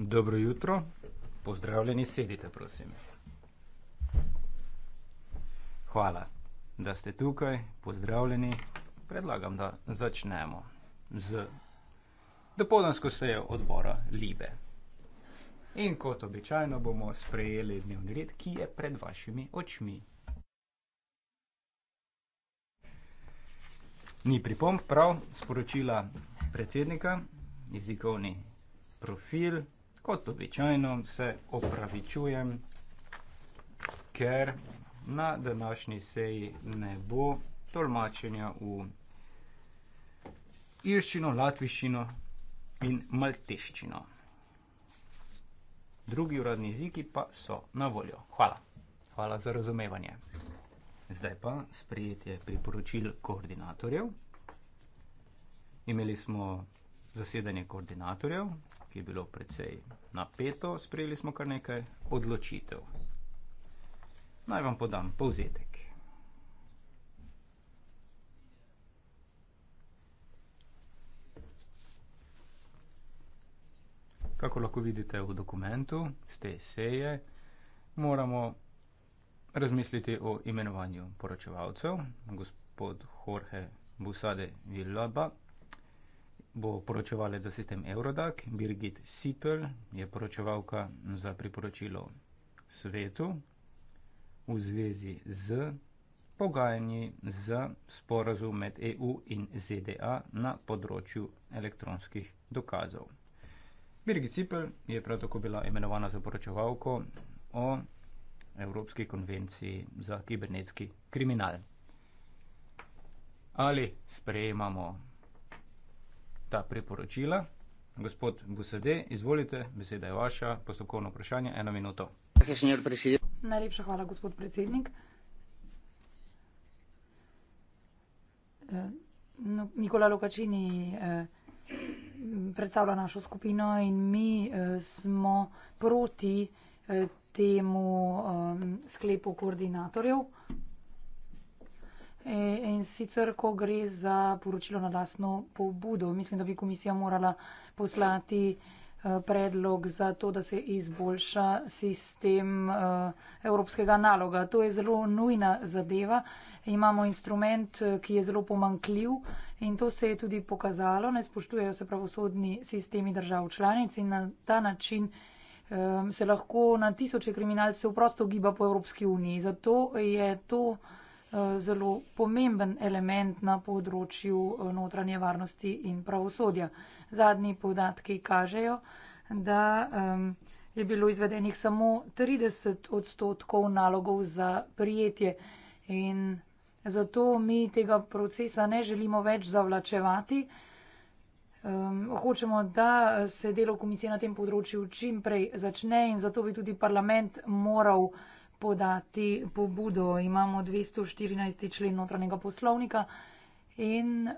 Dobro jutro, pozdravljeni, sedite, prosim. Hvala, da ste tukaj, pozdravljeni. Predlagam, da začnemo z dopolnansko sejo odbora Libe. In kot običajno bomo sprejeli dnevni red, ki je pred vašimi očmi. Ni pripomb, prav sporočila predsednika jezikovni profil. Kot običajno se opravičujem, ker na današnji seji ne bo tolmačenja v irščino, latviščino in malteščino. Drugi uradni jeziki pa so na voljo. Hvala. Hvala za razumevanje. Zdaj pa sprejetje priporočil koordinatorjev. Imeli smo zasedanje koordinatorjev, ki je bilo precej napeto, sprejeli smo kar nekaj odločitev. Naj vam podam povzetek. Kako lahko vidite v dokumentu z te seje, moramo razmisliti o imenovanju poročevalcev, gospod Jorge Busade Villaba, bo poročevalec za sistem Eurodac, Birgit Sipel je poročevalka za priporočilo svetu v zvezi z pogajanji za sporazum med EU in ZDA na področju elektronskih dokazov. Birgit Sipel je prav tako bila imenovana za poročevalko o Evropski konvenciji za kibernetski kriminal. Ali sprejemamo ta priporočila. Gospod Busede, izvolite, beseda je vaša, postopkovno vprašanje, eno minuto. Najlepša hvala, gospod predsednik. Eh, no, Nikola Lukačini eh, predstavlja našo skupino in mi eh, smo proti temu sklepu koordinatorjev, Eh, in sicer, ko gre za poročilo na lastno pobudo. Mislim, da bi komisija morala poslati eh, predlog za to, da se izboljša sistem eh, evropskega naloga. To je zelo nujna zadeva. Imamo instrument, ki je zelo pomankljiv in to se je tudi pokazalo. Ne spoštujejo se pravosodni sistemi držav članic in na ta način se lahko na tisoče kriminalcev prosto giba po Evropski uniji. Zato je to Eh, zelo pomemben element na področju eh, notranje varnosti in pravosodja. Zadnji podatki kažejo, da je bilo izvedenih samo 30 odstotkov nalogov za prijetje in zato mi tega procesa ne želimo več zavlačevati. Hočemo, da se delo komisije na tem področju čim prej začne in zato bi tudi parlament moral podati pobudo. Imamo 214. člen notranjega poslovnika in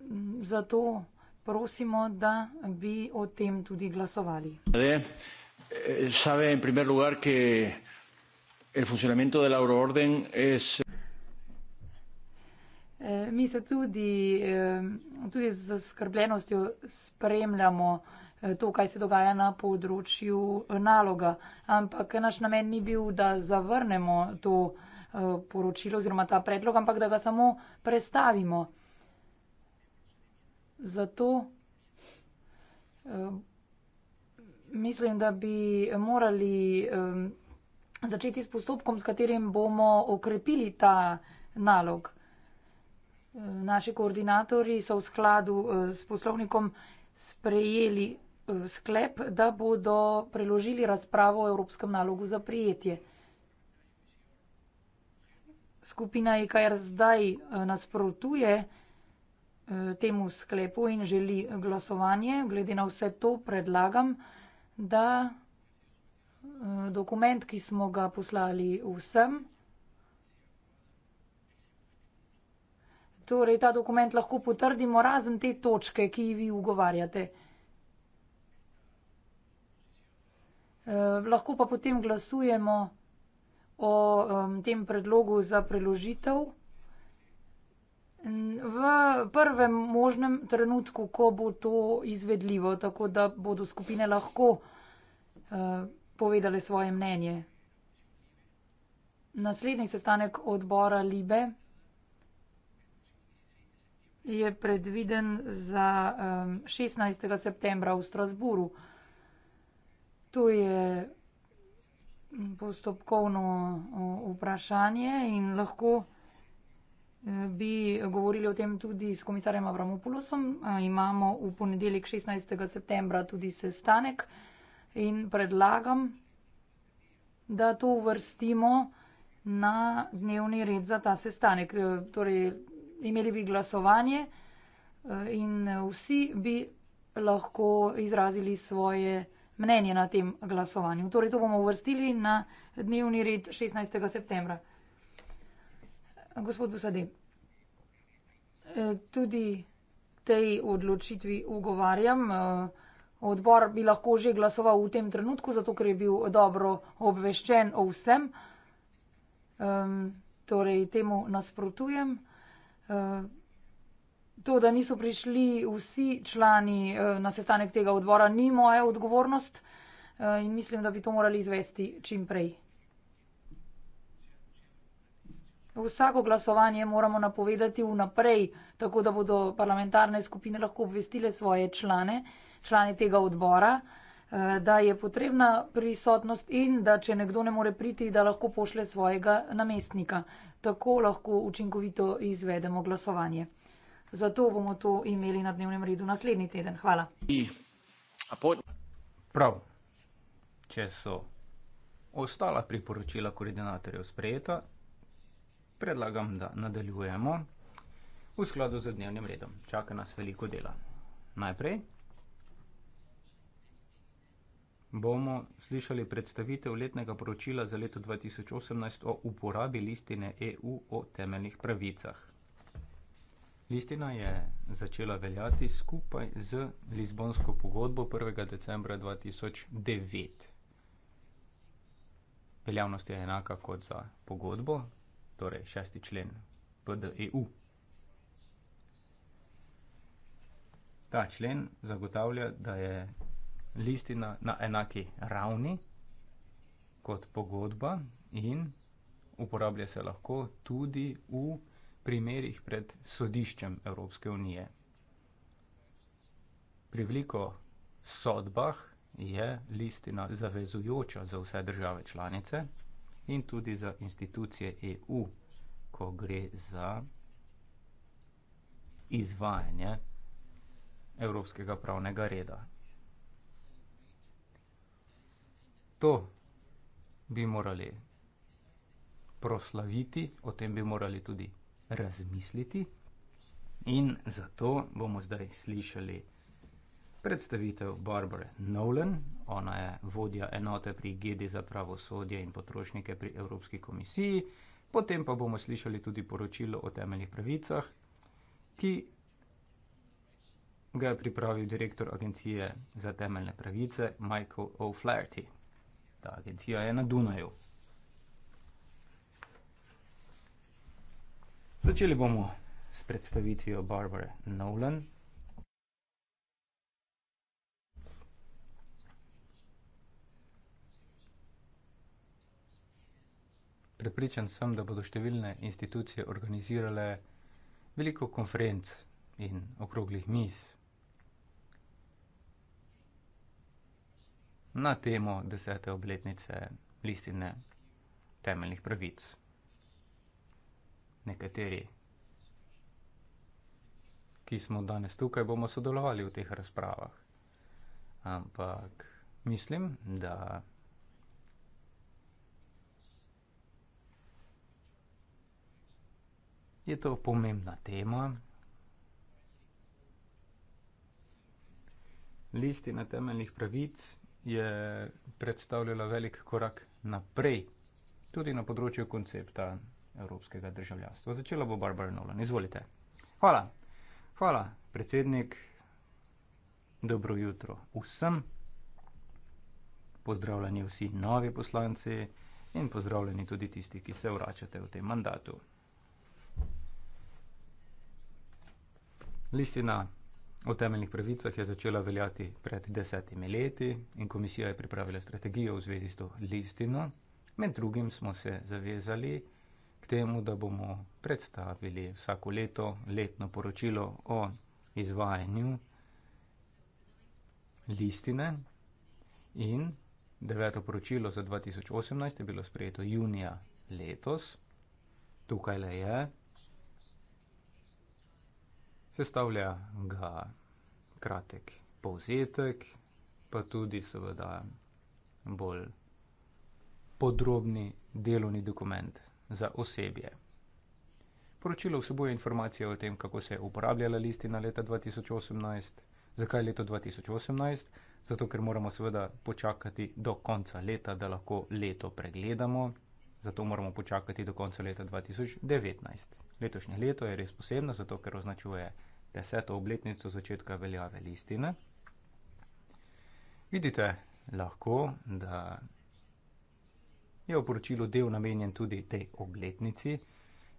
mm, zato prosimo, da bi o tem tudi glasovali. Eh, eh, mi se tudi, eh, tudi z skrbljenostjo spremljamo, Eh, to, kaj se dogaja na področju eh, naloga. Ampak naš namen ni bil, da zavrnemo to eh, poročilo oziroma ta predlog, ampak da ga samo prestavimo. Zato mislim, da bi morali začeti s postopkom, s katerim bomo okrepili ta nalog. Naši koordinatori so v skladu s poslovnikom sprejeli sklep, da bodo preložili razpravo o evropskem nalogu za prijetje. Skupina EKR zdaj eh, nasprotuje eh, temu sklepu in želi glasovanje. Glede na vse to predlagam, da eh, dokument, ki smo ga poslali vsem, torej ta dokument lahko potrdimo razen te točke, ki jih vi ugovarjate. Eh, lahko pa potem glasujemo o um, tem predlogu za preložitev. V prvem možnem trenutku, ko bo to izvedljivo, tako da bodo skupine lahko uh, povedale svoje mnenje. Naslednji sestanek odbora Libe je predviden za um, 16. septembra v Strasburu. To je postopkovno vprašanje in lahko eh, bi govorili o tem tudi s komisarjem Avramopoulosom. Eh, imamo v ponedeljek 16. septembra tudi sestanek in predlagam, da to uvrstimo na dnevni red za ta sestanek. Eh, torej, imeli bi glasovanje in vsi bi lahko izrazili svoje mnenje na tem glasovanju. Torej, to bomo uvrstili na dnevni red 16. septembra. Gospod Busade, eh, tudi tej odločitvi ugovarjam. Eh, odbor bi lahko že glasoval v tem trenutku, zato ker je bil dobro obveščen o vsem. Ehm, torej, temu nasprotujem. Ehm, To, da niso prišli vsi člani eh, na sestanek tega odbora, ni moja odgovornost eh, in mislim, da bi to morali izvesti čim prej. Vsako glasovanje moramo napovedati vnaprej, tako da bodo parlamentarne skupine lahko obvestile svoje člane, člane tega odbora, eh, da je potrebna prisotnost in da če nekdo ne more priti, da lahko pošle svojega namestnika. Tako lahko učinkovito izvedemo glasovanje. Zato bomo to imeli na dnevnem redu naslednji teden. Hvala. Prav. Če so ostala priporočila koordinatorjev sprejeta, predlagam, da nadaljujemo v skladu z dnevnim redom. Čaka nas veliko dela. Najprej bomo slišali predstavitev letnega poročila za leto 2018 o uporabi listine EU o temeljnih pravicah. Listina je začela veljati skupaj z Lizbonsko pogodbo 1. decembra 2009. Veljavnost je enaka kot za pogodbo, torej šesti člen PDEU. Ta člen zagotavlja, da je listina na enaki ravni kot pogodba in uporablja se lahko tudi v primerih pred sodiščem Evropske unije. Pri veliko sodbah je listina zavezujoča za vse države članice in tudi za institucije EU, ko gre za izvajanje evropskega pravnega reda. To bi morali proslaviti, o tem bi morali tudi razmisliti. In zato bomo zdaj slišali predstavitev Barbare Nolan. Ona je vodja enote pri GD za pravosodje in potrošnike pri Evropski komisiji. Potem pa bomo slišali tudi poročilo o temeljih pravicah, ki ga je pripravil direktor Agencije za temeljne pravice Michael O'Flaherty. Ta agencija je na Dunaju. Začeli bomo s predstavitvijo Barbare Nolan. Prepričan sem, da bodo številne institucije organizirale veliko konferenc in okroglih miz na temo desete obletnice listine temeljnih pravic nekateri, ki smo danes tukaj, bomo sodelovali v teh razpravah. Ampak mislim, da je to pomembna tema. Listi na temeljnih pravic je predstavljala velik korak naprej, tudi na področju koncepta evropskega državljanstva. Začela bo Barbara Nolan. Izvolite. Hvala. Hvala, predsednik. Dobro jutro vsem. Pozdravljeni vsi novi poslanci in pozdravljeni tudi tisti, ki se vračate v tem mandatu. Listina o temeljnih pravicah je začela veljati pred desetimi leti in komisija je pripravila strategijo v zvezi s to listino. Med drugim smo se zavezali, temu, da bomo predstavili vsako leto letno poročilo o izvajanju listine in deveto poročilo za 2018 je bilo sprejeto junija letos. Tukaj le je, sestavlja ga kratek povzetek, pa tudi seveda bolj podrobni delovni dokument za osebje. Poročilo vsebuje informacije o tem, kako se je uporabljala listina leta 2018, zakaj leto 2018, zato ker moramo seveda počakati do konca leta, da lahko leto pregledamo, zato moramo počakati do konca leta 2019. Letošnje leto je res posebno, zato ker označuje deseto obletnico začetka veljave listine. Vidite lahko, da je v poročilu del namenjen tudi tej obletnici.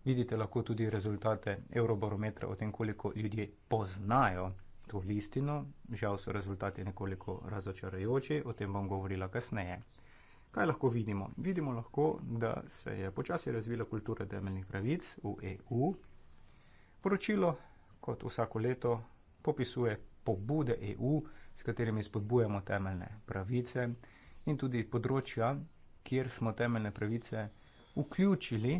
Vidite lahko tudi rezultate eurobarometra o tem, koliko ljudje poznajo to listino. Žal so rezultati nekoliko razočarajoči, o tem bom govorila kasneje. Kaj lahko vidimo? Vidimo lahko, da se je počasi razvila kultura temeljnih pravic v EU. Poročilo, kot vsako leto, popisuje pobude EU, s katerimi spodbujamo temeljne pravice in tudi področja, kjer smo temeljne pravice vključili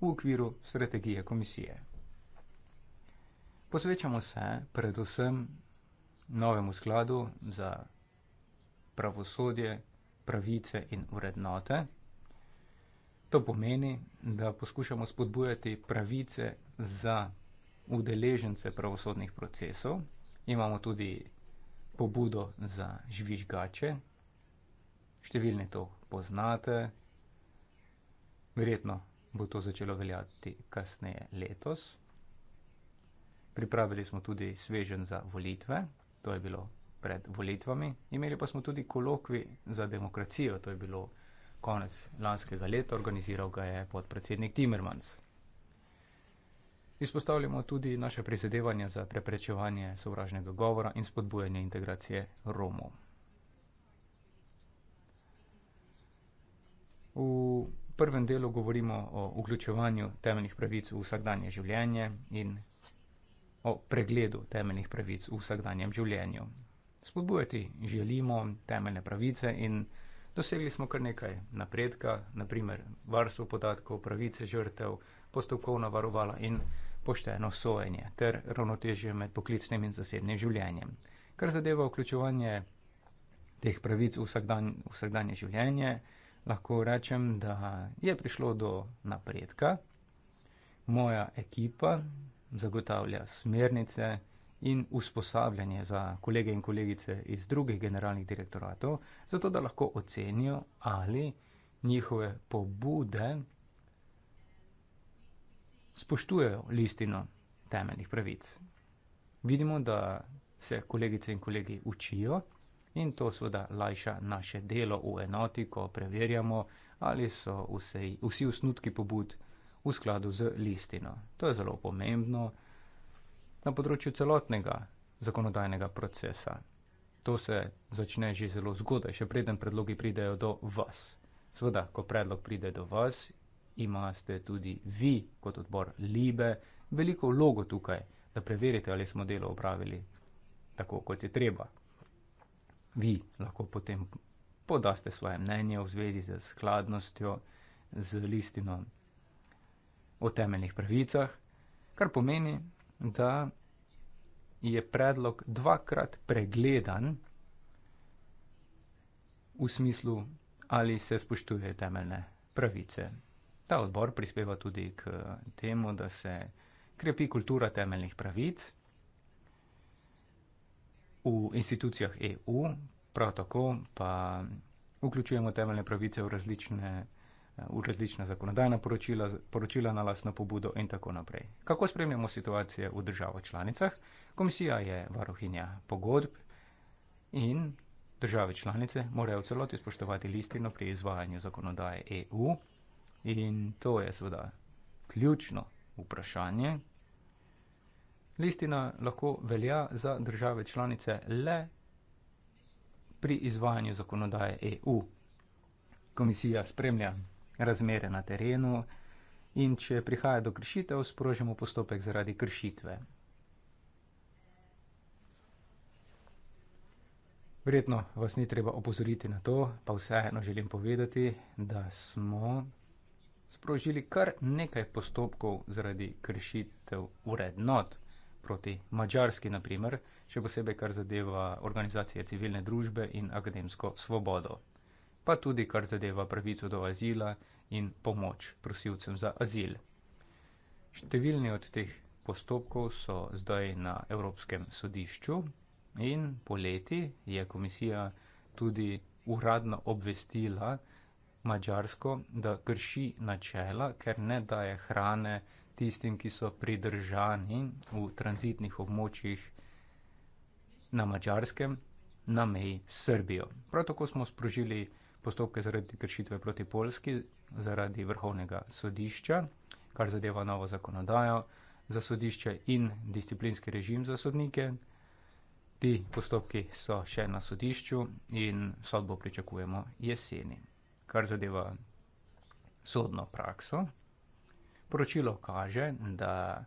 v okviru strategije komisije. Posvečamo se predvsem novemu skladu za pravosodje, pravice in vrednote. To pomeni, da poskušamo spodbujati pravice za udeležence pravosodnih procesov. Imamo tudi pobudo za žvižgače, Številni to poznate, verjetno bo to začelo veljati kasneje letos. Pripravili smo tudi svežen za volitve, to je bilo pred volitvami. Imeli pa smo tudi kolokvi za demokracijo, to je bilo konec lanskega leta, organiziral ga je podpredsednik Timmermans. Izpostavljamo tudi naše prizadevanja za preprečevanje sovražnega govora in spodbujanje integracije Romov. V prvem delu govorimo o vključevanju temeljnih pravic v vsakdanje življenje in o pregledu temeljnih pravic v vsakdanjem življenju. Spodbujati želimo temeljne pravice in dosegli smo kar nekaj napredka, naprimer varstvo podatkov, pravice žrtev, postopkovna varovala in pošteno sojenje ter ravnotežje med poklicnim in zasebnim življenjem. Kar zadeva vključevanje teh pravic v vsakdanje življenje, lahko rečem, da je prišlo do napredka. Moja ekipa zagotavlja smernice in usposabljanje za kolege in kolegice iz drugih generalnih direktoratov, zato da lahko ocenijo, ali njihove pobude spoštujejo listino temeljnih pravic. Vidimo, da se kolegice in kolegi učijo in to seveda lajša naše delo v enoti, ko preverjamo, ali so vsej, vsi usnutki pobud v skladu z listino. To je zelo pomembno na področju celotnega zakonodajnega procesa. To se začne že zelo zgodaj, še preden predlogi pridejo do vas. Sveda, ko predlog pride do vas, imate tudi vi, kot odbor Libe, veliko vlogo tukaj, da preverite, ali smo delo opravili tako, kot je treba vi lahko potem podaste svoje mnenje v zvezi z skladnostjo, z listino o temeljnih pravicah, kar pomeni, da je predlog dvakrat pregledan v smislu, ali se spoštuje temeljne pravice. Ta odbor prispeva tudi k temu, da se krepi kultura temeljnih pravic v institucijah EU, prav tako pa vključujemo temeljne pravice v različne, v različne zakonodajna poročila, poročila na lasno pobudo in tako naprej. Kako spremljamo situacije v državah članicah? Komisija je varohinja pogodb in države članice morajo v celoti spoštovati listino pri izvajanju zakonodaje EU in to je seveda ključno vprašanje, Listina lahko velja za države članice le pri izvajanju zakonodaje EU. Komisija spremlja razmere na terenu in če prihaja do kršitev, sprožimo postopek zaradi kršitve. Vredno vas ni treba opozoriti na to, pa vseeno želim povedati, da smo sprožili kar nekaj postopkov zaradi kršitev urednot proti Mačarski, naprimer, še posebej kar zadeva organizacije civilne družbe in akademsko svobodo, pa tudi kar zadeva pravico do azila in pomoč prosilcem za azil. Številni od teh postopkov so zdaj na Evropskem sodišču in po leti je komisija tudi uradno obvestila Mačarsko, da krši načela, ker ne daje hrane tistim, ki so pridržani v tranzitnih območjih na Mačarskem, na meji s Srbijo. Prav tako smo sprožili postopke zaradi kršitve proti Polski, zaradi vrhovnega sodišča, kar zadeva novo zakonodajo za sodišče in disciplinski režim za sodnike. Ti postopki so še na sodišču in sodbo pričakujemo jeseni. Kar zadeva sodno prakso, Poročilo kaže, da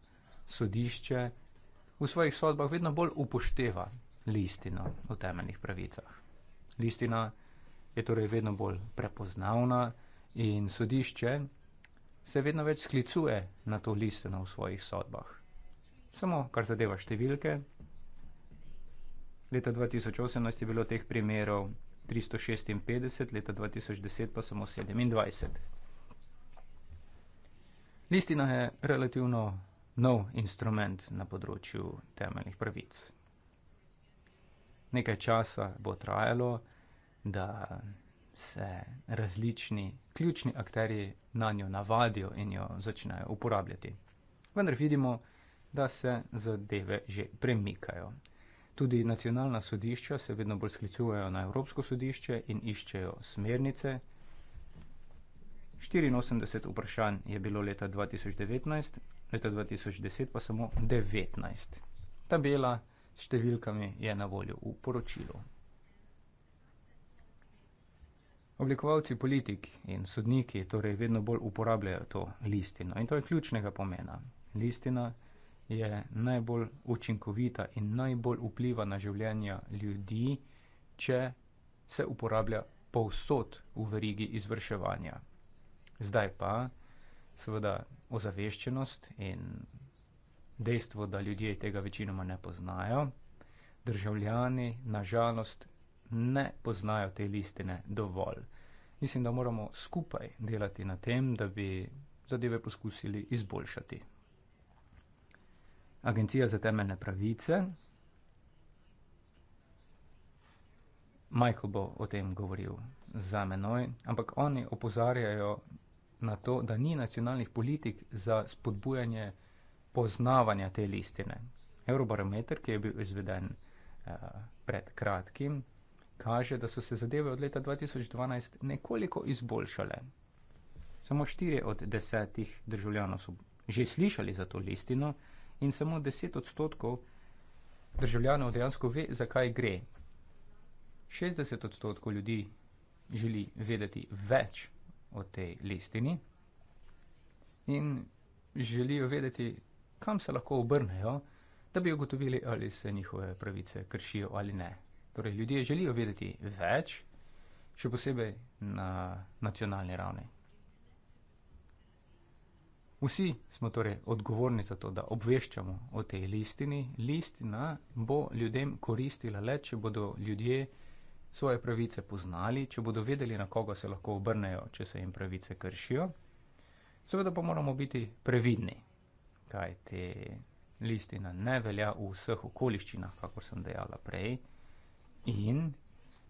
sodišče v svojih sodbah vedno bolj upošteva listino o temeljnih pravicah. Listina je torej vedno bolj prepoznavna in sodišče se vedno več sklicuje na to listino v svojih sodbah. Samo kar zadeva številke. Leta 2018 je bilo teh primerov 356, leta 2010 pa samo 27. Listina je relativno nov instrument na področju temeljnih pravic. Nekaj časa bo trajalo, da se različni ključni akteri na njo navadijo in jo začnejo uporabljati. Vendar vidimo, da se zadeve že premikajo. Tudi nacionalna sodišča se vedno bolj sklicujejo na Evropsko sodišče in iščejo smernice, 84 vprašanj je bilo leta 2019, leta 2010 pa samo 19. Tabela s številkami je na voljo v poročilu. Oblikovalci politik in sodniki torej vedno bolj uporabljajo to listino in to je ključnega pomena. Listina je najbolj učinkovita in najbolj vpliva na življenja ljudi, če se uporablja povsod v verigi izvrševanja. Zdaj pa seveda ozaveščenost in dejstvo, da ljudje tega večinoma ne poznajo. Državljani nažalost ne poznajo te listine dovolj. Mislim, da moramo skupaj delati na tem, da bi zadeve poskusili izboljšati. Agencija za temeljne pravice. Michael bo o tem govoril za menoj, ampak oni opozarjajo na to, da ni nacionalnih politik za spodbujanje poznavanja te listine. Eurobarometer, ki je bil izveden uh, pred kratkim, kaže, da so se zadeve od leta 2012 nekoliko izboljšale. Samo štiri od desetih državljanov so že slišali za to listino in samo deset odstotkov državljanov dejansko ve, zakaj gre. 60 odstotkov ljudi želi vedeti več o tej listini in želijo vedeti, kam se lahko obrnejo, da bi ugotovili, ali se njihove pravice kršijo ali ne. Torej, ljudje želijo vedeti več, še posebej na nacionalni ravni. Vsi smo torej odgovorni za to, da obveščamo o tej listini. Listina bo ljudem koristila le, če bodo ljudje svoje pravice poznali, če bodo vedeli, na koga se lahko obrnejo, če se jim pravice kršijo. Seveda pa moramo biti previdni, kaj te listina ne velja v vseh okoliščinah, kako sem dejala prej. In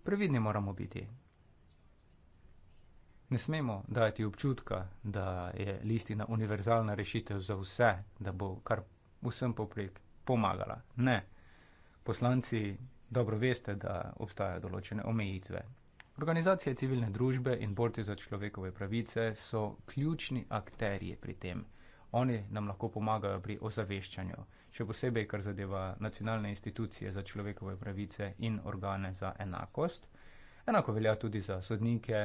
previdni moramo biti. Ne smemo dajati občutka, da je listina univerzalna rešitev za vse, da bo kar vsem poprek pomagala. Ne. Poslanci dobro veste, da obstajajo določene omejitve. Organizacije civilne družbe in borci za človekove pravice so ključni akterji pri tem. Oni nam lahko pomagajo pri ozaveščanju, še posebej, kar zadeva nacionalne institucije za človekove pravice in organe za enakost. Enako velja tudi za sodnike,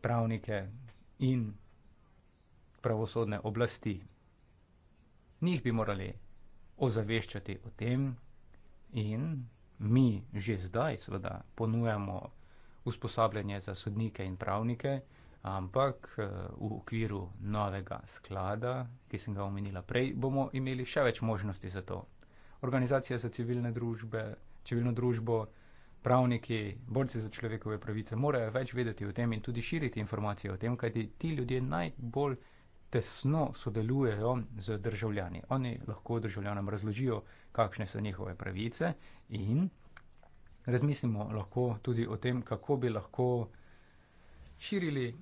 pravnike in pravosodne oblasti. Njih bi morali ozaveščati o tem in mi že zdaj seveda ponujamo usposabljanje za sodnike in pravnike, ampak eh, v okviru novega sklada, ki sem ga omenila prej, bomo imeli še več možnosti za to. Organizacija za civilne družbe, civilno družbo, pravniki, borci za človekove pravice morajo več vedeti o tem in tudi širiti informacije o tem, kajti ti ljudje najbolj tesno sodelujejo z državljani. Oni lahko državljanom razložijo, kakšne so njihove pravice in razmislimo lahko tudi o tem, kako bi lahko širili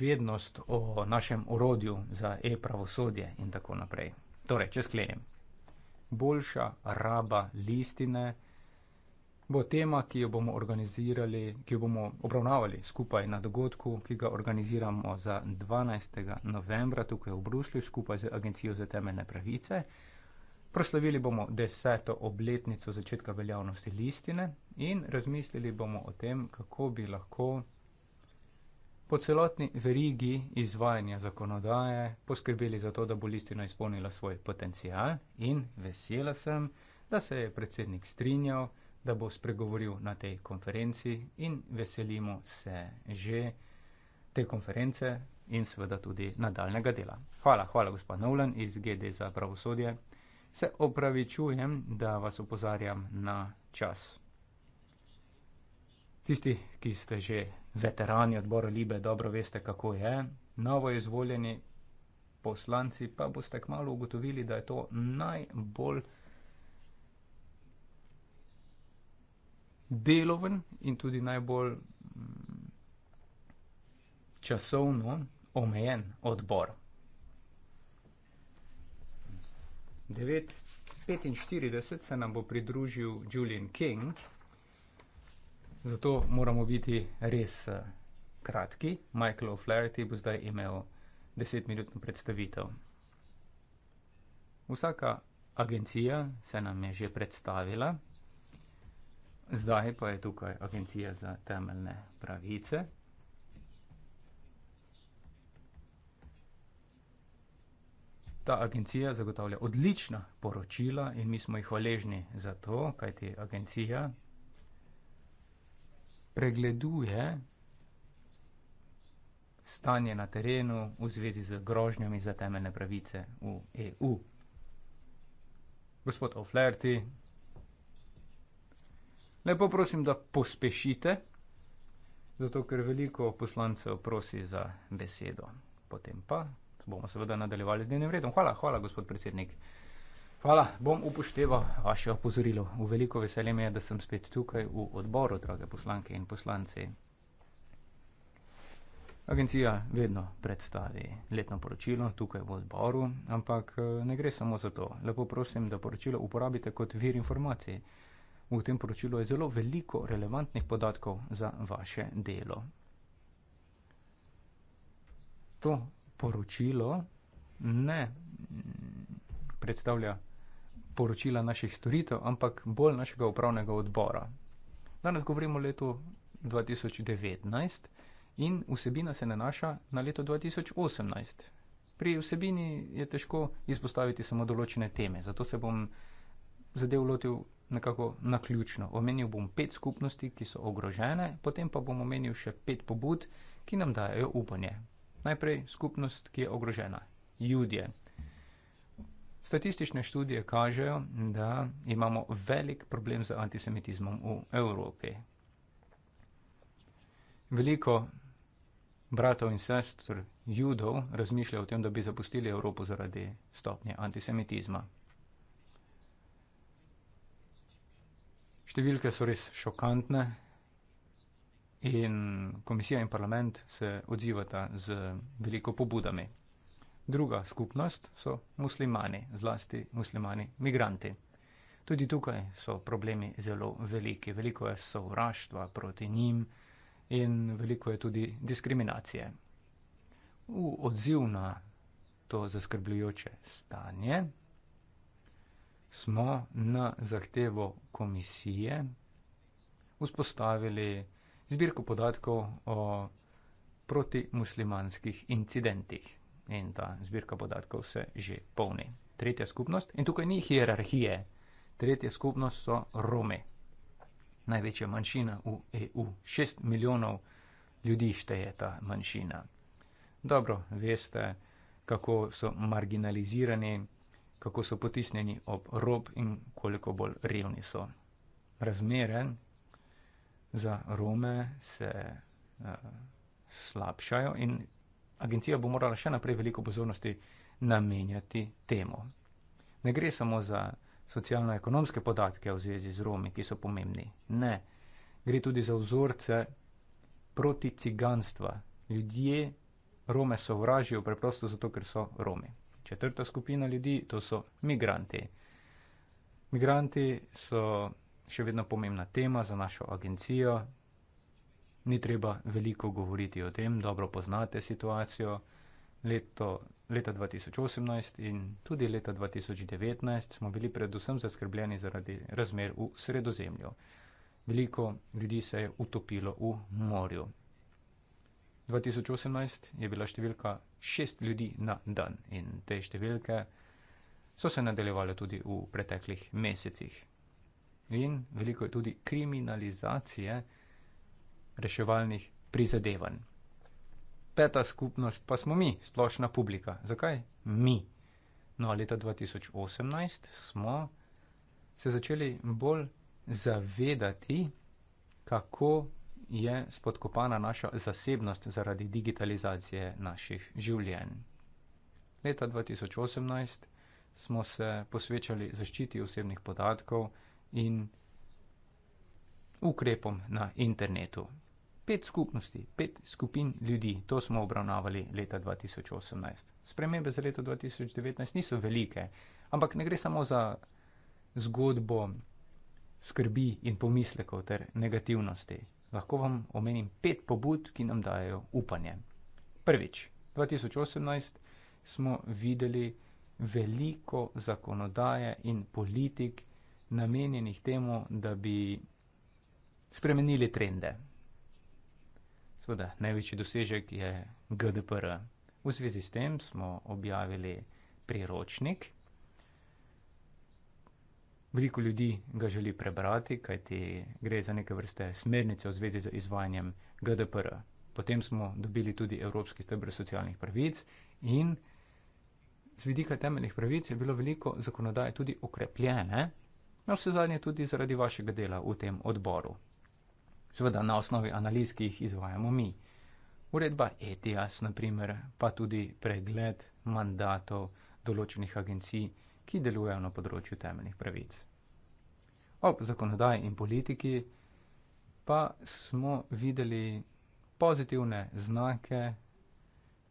vednost o našem orodju za e-pravosodje in tako naprej. Torej, če sklenem, boljša raba listine, bo tema, ki jo bomo organizirali, ki jo bomo obravnavali skupaj na dogodku, ki ga organiziramo za 12. novembra tukaj v Bruslju skupaj z Agencijo za temeljne pravice. Proslavili bomo deseto obletnico začetka veljavnosti listine in razmislili bomo o tem, kako bi lahko po celotni verigi izvajanja zakonodaje poskrbeli za to, da bo listina izpolnila svoj potencial in vesela sem, da se je predsednik strinjal, da bo spregovoril na tej konferenci in veselimo se že te konference in seveda tudi nadaljnega dela. Hvala, hvala gospod Novlen iz GD za pravosodje. Se opravičujem, da vas opozarjam na čas. Tisti, ki ste že veterani odbora Libe, dobro veste, kako je. Novo izvoljeni poslanci pa boste kmalo ugotovili, da je to najbolj. deloven in tudi najbolj mm, časovno omejen odbor. 9.45 se nam bo pridružil Julian King, zato moramo biti res eh, kratki. Michael O'Flaherty bo zdaj imel desetminutno predstavitev. Vsaka agencija se nam je že predstavila, Zdaj pa je tukaj Agencija za temeljne pravice. Ta agencija zagotavlja odlična poročila in mi smo jih hvaležni za to, kaj ti agencija pregleduje stanje na terenu v zvezi z grožnjami za temeljne pravice v EU. Gospod O'Flaherty, lepo prosim, da pospešite, zato ker veliko poslancev prosi za besedo. Potem pa bomo seveda nadaljevali z dnevnim redom. Hvala, hvala, gospod predsednik. Hvala, bom upošteval vaše opozorilo. V veliko veselje mi je, da sem spet tukaj v odboru, drage poslanke in poslanci. Agencija vedno predstavi letno poročilo tukaj v odboru, ampak eh, ne gre samo za to. Lepo prosim, da poročilo uporabite kot vir informacij. V tem poročilu je zelo veliko relevantnih podatkov za vaše delo. To poročilo ne predstavlja poročila naših storitev, ampak bolj našega upravnega odbora. Danes govorimo o letu 2019 in vsebina se nanaša na leto 2018. Pri vsebini je težko izpostaviti samo določene teme, zato se bom zadev lotil nekako naključno. Omenil bom pet skupnosti, ki so ogrožene, potem pa bom omenil še pet pobud, ki nam dajo upanje. Najprej skupnost, ki je ogrožena. Judje. Statistične študije kažejo, da imamo velik problem z antisemitizmom v Evropi. Veliko bratov in sestr judov razmišlja o tem, da bi zapustili Evropo zaradi stopnje antisemitizma. Številke so res šokantne in komisija in parlament se odzivata z veliko pobudami. Druga skupnost so muslimani, zlasti muslimani migranti. Tudi tukaj so problemi zelo veliki. Veliko je sovraštva proti njim in veliko je tudi diskriminacije. V odziv na to zaskrbljujoče stanje smo na zahtevo komisije vzpostavili zbirko podatkov o protimuslimanskih incidentih. In ta zbirka podatkov se že polni. Tretja skupnost, in tukaj ni hierarhije, tretja skupnost so Rome, največja manjšina v EU. Šest milijonov ljudi šteje ta manjšina. Dobro, veste, kako so marginalizirani kako so potisnjeni ob rob in koliko bolj revni so. Razmere za Rome se uh, slabšajo in agencija bo morala še naprej veliko pozornosti namenjati temu. Ne gre samo za socialno-ekonomske podatke v zvezi z Romi, ki so pomembni. Ne, gre tudi za vzorce proti ciganstva. Ljudje Rome sovražijo preprosto zato, ker so Romi četrta skupina ljudi, to so migranti. Migranti so še vedno pomembna tema za našo agencijo. Ni treba veliko govoriti o tem, dobro poznate situacijo. Leto, leta 2018 in tudi leta 2019 smo bili predvsem zaskrbljeni zaradi razmer v sredozemlju. Veliko ljudi se je utopilo v morju. 2018 je bila številka 6 ljudi na dan in te številke so se nadaljevale tudi v preteklih mesecih. In veliko je tudi kriminalizacije reševalnih prizadevanj. Peta skupnost pa smo mi, splošna publika. Zakaj? Mi. No, leta 2018 smo se začeli bolj zavedati, kako je spodkopana naša zasebnost zaradi digitalizacije naših življenj. Leta 2018 smo se posvečali zaščiti osebnih podatkov in ukrepom na internetu. Pet skupnosti, pet skupin ljudi, to smo obravnavali leta 2018. Spremembe za leto 2019 niso velike, ampak ne gre samo za zgodbo skrbi in pomislekov ter negativnosti lahko vam omenim pet pobud, ki nam dajo upanje. Prvič, 2018 smo videli veliko zakonodaje in politik namenjenih temu, da bi spremenili trende. Sveda, največji dosežek je GDPR. V zvezi s tem smo objavili priročnik Veliko ljudi ga želi prebrati, kajti gre za neke vrste smernice v zvezi z izvajanjem GDPR. Potem smo dobili tudi Evropski stebr socialnih pravic in z vidika temeljnih pravic je bilo veliko zakonodaje tudi okrepljene, na vse zadnje tudi zaradi vašega dela v tem odboru. Seveda na osnovi analiz, ki jih izvajamo mi. Uredba ETIAS, naprimer, pa tudi pregled mandatov določenih agencij ki delujejo na področju temeljnih pravic. Ob zakonodaji in politiki pa smo videli pozitivne znake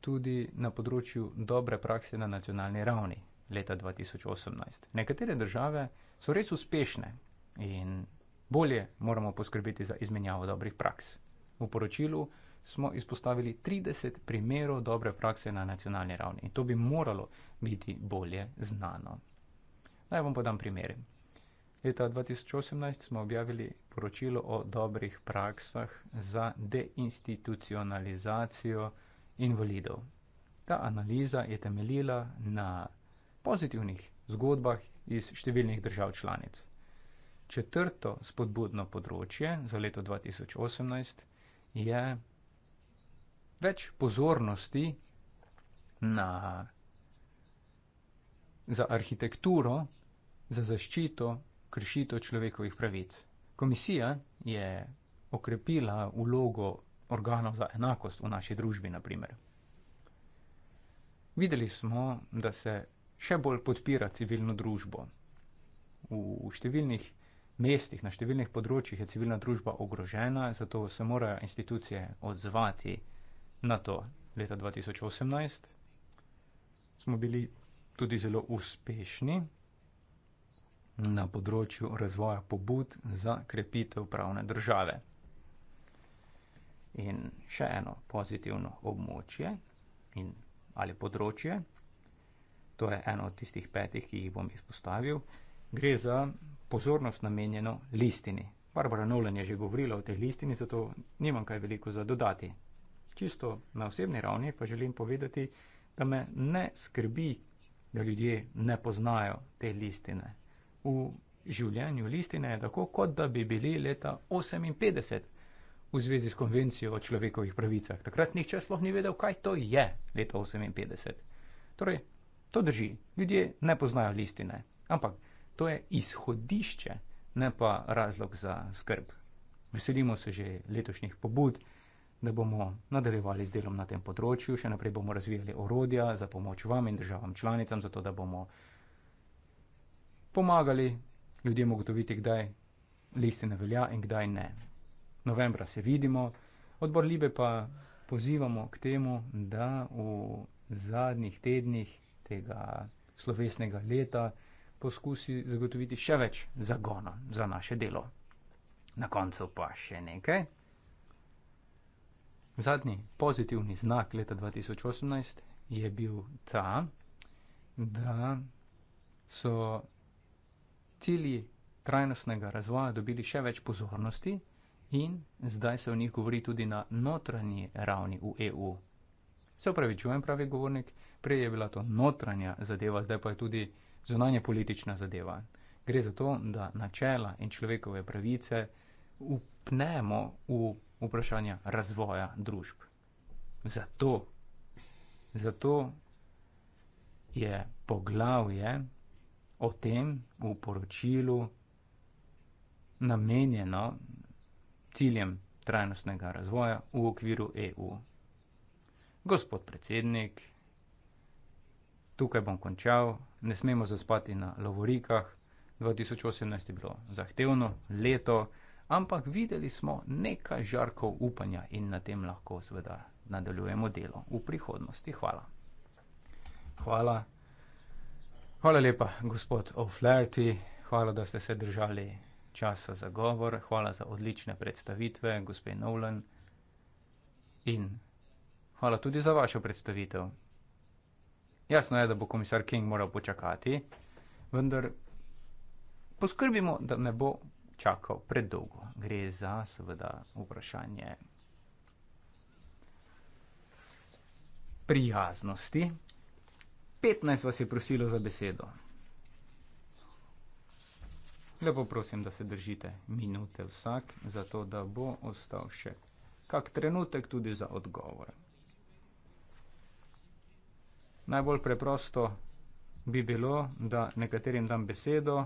tudi na področju dobre prakse na nacionalni ravni leta 2018. Nekatere države so res uspešne in bolje moramo poskrbeti za izmenjavo dobrih praks. V poročilu smo izpostavili 30 primerov dobre prakse na nacionalni ravni in to bi moralo biti bolje znano. Naj vam podam primere. Leta 2018 smo objavili poročilo o dobrih praksah za deinstitucionalizacijo invalidov. Ta analiza je temeljila na pozitivnih zgodbah iz številnih držav članic. Četrto spodbudno področje za leto 2018 je več pozornosti na, za arhitekturo, za zaščito, kršitev človekovih pravic. Komisija je okrepila ulogo organov za enakost v naši družbi, naprimer. Videli smo, da se še bolj podpira civilno družbo. V številnih mestih, na številnih področjih je civilna družba ogrožena, zato se morajo institucije odzvati. Na to leta 2018 smo bili tudi zelo uspešni na področju razvoja pobud za krepitev pravne države. In še eno pozitivno območje in, ali področje, to je eno od tistih petih, ki jih bom izpostavil, gre za pozornost namenjeno listini. Barbara Nolan je že govorila o tej listini, zato nimam kaj veliko za dodati. Čisto na osebni ravni pa želim povedati, da me ne skrbi, da ljudje ne poznajo te listine. V življenju listine je tako, kot da bi bili leta 1958 v zvezi s konvencijo o človekovih pravicah. Takrat nihče sploh ni vedel, kaj to je leta 1958. Torej, to drži, ljudje ne poznajo listine, ampak to je izhodišče, ne pa razlog za skrb. Veselimo se že letošnjih pobud da bomo nadaljevali z delom na tem področju, še naprej bomo razvijali orodja za pomoč vam in državam članicam, zato da bomo pomagali ljudem ugotoviti, kdaj liste ne velja in kdaj ne. Novembra se vidimo, odbor Libe pa pozivamo k temu, da v zadnjih tednih tega slovesnega leta poskusi zagotoviti še več zagona za naše delo. Na koncu pa še nekaj. Zadnji pozitivni znak leta 2018 je bil ta, da so cilji trajnostnega razvoja dobili še več pozornosti in zdaj se o njih govori tudi na notranji ravni v EU. Se upravičujem, pravi govornik, prej je bila to notranja zadeva, zdaj pa je tudi zunanje politična zadeva. Gre za to, da načela in človekove pravice upnemo v vprašanja razvoja družb. Zato, zato je poglavje o tem v poročilu namenjeno ciljem trajnostnega razvoja v okviru EU. Gospod predsednik, tukaj bom končal, ne smemo zaspati na lavorikah. 2018 je bilo zahtevno leto ampak videli smo nekaj žarkov upanja in na tem lahko seveda nadaljujemo delo v prihodnosti. Hvala. Hvala. Hvala lepa, gospod O'Flaherty. Hvala, da ste se držali časa za govor. Hvala za odlične predstavitve, gospe Nolan. In hvala tudi za vašo predstavitev. Jasno je, da bo komisar King moral počakati, vendar poskrbimo, da ne bo čakal predolgo. Gre za seveda vprašanje prijaznosti. 15 vas je prosilo za besedo. Lepo prosim, da se držite minute vsak, zato da bo ostal še kak trenutek tudi za odgovor. Najbolj preprosto bi bilo, da nekaterim dam besedo,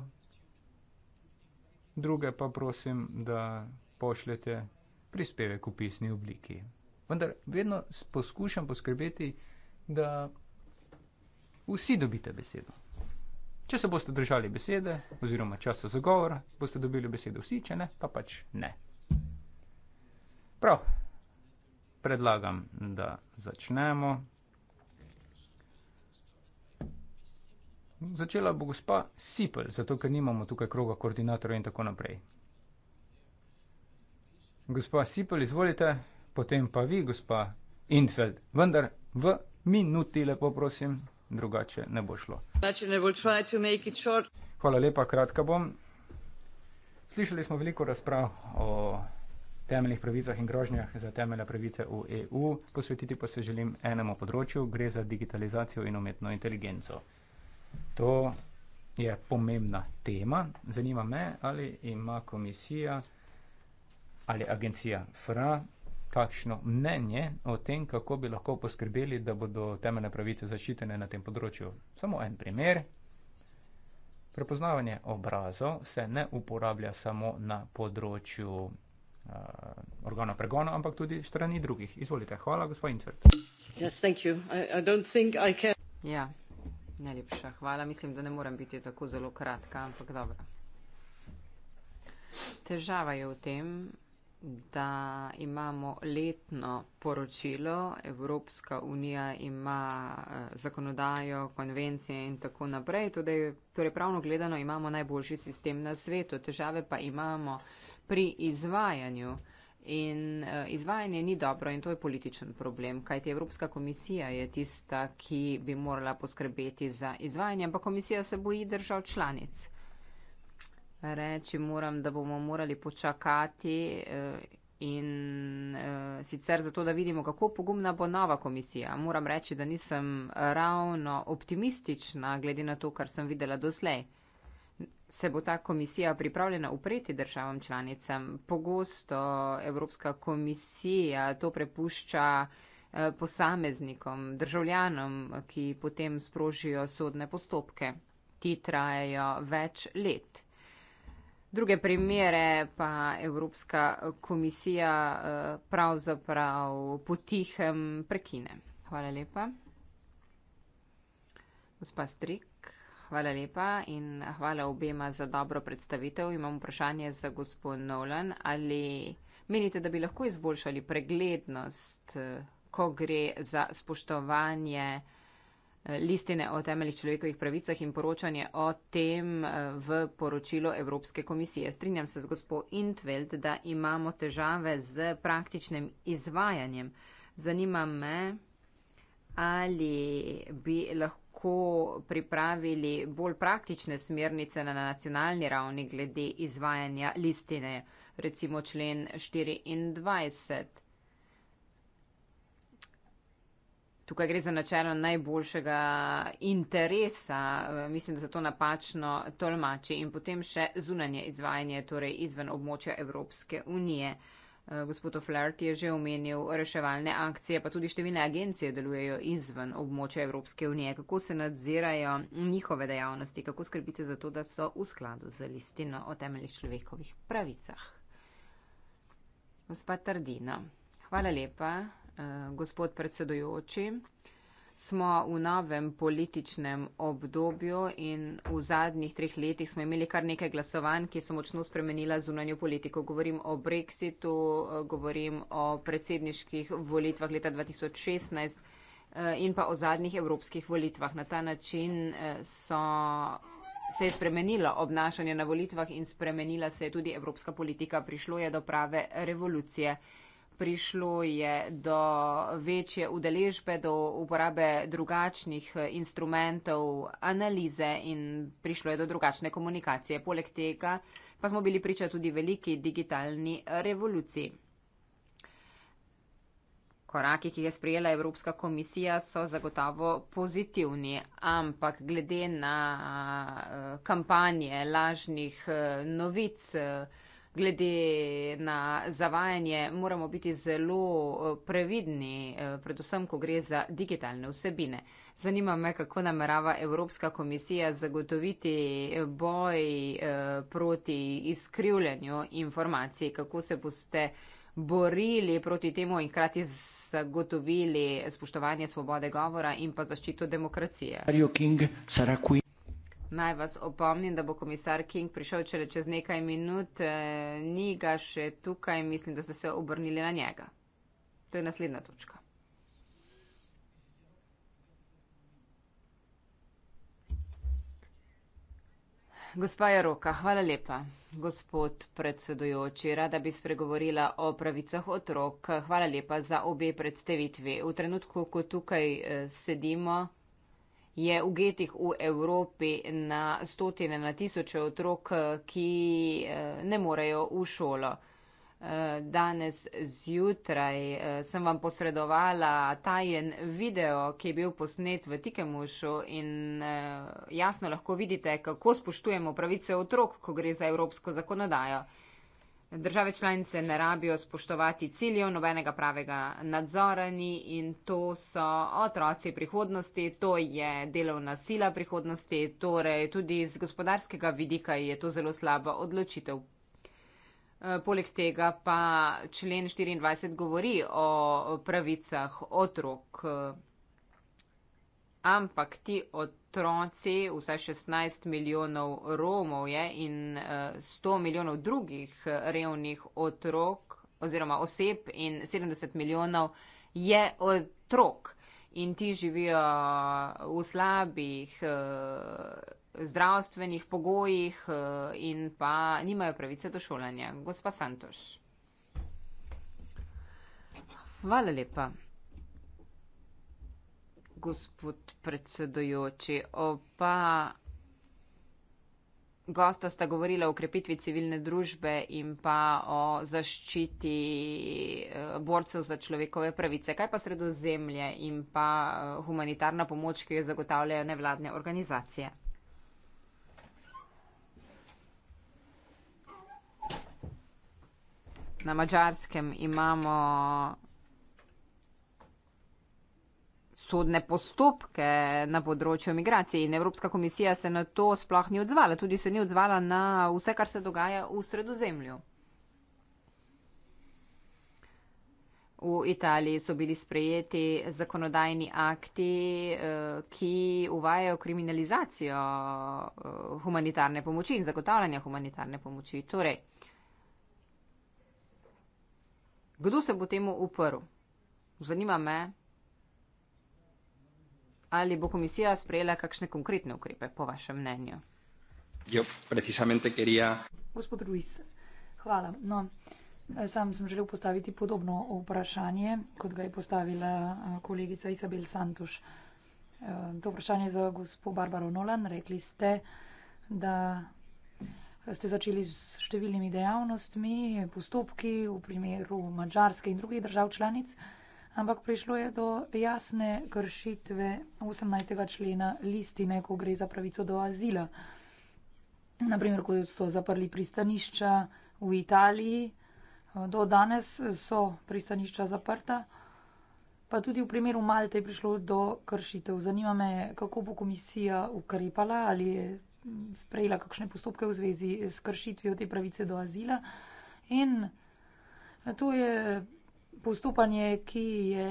druge pa prosim, da pošljete prispevek v pisni obliki. Vendar vedno poskušam poskrbeti, da vsi dobite besedo. Če se boste držali besede oziroma časa za govor, boste dobili besedo vsi, če ne, pa pač ne. Prav, predlagam, da začnemo. Začela bo gospa Sipel, zato ker nimamo tukaj kroga koordinatorjev in tako naprej. Gospa Sipel, izvolite, potem pa vi, gospa Infeld, vendar v minuti, lepo prosim, drugače ne bo šlo. Hvala lepa, kratka bom. Slišali smo veliko razprav o temeljnih pravicah in grožnjah za temelje pravice v EU. Posvetiti pa se želim enemu področju, gre za digitalizacijo in umetno inteligenco. To je pomembna tema. Zanima me, ali ima komisija ali agencija FRA kakšno mnenje o tem, kako bi lahko poskrbeli, da bodo temeljne pravice zaščitene na tem področju. Samo en primer. Prepoznavanje obrazov se ne uporablja samo na področju uh, eh, organa pregona, ampak tudi strani drugih. Izvolite, hvala, gospod Intvert. Yes, ja, Najlepša hvala. Mislim, da ne moram biti tako zelo kratka, ampak dobro. Težava je v tem, da imamo letno poročilo, Evropska unija ima eh, zakonodajo, konvencije in tako naprej. Torej, torej pravno gledano imamo najboljši sistem na svetu. Težave pa imamo pri izvajanju in uh, izvajanje ni dobro in to je političen problem, kajti Evropska komisija je tista, ki bi morala poskrbeti za izvajanje, ampak komisija se boji držav članic. Reči moram, da bomo morali počakati uh, in uh, sicer zato, da vidimo, kako pogumna bo nova komisija. Moram reči, da nisem ravno optimistična, glede na to, kar sem videla doslej. Se bo ta komisija pripravljena upreti državam članicam? Pogosto Evropska komisija to prepušča eh, posameznikom, državljanom, ki potem sprožijo sodne postopke. Ti trajajo več let. Druge primere pa Evropska komisija eh, pravzaprav potihem prekine. Hvala lepa. Gospa Strik hvala lepa in hvala obema za dobro predstavitev. Imam vprašanje za gospod Nolan. Ali menite, da bi lahko izboljšali preglednost, ko gre za spoštovanje eh, listine o temeljih človekovih pravicah in poročanje o tem eh, v poročilo Evropske komisije? Strinjam se z gospod Intveld, da imamo težave z praktičnim izvajanjem. Zanima me, ali bi lahko lahko pripravili bolj praktične smernice na nacionalni ravni glede izvajanja listine, recimo člen 24. Tukaj gre za načelo najboljšega interesa, eh, mislim, da se to napačno tolmači in potem še zunanje izvajanje, torej izven območja Evropske unije. Eh, gospod Oflert je že omenil reševalne akcije, pa tudi številne agencije delujejo izven območja Evropske unije. Kako se nadzirajo njihove dejavnosti, kako skrbite za to, da so v skladu z listino o temeljih človekovih pravicah? Gospod Tardina, hvala lepa, eh, gospod predsedujoči smo v novem političnem obdobju in v zadnjih treh letih smo imeli kar nekaj glasovanj, ki so močno spremenila zunanjo politiko. Govorim o Brexitu, govorim o predsedniških volitvah leta 2016 eh, in pa o zadnjih evropskih volitvah. Na ta način eh, so, se je spremenilo obnašanje na volitvah in spremenila se je tudi evropska politika. Prišlo je do prave revolucije prišlo je do večje udeležbe, do uporabe drugačnih instrumentov analize in prišlo je do drugačne komunikacije. Poleg tega pa smo bili priča tudi veliki digitalni revoluciji. Koraki, ki jih je sprejela Evropska komisija, so zagotovo pozitivni, ampak glede na eh, kampanje lažnih eh, novic, eh, glede na zavajanje moramo biti zelo eh, previdni, eh, predvsem, ko gre za digitalne vsebine. Zanima me, kako namerava Evropska komisija zagotoviti eh, boj proti izkrivljanju informacij, kako se boste borili proti temu in krati zagotovili spoštovanje svobode govora in pa zaščito demokracije. Mario King, Sarah Queen. Naj vas opomnim, da bo komisar King prišel čele čez nekaj minut, eh, ni ga še tukaj, mislim, da ste se obrnili na njega. To je naslednja točka. Gospa Jaroka, hvala lepa. Gospod predsedujoči, rada bi spregovorila o pravicah otrok. Hvala lepa za obe predstavitvi. V trenutku, ko tukaj eh, sedimo, je v getih v Evropi na stotine, na tisoče otrok, ki eh, ne morejo v šolo. Eh, danes zjutraj eh, sem vam posredovala tajen video, ki je bil posnet v Tikemušu in jasno lahko vidite, kako spoštujemo pravice otrok, ko gre za evropsko zakonodajo. Države članice ne rabijo spoštovati ciljev, nobenega pravega nadzora ni in to so otroci prihodnosti, to je delovna sila prihodnosti, torej tudi z gospodarskega vidika je to zelo slaba odločitev. E, poleg tega pa člen 24 govori o pravicah otrok, e, ampak ti otroci otroci, vsaj 16 milijonov Romov je in 100 eh, milijonov drugih eh, revnih otrok oziroma oseb in 70 milijonov je otrok. In ti živijo eh, v slabih zdravstvenih pogojih in pa nimajo pravice do šolanja. Gospa Santoš. Hvala lepa gospod predsedojoči. Opa, gosta sta govorila o ukrepitvi civilne družbe in pa o zaščiti eh, borcev za človekove pravice. Kaj pa sredozemlje in pa eh, humanitarna pomoč, ki jo zagotavljajo nevladne organizacije? Na mačarskem imamo sodne postopke na področju migracij in Evropska komisija se na to sploh ni odzvala, tudi se ni odzvala na vse, kar se dogaja v sredozemlju. V Italiji so bili sprejeti zakonodajni akti, eh, ki uvajajo kriminalizacijo eh, humanitarne pomoči in zagotavljanje humanitarne pomoči. Torej, kdo se bo temu uprl? Zanima me, Ali bo komisija sprejela kakšne konkretne ukrepe, po vašem mnenju? Queria... Gospod Ruiz, hvala. No, sam sem želel postaviti podobno vprašanje, kot ga je postavila kolegica Isabel Santoš. E, to vprašanje za gospod Barbaro Nolan. Rekli ste, da ste začeli s številnimi dejavnostmi, postopki v primeru Mačarske in drugih držav članic ampak prišlo je do jasne kršitve 18. člena listine, ko gre za pravico do azila. Naprimer, ko so zaprli pristanišča v Italiji, do danes so pristanišča zaprta, pa tudi v primeru Malte je prišlo do kršitev. Zanima me, kako bo komisija ukrepala ali je sprejela kakšne postopke v zvezi s kršitvijo te pravice do azila. In to je postopanje, ki je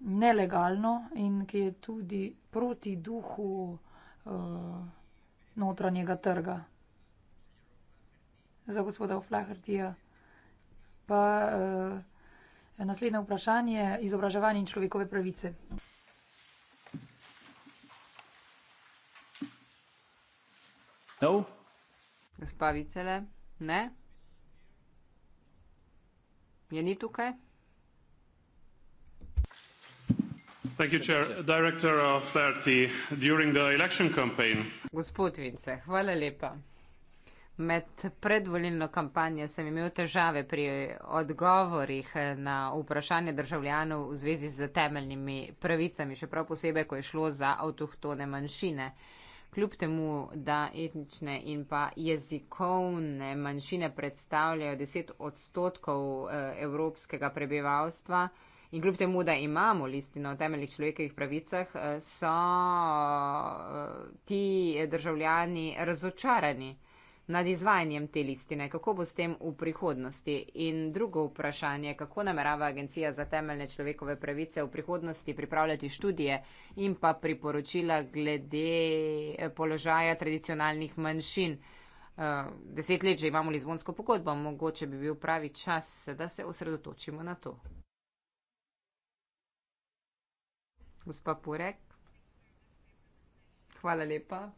nelegalno in ki je tudi proti duhu uh, notranjega trga. Za gospoda Flahrdija pa uh, naslednje vprašanje je izobraževanje in človekove pravice. No. Gospa Vicele, ne je ni tukaj. Gospod Vince, hvala lepa. Med predvolilno kampanjo sem imel težave pri odgovorih na vprašanje državljanov v zvezi z temeljnimi pravicami, še prav posebej, ko je šlo za avtohtone manjšine kljub temu, da etnične in pa jezikovne manjšine predstavljajo 10 odstotkov eh, evropskega prebivalstva in kljub temu, da imamo listino o temeljih človekovih pravicah, eh, so eh, ti državljani razočarani nad izvajanjem te listine, kako bo s tem v prihodnosti. In drugo vprašanje, kako namerava Agencija za temeljne človekove pravice v prihodnosti pripravljati študije in pa priporočila glede eh, položaja tradicionalnih manjšin. Eh, deset let že imamo Lizbonsko pogodbo, mogoče bi bil pravi čas, da se osredotočimo na to. Gospa Purek, hvala lepa.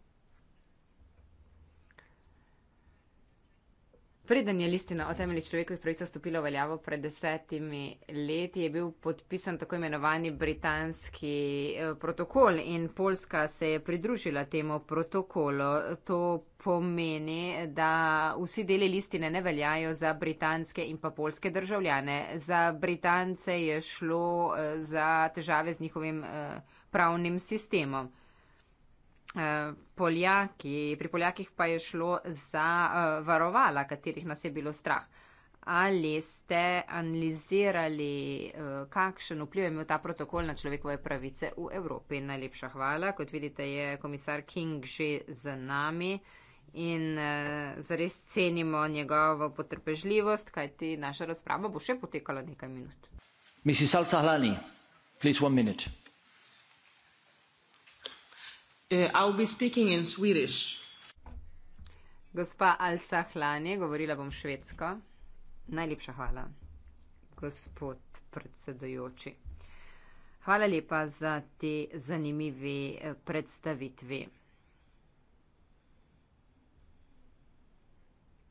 Preden je listina o temeljih človekovih pravic stopila v veljavo pred desetimi leti, je bil podpisan tako imenovani britanski eh, protokol in Poljska se je pridružila temu protokolu. To pomeni, da vsi deli listine ne veljajo za britanske in pa polske državljane. Za Britance je šlo eh, za težave z njihovim eh, pravnim sistemom. Eh, Poljaki, pri Poljakih pa je šlo za uh, varovala, katerih nas je bilo strah. Ali ste analizirali, uh, kakšen vpliv je imel ta protokol na človekove pravice v Evropi? Najlepša hvala. Kot vidite, je komisar King že z nami in uh, zares cenimo njegovo potrpežljivost, kajti naša razprava bo še potekala nekaj minut. Misi Salsahlani, please one minute. Eh, Gospa Al-Sahlan je govorila bom švedsko. Najlepša hvala, gospod predsedujoči. Hvala lepa za te zanimive eh, predstavitve.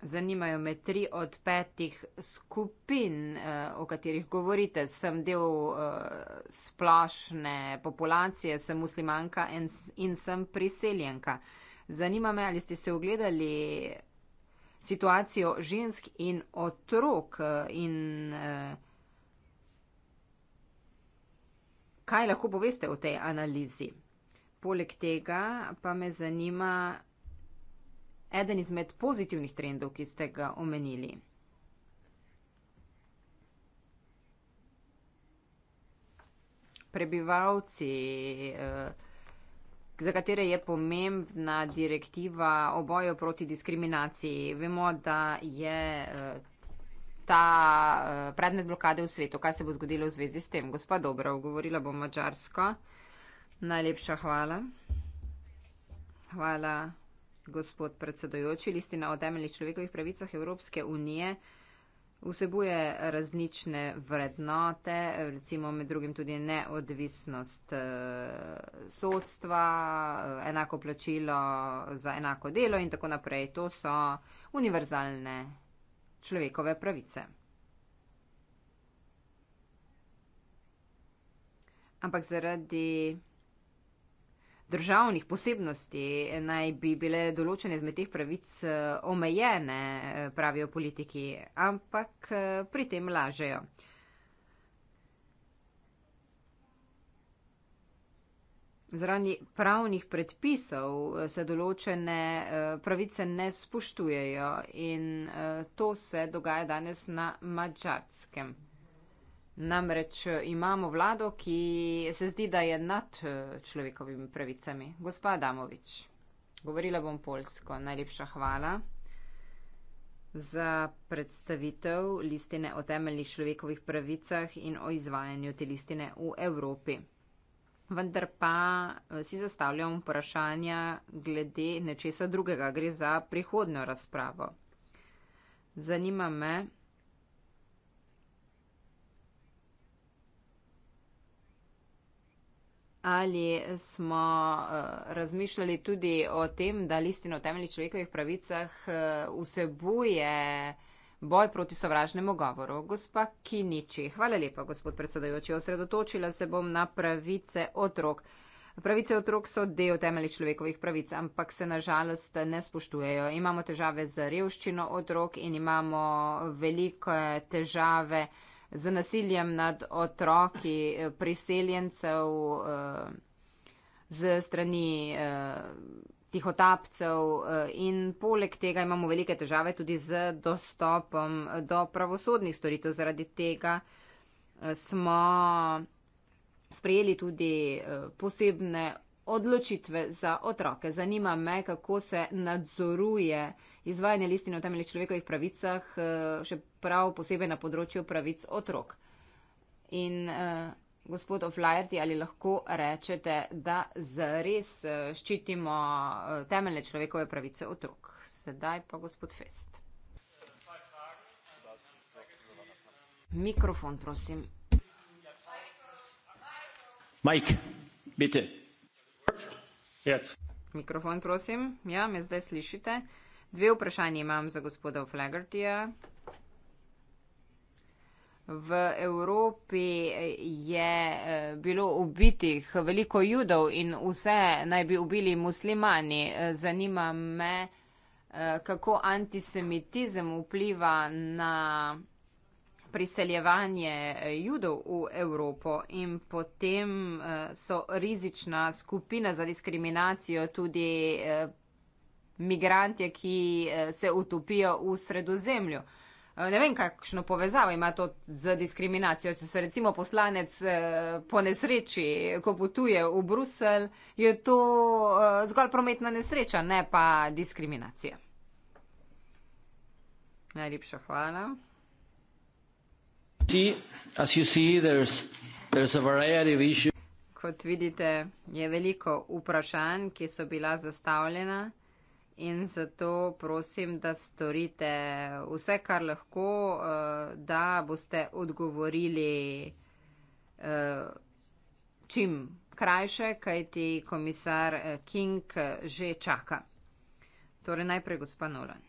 Zanimajo me tri od petih skupin, eh, o katerih govorite. Sem del eh, splošne populacije, sem muslimanka in sem priseljenka. Zanima me, ali ste se ogledali situacijo žensk in otrok eh, in kaj lahko poveste o tej analizi. Poleg tega pa me zanima eden izmed pozitivnih trendov, ki ste ga omenili. Prebivalci, eh, za katere je pomembna direktiva o boju proti diskriminaciji, vemo, da je eh, ta eh, predmet blokade v svetu. Kaj se bo zgodilo v zvezi s tem? Gospa Dobro, govorila bom mačarsko. Najlepša hvala. Hvala gospod predsedojoči, listina o temeljnih človekovih pravicah Evropske unije vsebuje različne vrednote, recimo med drugim tudi neodvisnost eh, sodstva, eh, enako plačilo za enako delo in tako naprej. To so univerzalne človekove pravice. Ampak zaradi državnih posebnosti naj bi bile določene izmed teh pravic eh, omejene, eh, pravijo politiki, ampak eh, pri tem lažejo. Zaradi pravnih predpisov se določene pravice ne spoštujejo in to se dogaja danes na mačarskem. Namreč eh, imamo vlado, ki se zdi, da je nad eh, človekovimi pravicami. Gospa Damovič, govorila bom polsko. Najlepša hvala za predstavitev listine o temeljnih človekovih pravicah in o izvajanju te listine v Evropi. Vendar pa eh, si zastavljam vprašanja glede nečesa drugega. Gre za prihodno razpravo. Zanima me. ali smo eh, razmišljali tudi o tem, da listino o temeljih človekovih pravicah eh, vsebuje boj proti sovražnemu govoru. Gospa Kiniči, hvala lepa, gospod predsedajoči. Osredotočila se bom na pravice otrok. Pravice otrok so del temeljih človekovih pravic, ampak se nažalost ne spoštujejo. Imamo težave z revščino otrok in imamo velike težave z nasiljem nad otroki eh, priseljencev, eh, z strani eh, tihotapcev in poleg tega imamo velike težave tudi z dostopom do pravosodnih storitev. Zaradi tega smo sprejeli tudi posebne odločitve za otroke. Zanima me, kako se nadzoruje izvajanje listine o temeljih človekovih pravicah, eh, še prav posebej na področju pravic otrok. In eh, gospod Oflajerti, ali lahko rečete, da zares eh, ščitimo eh, temeljne človekove pravice otrok? Sedaj pa gospod Fest. Mikrofon, prosim. Mike, bitte. Mikrofon, prosim. Ja, me zdaj slišite. Dve vprašanje imam za gospoda Flagertija. V Evropi je eh, bilo ubitih veliko judov in vse naj bi ubili muslimani. Eh, zanima me, eh, kako antisemitizem vpliva na priseljevanje judov v Evropo in potem so rizična skupina za diskriminacijo tudi migrantje, ki eh, se utopijo v sredozemlju. Eh, ne vem, kakšno povezavo ima to z diskriminacijo. Če se recimo poslanec eh, po nesreči, ko potuje v Bruselj, je to zgolj prometna nesreča, ne pa diskriminacija. Najlepša hvala. Kot vidite, je veliko vprašanj, ki so bila zastavljena in zato prosim, da storite vse, kar lahko, eh, da boste odgovorili eh, čim krajše, kajti komisar eh, King že čaka. Torej najprej gospa Nolan.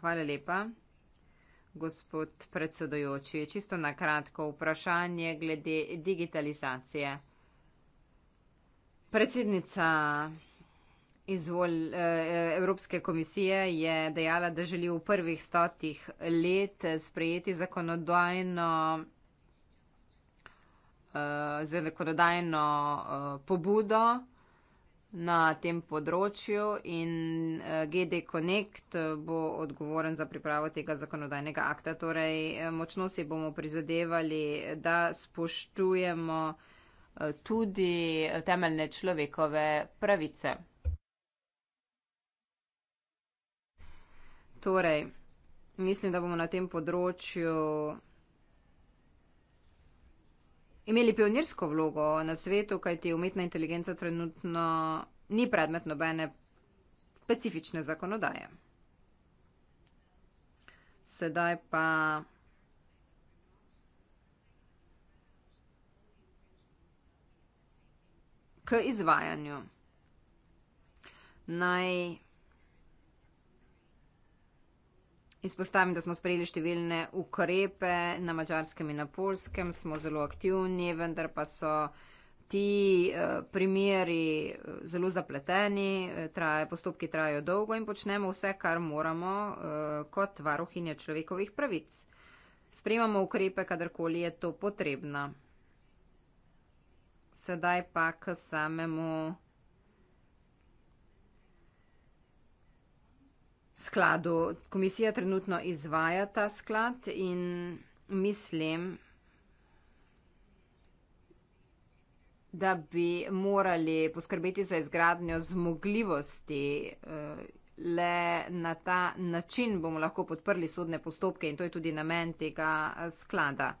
Hvala lepa. Gospod predsedojoči, čisto na kratko vprašanje glede digitalizacije. Predsednica izvolj eh, Evropske komisije je dejala, da želi v prvih stotih let eh, sprejeti zakonodajno eh, za zakonodajno pobudo na tem področju in GD Connect bo odgovoren za pripravo tega zakonodajnega akta. Torej, močno si bomo prizadevali, da spoštujemo tudi temeljne človekove pravice. Torej, mislim, da bomo na tem področju imeli pionirsko vlogo na svetu, kajti umetna inteligenca trenutno ni predmet nobene specifične zakonodaje. Sedaj pa. K izvajanju. Naj Izpostavim, da smo sprejeli številne ukrepe na mačarskem in na polskem, smo zelo aktivni, vendar pa so ti eh, primeri eh, zelo zapleteni, eh, traje, postopki trajajo dolgo in počnemo vse, kar moramo kot varuhinja človekovih pravic. Sprejemamo ukrepe, kadarkoli je to potrebno. Sedaj pa k samemu. skladu. Komisija trenutno izvaja ta sklad in mislim, da bi morali poskrbeti za izgradnjo zmogljivosti. Eh, le na ta način bomo lahko podprli sodne postopke in to je tudi namen tega eh, sklada.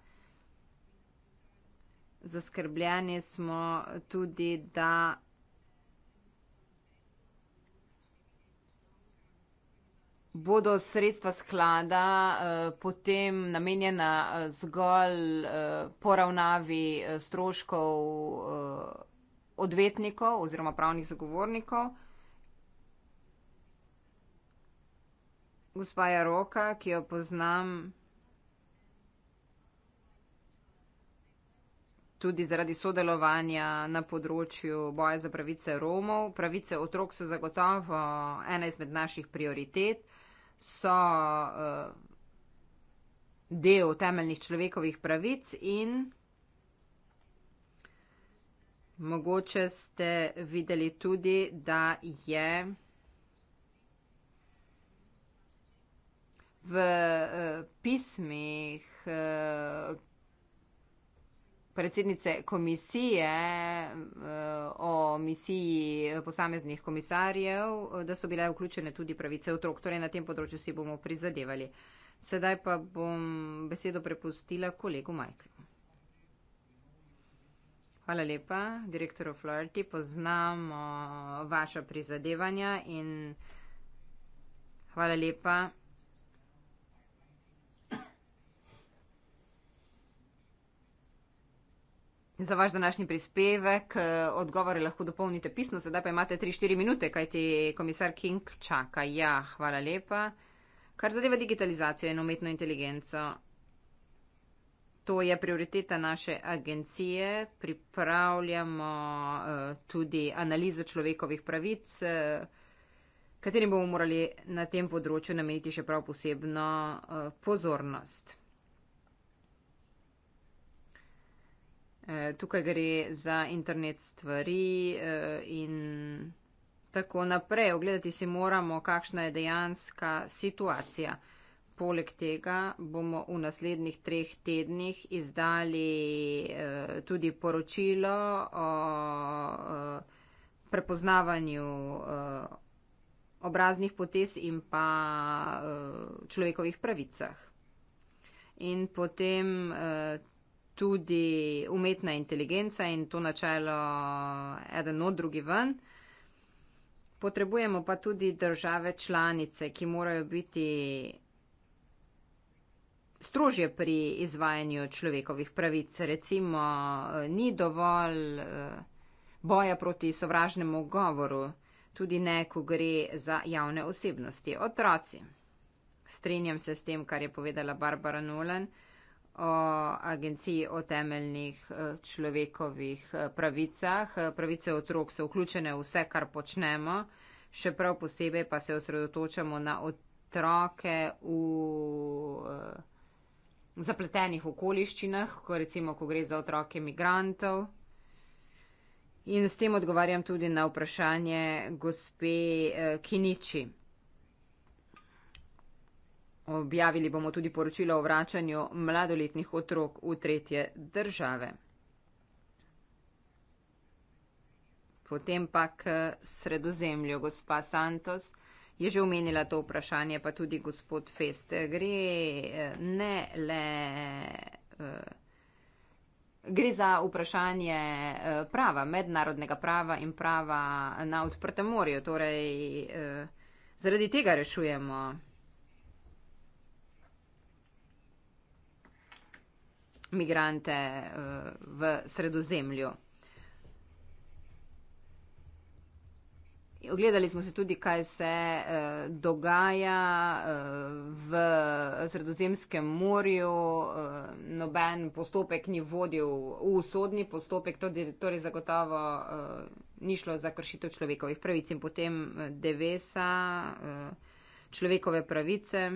Zaskrbljeni smo tudi, da bodo sredstva sklada eh, potem namenjena eh, zgolj eh, poravnavi eh, stroškov eh, odvetnikov oziroma pravnih zagovornikov. Gospa Jaroka, ki jo poznam tudi zaradi sodelovanja na področju boja za pravice Romov. Pravice otrok so zagotovo ena izmed naših prioritet so uh, del temeljnih človekovih pravic in mogoče ste videli tudi, da je v uh, pismih uh, predsednice komisije eh, o misiji posameznih komisarjev, da so bile vključene tudi pravice otrok. Torej, na tem področju si bomo prizadevali. Sedaj pa bom besedo prepustila kolegu Majklu. Hvala lepa, direktor Flaherty. Poznamo vaša prizadevanja in hvala lepa. za vaš današnji prispevek. Eh, odgovore lahko dopolnite pisno, sedaj pa imate 3-4 minute, kajti komisar King čaka. Ja, hvala lepa. Kar zadeva digitalizacijo in umetno inteligenco, to je prioriteta naše agencije. Pripravljamo eh, tudi analizo človekovih pravic, eh, katerim bomo morali na tem področju nameniti še prav posebno pozornost. Tukaj gre za internet stvari eh, in tako naprej. Ogledati si moramo, kakšna je dejanska situacija. Poleg tega bomo v naslednjih treh tednih izdali eh, tudi poročilo o eh, prepoznavanju obraznih potes in pa človekovih pravicah. In potem tudi umetna inteligenca in to načelo eden od drugi ven. Potrebujemo pa tudi države članice, ki morajo biti strožje pri izvajanju človekovih pravic. Recimo, eh, ni dovolj eh, boja proti sovražnemu govoru, tudi ne, ko gre za javne osebnosti. Otroci. Strenjam se s tem, kar je povedala Barbara Nolan o agenciji o temeljnih eh, človekovih eh, pravicah. Eh, pravice otrok so vključene v vse, kar počnemo, še prav posebej pa se osredotočamo na otroke v zapletenih okoliščinah, ko recimo, ko gre za otroke migrantov. In s tem odgovarjam tudi na vprašanje gospe Kiniči. Objavili bomo tudi poročilo o vračanju mladoletnih otrok v tretje države. Potem pa k sredozemlju. Gospa Santos je že omenila to vprašanje, pa tudi gospod Fest. Gre eh, ne le. Eh, gre za vprašanje eh, prava, mednarodnega prava in prava na odprtem morju. Torej, zaradi tega rešujemo migrante eh, v sredozemlju. Ogledali smo se tudi, kaj se eh, dogaja eh, v sredozemskem morju. Noben postopek ni vodil v sodni postopek, tudi, torej zagotovo ni šlo za kršitev človekovih pravic in potem devesa človekove pravice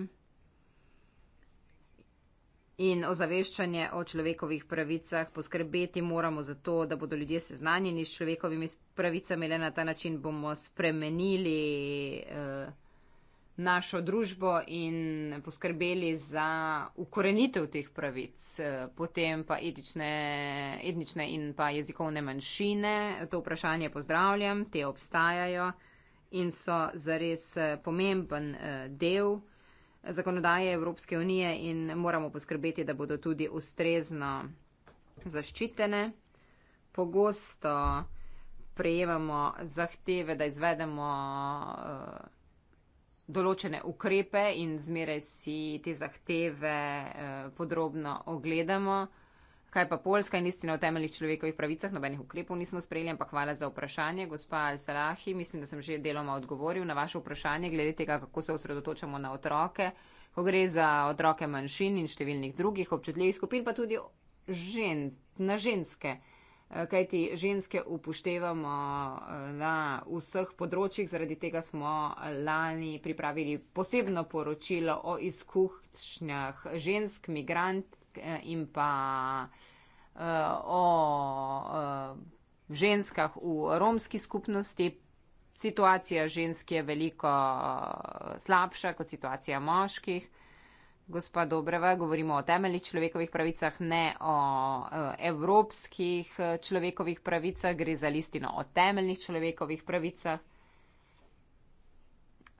in ozaveščanje o človekovih pravicah. Poskrbeti moramo za to, da bodo ljudje seznanjeni s človekovimi pravicami. Le na ta način bomo spremenili eh, našo družbo in poskrbeli za ukorenitev teh pravic. Eh, potem pa etične, etnične in pa jezikovne manjšine. To vprašanje pozdravljam, te obstajajo. In so zares eh, pomemben eh, del zakonodaje Evropske unije in moramo poskrbeti, da bodo tudi ustrezno zaščitene. Pogosto prejemamo zahteve, da izvedemo uh, določene ukrepe in zmeraj si te zahteve uh, podrobno ogledamo. Kaj pa Poljska in istina o temeljih človekovih pravicah, nobenih ukrepov nismo sprejeli, ampak hvala za vprašanje. Gospa Al-Salahi, mislim, da sem že deloma odgovoril na vaše vprašanje glede tega, kako se osredotočamo na otroke, ko gre za otroke manjšin in številnih drugih občutljivih skupin, pa tudi žen, na ženske. Eh, Kaj ti ženske upoštevamo eh, na vseh področjih, zaradi tega smo lani pripravili posebno poročilo o izkušnjah žensk, migrant in pa eh, o eh, ženskah v romski skupnosti. Situacija žensk je veliko eh, slabša kot situacija moških. Gospa Dobreva, govorimo o temeljih človekovih pravicah, ne o evropskih človekovih pravicah, gre za listino o temeljih človekovih pravicah.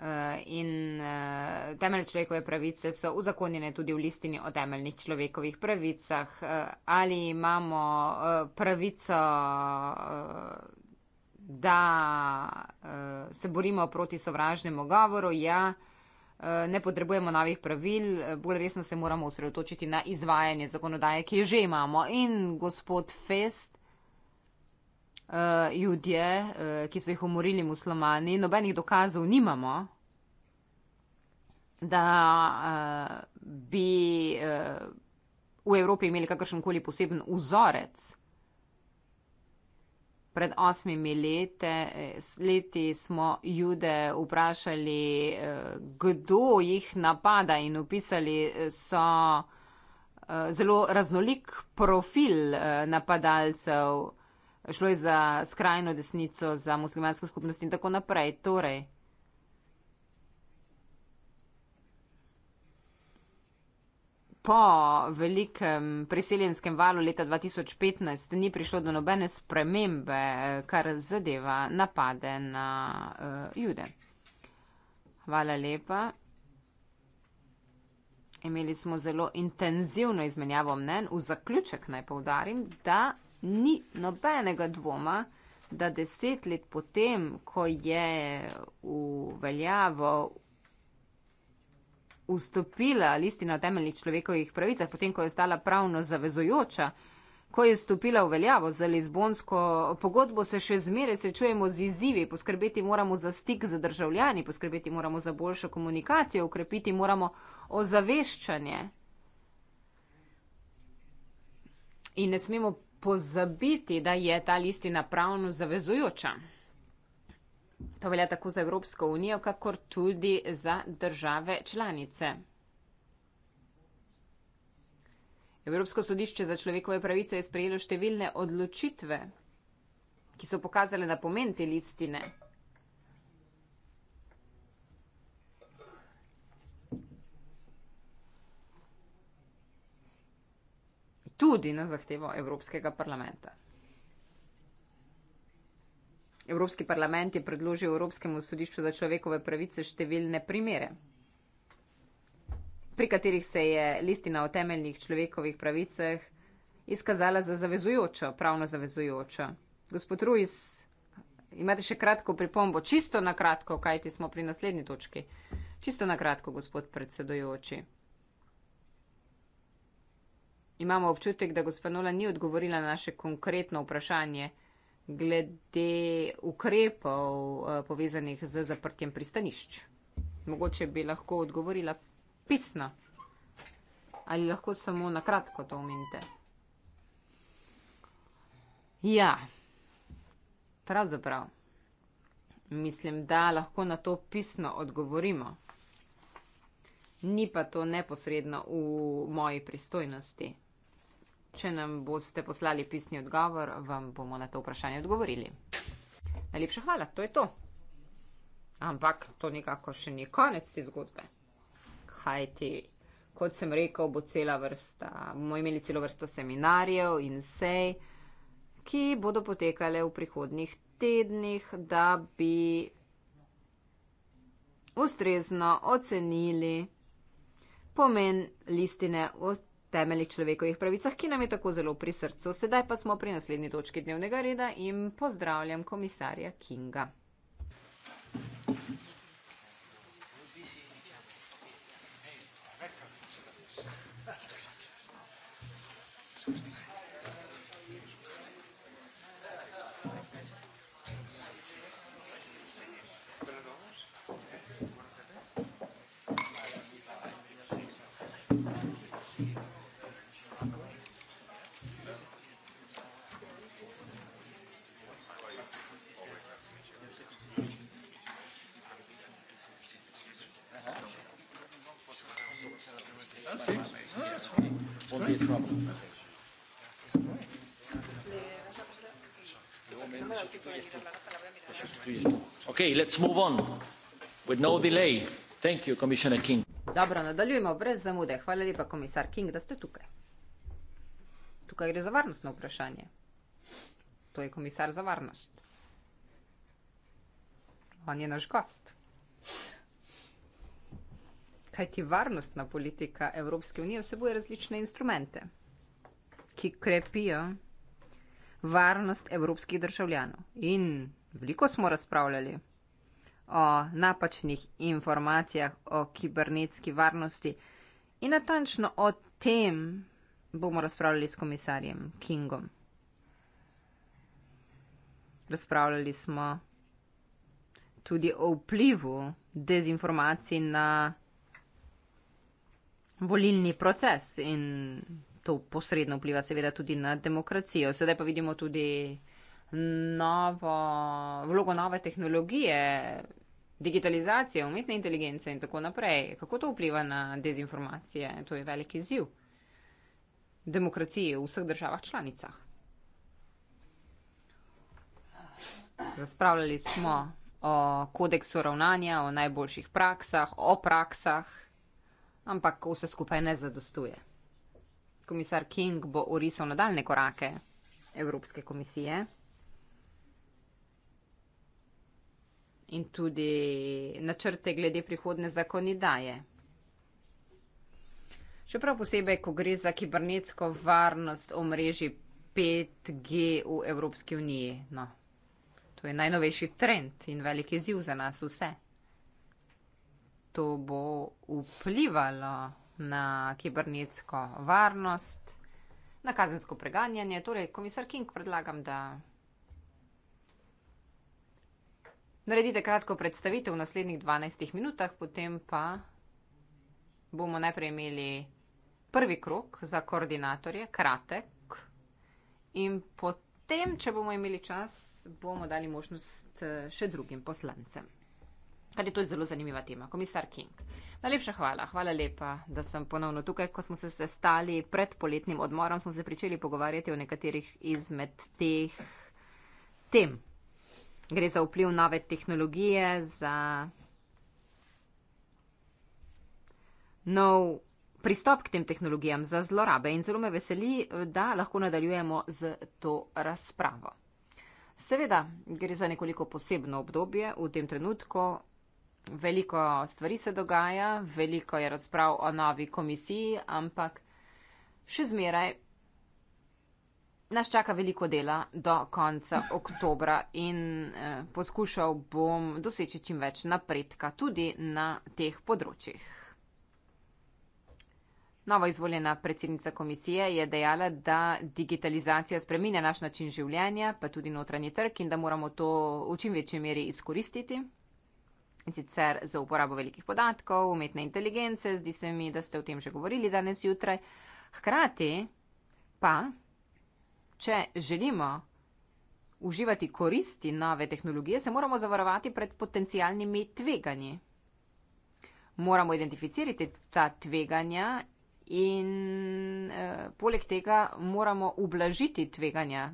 Eh, in eh, temeljne človekove pravice so uzakonjene tudi v listini o temeljnih človekovih pravicah. Eh, ali imamo pravico, da se borimo proti sovražnemu govoru? Ja, ne potrebujemo novih pravil, bolj resno se moramo osredotočiti na izvajanje zakonodaje, ki jo že imamo. In gospod Fest uh, ljudje, uh, ki so jih umorili muslimani, nobenih dokazov nimamo, da uh, bi uh, v Evropi imeli kakršenkoli poseben vzorec. Pred osmimi lete, leti smo jude vprašali, kdo jih napada in opisali so zelo raznolik profil napadalcev šlo je za skrajno desnico, za muslimansko skupnost in tako naprej. Torej. Po velikem priseljenskem valu leta 2015 ni prišlo do nobene spremembe, kar zadeva napade na uh, jude. Hvala lepa. Imeli smo zelo intenzivno izmenjavo mnen. V zaključek naj povdarim, da ni nobenega dvoma, da deset let potem, ko je v veljavo vstopila listina o temeljnih človekovih pravicah, potem, ko je stala pravno zavezojoča, ko je vstopila v veljavo za Lizbonsko pogodbo, se še zmeraj srečujemo z izzivi, poskrbeti moramo za stik z državljani, poskrbeti moramo za boljšo komunikacijo, ukrepiti moramo ozaveščanje. In ne smemo pozabiti, da je ta listina pravno zavezujoča. To velja tako za Evropsko unijo, kakor tudi za države članice. Evropsko sodišče za človekove pravice je sprejelo številne odločitve, ki so pokazale na pomen te listine. tudi na zahtevo Evropskega parlamenta. Evropski parlament je predložil Evropskemu sodišču za človekove pravice številne primere, pri katerih se je listina o temeljnih človekovih pravicah izkazala za zavezujočo, pravno zavezujočo. Gospod Ruiz, imate še kratko pripombo, čisto na kratko, kajti smo pri naslednji točki. Čisto na kratko, gospod predsedujoči. Imamo občutek, da gospa Nola ni odgovorila na naše konkretno vprašanje glede ukrepov eh, povezanih z zaprtjem pristanišč. Mogoče bi lahko odgovorila pisno. Ali lahko samo na kratko to omenite? Ja, pravzaprav. Mislim, da lahko na to pisno odgovorimo. Ni pa to neposredno v moji pristojnosti. Če nam boste poslali pisni odgovor, vam bomo na to vprašanje odgovorili. Najlepša hvala, to je to. Ampak to nekako še ni konec te zgodbe. Kaj ti, kot sem rekel, bo cela vrsta, bomo imeli celo vrsto seminarjev in sej, ki bodo potekale v prihodnih tednih, da bi ustrezno ocenili pomen listine. Ust temeljih človekovih pravicah, ki nam je tako zelo pri srcu. Sedaj pa smo pri naslednji točki dnevnega reda in pozdravljam komisarja Kinga. Okay, let's move on with no delay. Thank you, Commissioner King. Dobro, nadaljujemo brez zamude. Hvala lepa, komisar King, da ste tukaj. Tukaj gre za varnostno vprašanje. To je komisar za varnost. On je naš gost. Kaj ti varnostna politika Evropske unije vsebuje različne instrumente, ki krepijo varnost evropskih državljanov. In veliko smo razpravljali o napačnih informacijah o kibernetski varnosti in natančno o tem bomo razpravljali s komisarjem Kingom. Razpravljali smo tudi o vplivu dezinformacij na volilni proces in to posredno vpliva seveda tudi na demokracijo. Sedaj pa vidimo tudi novo, vlogo nove tehnologije, digitalizacije, umetne inteligence in tako naprej. Kako to vpliva na dezinformacije? To je veliki ziv demokracije v vseh državah članicah. Razpravljali smo o kodeksu ravnanja, o najboljših praksah, o praksah, ampak vse skupaj ne zadostuje komisar King bo orisal nadaljne korake Evropske komisije in tudi načrte glede prihodne zakonidaje. Čeprav posebej, ko gre za kibernetsko varnost v mreži 5G v Evropski uniji. No, to je najnovejši trend in veliki ziv za nas vse. To bo vplivalo na kibernetsko varnost, na kazensko preganjanje. Torej, komisar King, predlagam, da naredite kratko predstavitev v naslednjih 12 minutah, potem pa bomo najprej imeli prvi krok za koordinatorje, kratek, in potem, če bomo imeli čas, bomo dali možnost eh, še drugim poslancem. Ali to je zelo zanimiva tema, komisar King. Najlepša hvala, hvala lepa, da sem ponovno tukaj. Ko smo se sestali pred poletnim odmorom, smo se pričeli pogovarjati o nekaterih izmed teh tem. Gre za vpliv nove tehnologije, za nov pristop k tem tehnologijam, za zlorabe in zelo me veseli, da lahko nadaljujemo z to razpravo. Seveda, gre za nekoliko posebno obdobje v tem trenutku, veliko stvari se dogaja, veliko je razprav o novi komisiji, ampak še zmeraj nas čaka veliko dela do konca oktobra in eh, poskušal bom doseči čim več napredka tudi na teh področjih. Novo izvoljena predsednica komisije je dejala, da digitalizacija spreminja naš način življenja, pa tudi notranji trg in da moramo to v čim večji meri izkoristiti. In sicer za uporabo velikih podatkov, umetne inteligence, zdi se mi, da ste o tem že govorili danes jutraj. Hkrati pa, če želimo uživati koristi nove tehnologije, se moramo zavarovati pred potencijalnimi tveganji. Moramo identificirati ta tveganja in eh, poleg tega moramo ublažiti tveganja.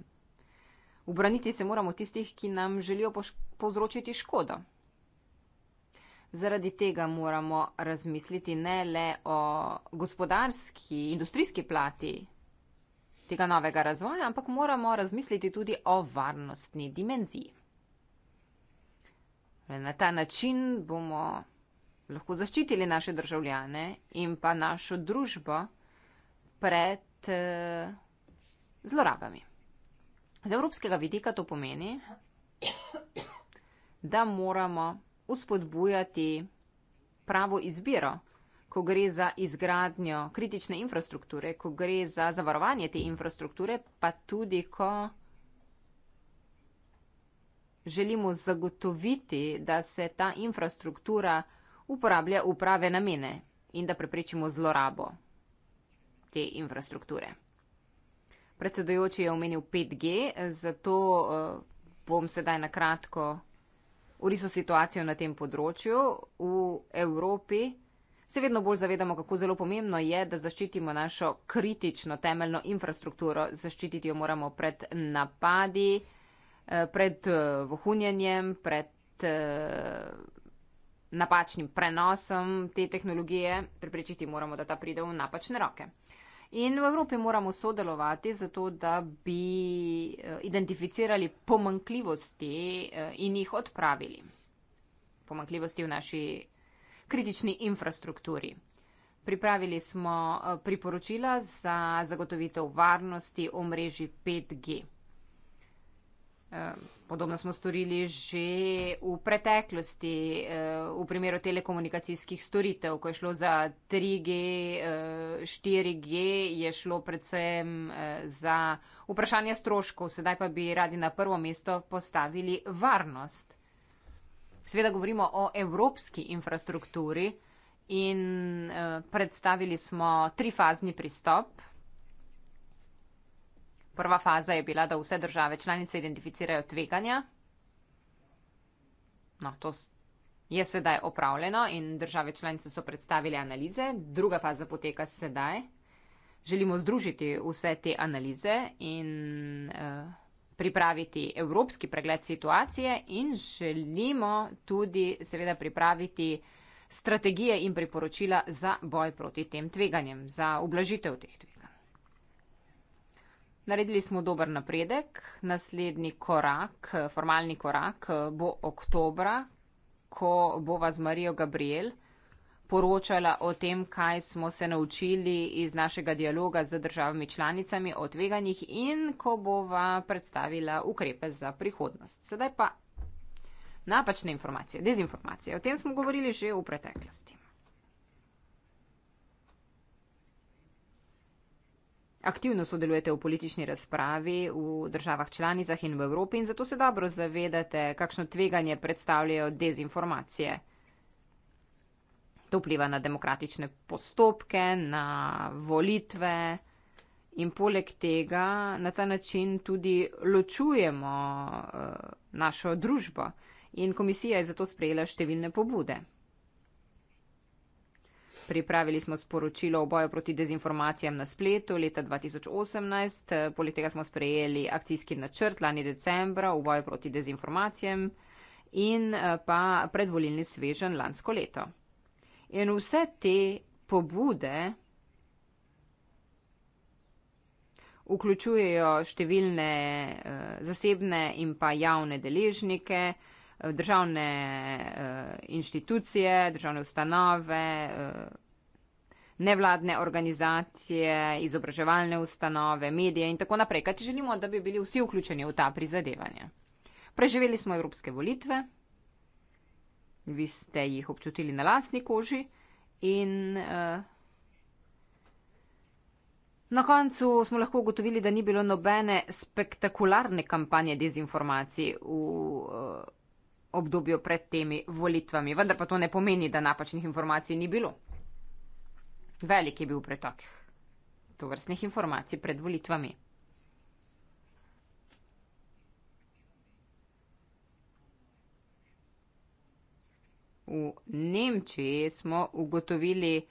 Ubraniti se moramo tistih, ki nam želijo povzročiti škodo. Zaradi tega moramo razmisliti ne le o gospodarski, industrijski plati tega novega razvoja, ampak moramo razmisliti tudi o varnostni dimenziji. Na ta način bomo lahko zaščitili naše državljane in pa našo družbo pred eh, zlorabami. Z evropskega vidika to pomeni, da moramo vzpodbujati pravo izbiro, ko gre za izgradnjo kritične infrastrukture, ko gre za zavarovanje te infrastrukture, pa tudi ko želimo zagotoviti, da se ta infrastruktura uporablja v prave namene in da preprečimo zlorabo te infrastrukture. Predsedojoči je omenil 5G, zato eh, bom sedaj na kratko uriso situacijo na tem področju v Evropi. Se vedno bolj zavedamo, kako zelo pomembno je, da zaščitimo našo kritično temeljno infrastrukturo. Zaščititi jo moramo pred napadi, eh, pred eh, vohunjenjem, pred eh, napačnim prenosom te tehnologije. Preprečiti moramo, da ta pride v napačne roke. In v Evropi moramo sodelovati, zato da bi eh, identificirali pomankljivosti eh, in jih odpravili. Pomankljivosti v naši kritični infrastrukturi. Pripravili smo eh, priporočila za zagotovitev varnosti omrežji 5G. Podobno smo storili že v preteklosti, eh, v primeru telekomunikacijskih storitev, ko je šlo za 3G, 4G, eh, je šlo predvsem eh, za vprašanje stroškov, sedaj pa bi radi na prvo mesto postavili varnost. Sveda govorimo o evropski infrastrukturi in predstavili smo trifazni pristop. Prva faza je bila, da vse države članice identificirajo tveganja. No, to je sedaj opravljeno in države članice so predstavili analize. Druga faza poteka sedaj. Želimo združiti vse te analize in uh, pripraviti evropski pregled situacije, in želimo tudi, seveda, pripraviti strategije in priporočila za boj proti tem tveganjem, za ublažitev teh tveganj. Naredili smo dober napredek, naslednji korak, formalni korak bo oktobra, ko bova z Marijo Gabriel poročala o tem, kaj smo se naučili iz našega dialoga z državami članicami o tveganjih in ko bova predstavila ukrepe za prihodnost. Sedaj pa napačne informacije, dezinformacije. O tem smo govorili že v preteklosti. Aktivno sodelujete v politični razpravi v državah članicah in v Evropi in zato se dobro zavedate, kakšno tveganje predstavljajo dezinformacije. To vpliva na demokratične postopke, na volitve in poleg tega na ta način tudi ločujemo eh, našo družbo. In komisija je zato sprejela številne pobude. Pripravili smo sporočilo o boju proti dezinformacijam na spletu leta 2018, poleg tega smo sprejeli akcijski načrt lani decembra o boju proti dezinformacijam in pa predvolilni svežen lansko leto. In vse te pobude vključujejo številne eh, zasebne in pa javne deležnike, državne uh, inštitucije, državne ustanove, uh, nevladne organizacije, izobraževalne ustanove, medije in tako naprej. Kaj ti želimo, da bi bili vsi vključeni v ta prizadevanje? Preživeli smo evropske volitve, vi ste jih občutili na lastni koži in. Uh, Na koncu smo lahko ugotovili, da ni bilo nobene spektakularne kampanje dezinformacij v obdobju pred temi volitvami, vendar pa to ne pomeni, da napačnih informacij ni bilo. Velik je bil pretok tovrstnih informacij pred volitvami. V Nemčiji smo ugotovili,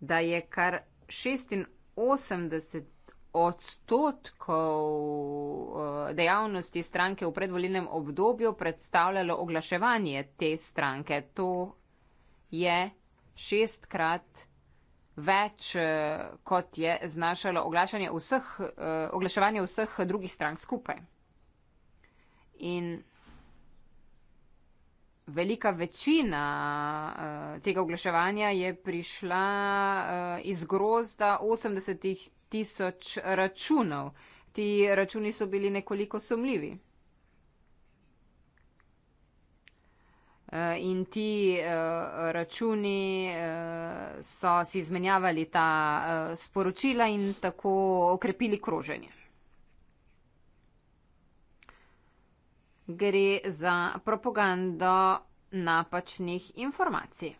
da je kar 86 odstotkov eh, dejavnosti stranke v predvolilnem obdobju predstavljalo oglaševanje te stranke. To je šestkrat več, eh, kot je znašalo oglaševanje vseh, eh, oglaševanje vseh drugih strank skupaj. In velika večina tega oglaševanja je prišla iz grozda 80-ih tisoč računov. Ti računi so bili nekoliko sumljivi. Eh, in ti eh, računi eh, so si izmenjavali ta sporočila in tako okrepili kroženje. Gre za propagando napačnih informacij.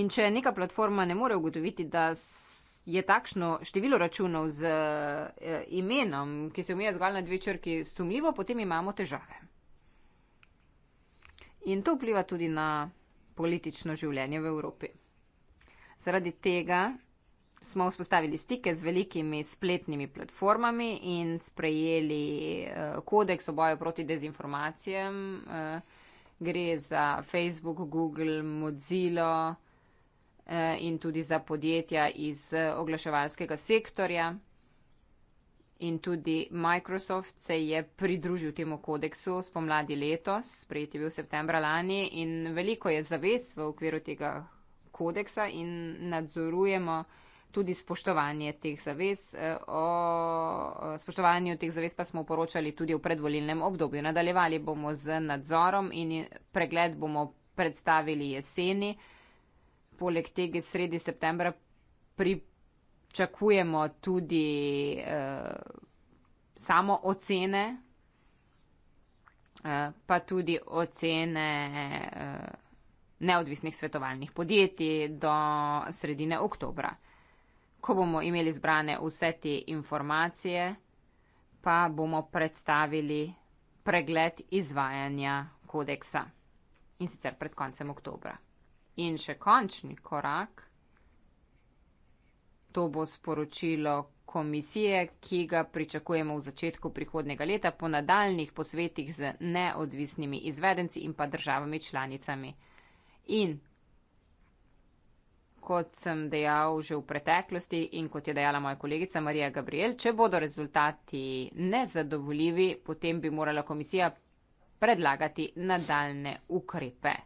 In če neka platforma ne more ugotoviti, da je takšno število računov z uh, imenom, ki se umije zgolj na dve črki, sumljivo, potem imamo težave. In to vpliva tudi na politično življenje v Evropi. Zaradi tega smo vzpostavili stike z velikimi spletnimi platformami in sprejeli uh, kodeks o boju proti dezinformacijam. Uh, gre za Facebook, Google, Mozilla. Eh, in tudi za podjetja iz eh, oglaševalskega sektorja. In tudi Microsoft se je pridružil temu kodeksu spomladi letos, sprejeti bil septembra lani in veliko je zavez v okviru tega kodeksa in nadzorujemo tudi spoštovanje teh zavez. Eh, o spoštovanju teh zavez pa smo poročali tudi v predvolilnem obdobju. Nadaljevali bomo z nadzorom in pregled bomo predstavili jeseni poleg tega sredi septembra pričakujemo tudi uh, samo ocene, uh, pa tudi ocene uh, neodvisnih svetovalnih podjetij do sredine oktobra. Ko bomo imeli zbrane vse te informacije, pa bomo predstavili pregled izvajanja kodeksa in sicer pred koncem oktobra. In še končni korak, to bo sporočilo komisije, ki ga pričakujemo v začetku prihodnega leta po nadaljnih posvetih z neodvisnimi izvedenci in pa državami članicami. In kot sem dejal že v preteklosti in kot je dejala moja kolegica Marija Gabriel, če bodo rezultati nezadovoljivi, potem bi morala komisija predlagati nadaljne ukrepe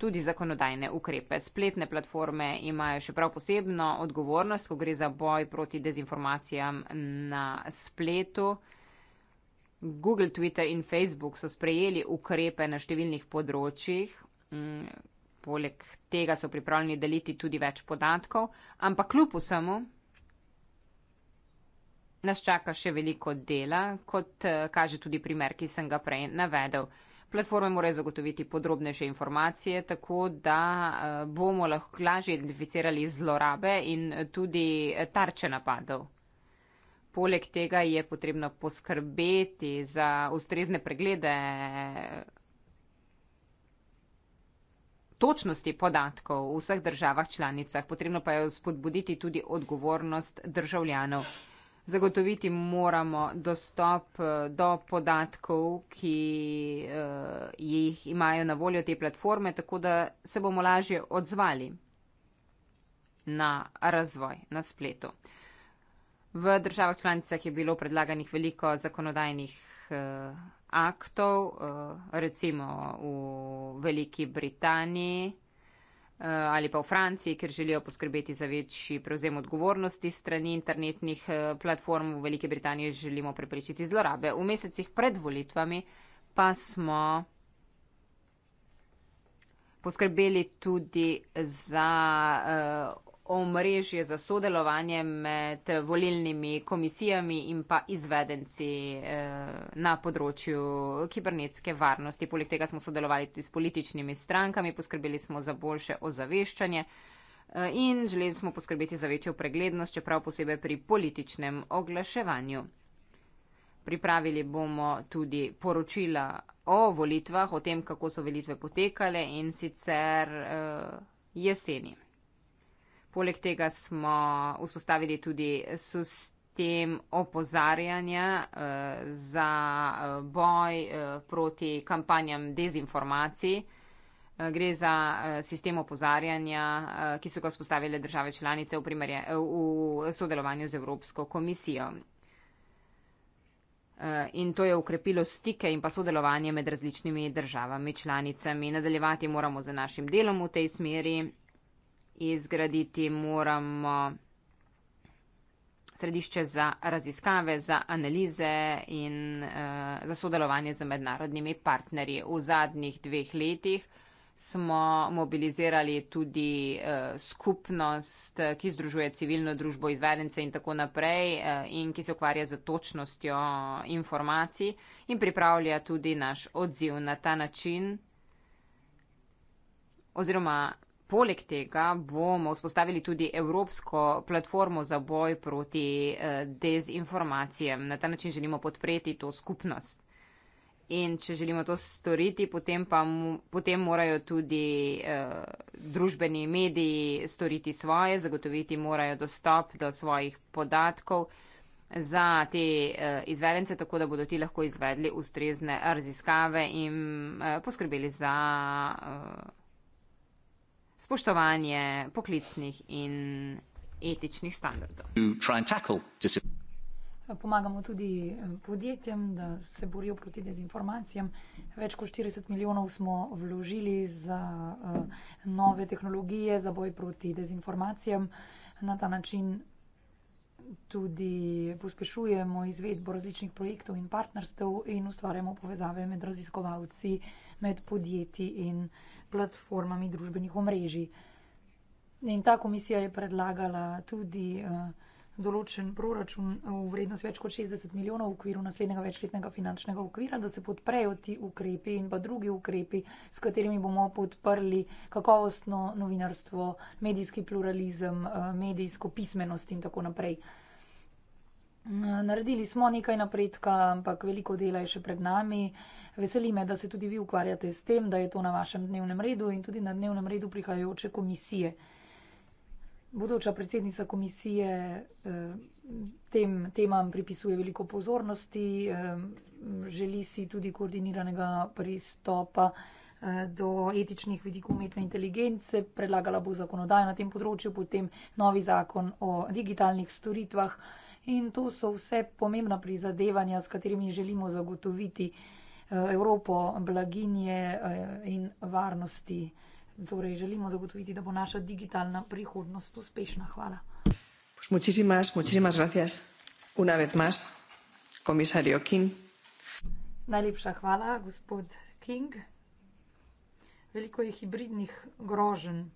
tudi zakonodajne ukrepe. Spletne platforme imajo še prav posebno odgovornost, ko gre za boj proti dezinformacijam na spletu. Google, Twitter in Facebook so sprejeli ukrepe na številnih področjih. Mm, poleg tega so pripravljeni deliti tudi več podatkov, ampak kljub vsemu nas čaka še veliko dela, kot eh, kaže tudi primer, ki sem ga prej navedel. Platforme morajo zagotoviti podrobnejše informacije, tako da eh, bomo lahko lažje identificirali zlorabe in tudi eh, tarče napadov. Poleg tega je potrebno poskrbeti za ustrezne preglede točnosti podatkov v vseh državah članicah, potrebno pa je spodbuditi tudi odgovornost državljanov zagotoviti moramo dostop eh, do podatkov, ki eh, jih imajo na voljo te platforme, tako da se bomo lažje odzvali na razvoj na spletu. V državah članicah je bilo predlaganih veliko zakonodajnih eh, aktov, recimo v Veliki Britaniji. Eh, ali pa v Franciji, ker želijo poskrbeti za večji prevzem odgovornosti strani internetnih eh, platform. V Veliki Britaniji želimo preprečiti zlorabe. V mesecih pred volitvami pa smo poskrbeli tudi za eh, omrežje za sodelovanje med volilnimi komisijami in pa izvedenci eh, na področju kibernetske varnosti. Poleg tega smo sodelovali tudi s političnimi strankami, poskrbeli smo za boljše ozaveščanje eh, in želeli smo poskrbeti za večjo preglednost, čeprav posebej pri političnem oglaševanju. Pripravili bomo tudi poročila o volitvah, o tem, kako so volitve potekale in sicer eh, jeseni. Poleg tega smo vzpostavili tudi sistem opozarjanja eh, za eh, boj eh, proti kampanjam dezinformacij. Gre za sistem opozarjanja, ki so ga vzpostavile države članice v, primerje, v sodelovanju z Evropsko komisijo. In to je ukrepilo stike in pa sodelovanje med različnimi državami članicami. Nadaljevati moramo z našim delom v tej smeri izgraditi moramo središče za raziskave, za analize in uh, za sodelovanje z mednarodnimi partnerji. V zadnjih dveh letih smo mobilizirali tudi uh, skupnost, ki združuje civilno družbo, izvedence in tako naprej uh, in ki se ukvarja z točnostjo informacij in pripravlja tudi naš odziv na ta način. Oziroma, Poleg tega bomo vzpostavili tudi evropsko platformo za boj proti eh, dezinformacijam. Na ta način želimo podpreti to skupnost. In če želimo to storiti, potem, pa, potem morajo tudi eh, družbeni mediji storiti svoje, zagotoviti morajo dostop do svojih podatkov za te eh, izvedence, tako da bodo ti lahko izvedli ustrezne raziskave in eh, poskrbeli za. Eh, spoštovanje poklicnih in etičnih standardov. Pomagamo tudi eh, podjetjem, da se borijo proti dezinformacijam. Več kot 40 milijonov smo vložili za eh, nove tehnologije, za boj proti dezinformacijam. Na ta način tudi pospešujemo izvedbo različnih projektov in partnerstev in ustvarjamo povezave med raziskovalci, med podjetji in platformami družbenih omrežij. In ta komisija je predlagala tudi eh, določen proračun v vrednosti več kot 60 milijonov v okviru naslednjega večletnega finančnega okvira, da se podprejo ti ukrepi in pa drugi ukrepi, s katerimi bomo podprli kakovostno novinarstvo, medijski pluralizem, eh, medijsko pismenost in tako naprej. Naredili smo nekaj napredka, ampak veliko dela je še pred nami. Veseli me, da se tudi vi ukvarjate s tem, da je to na vašem dnevnem redu in tudi na dnevnem redu prihajajoče komisije. Budoča predsednica komisije eh, tem temam pripisuje veliko pozornosti, eh, želi si tudi koordiniranega pristopa eh, do etičnih vidikov umetne inteligence, predlagala bo zakonodajo na tem področju, potem novi zakon o digitalnih storitvah in to so vse pomembna prizadevanja, s katerimi želimo zagotoviti, Eh, Evropo blaginje eh, in varnosti. Torej, želimo zagotoviti, da bo naša digitalna prihodnost uspešna. Hvala. Muchísimas, muchísimas gracias. Una vez más, comisario King. Najlepša hvala, gospod King. Veliko je hibridnih grožen.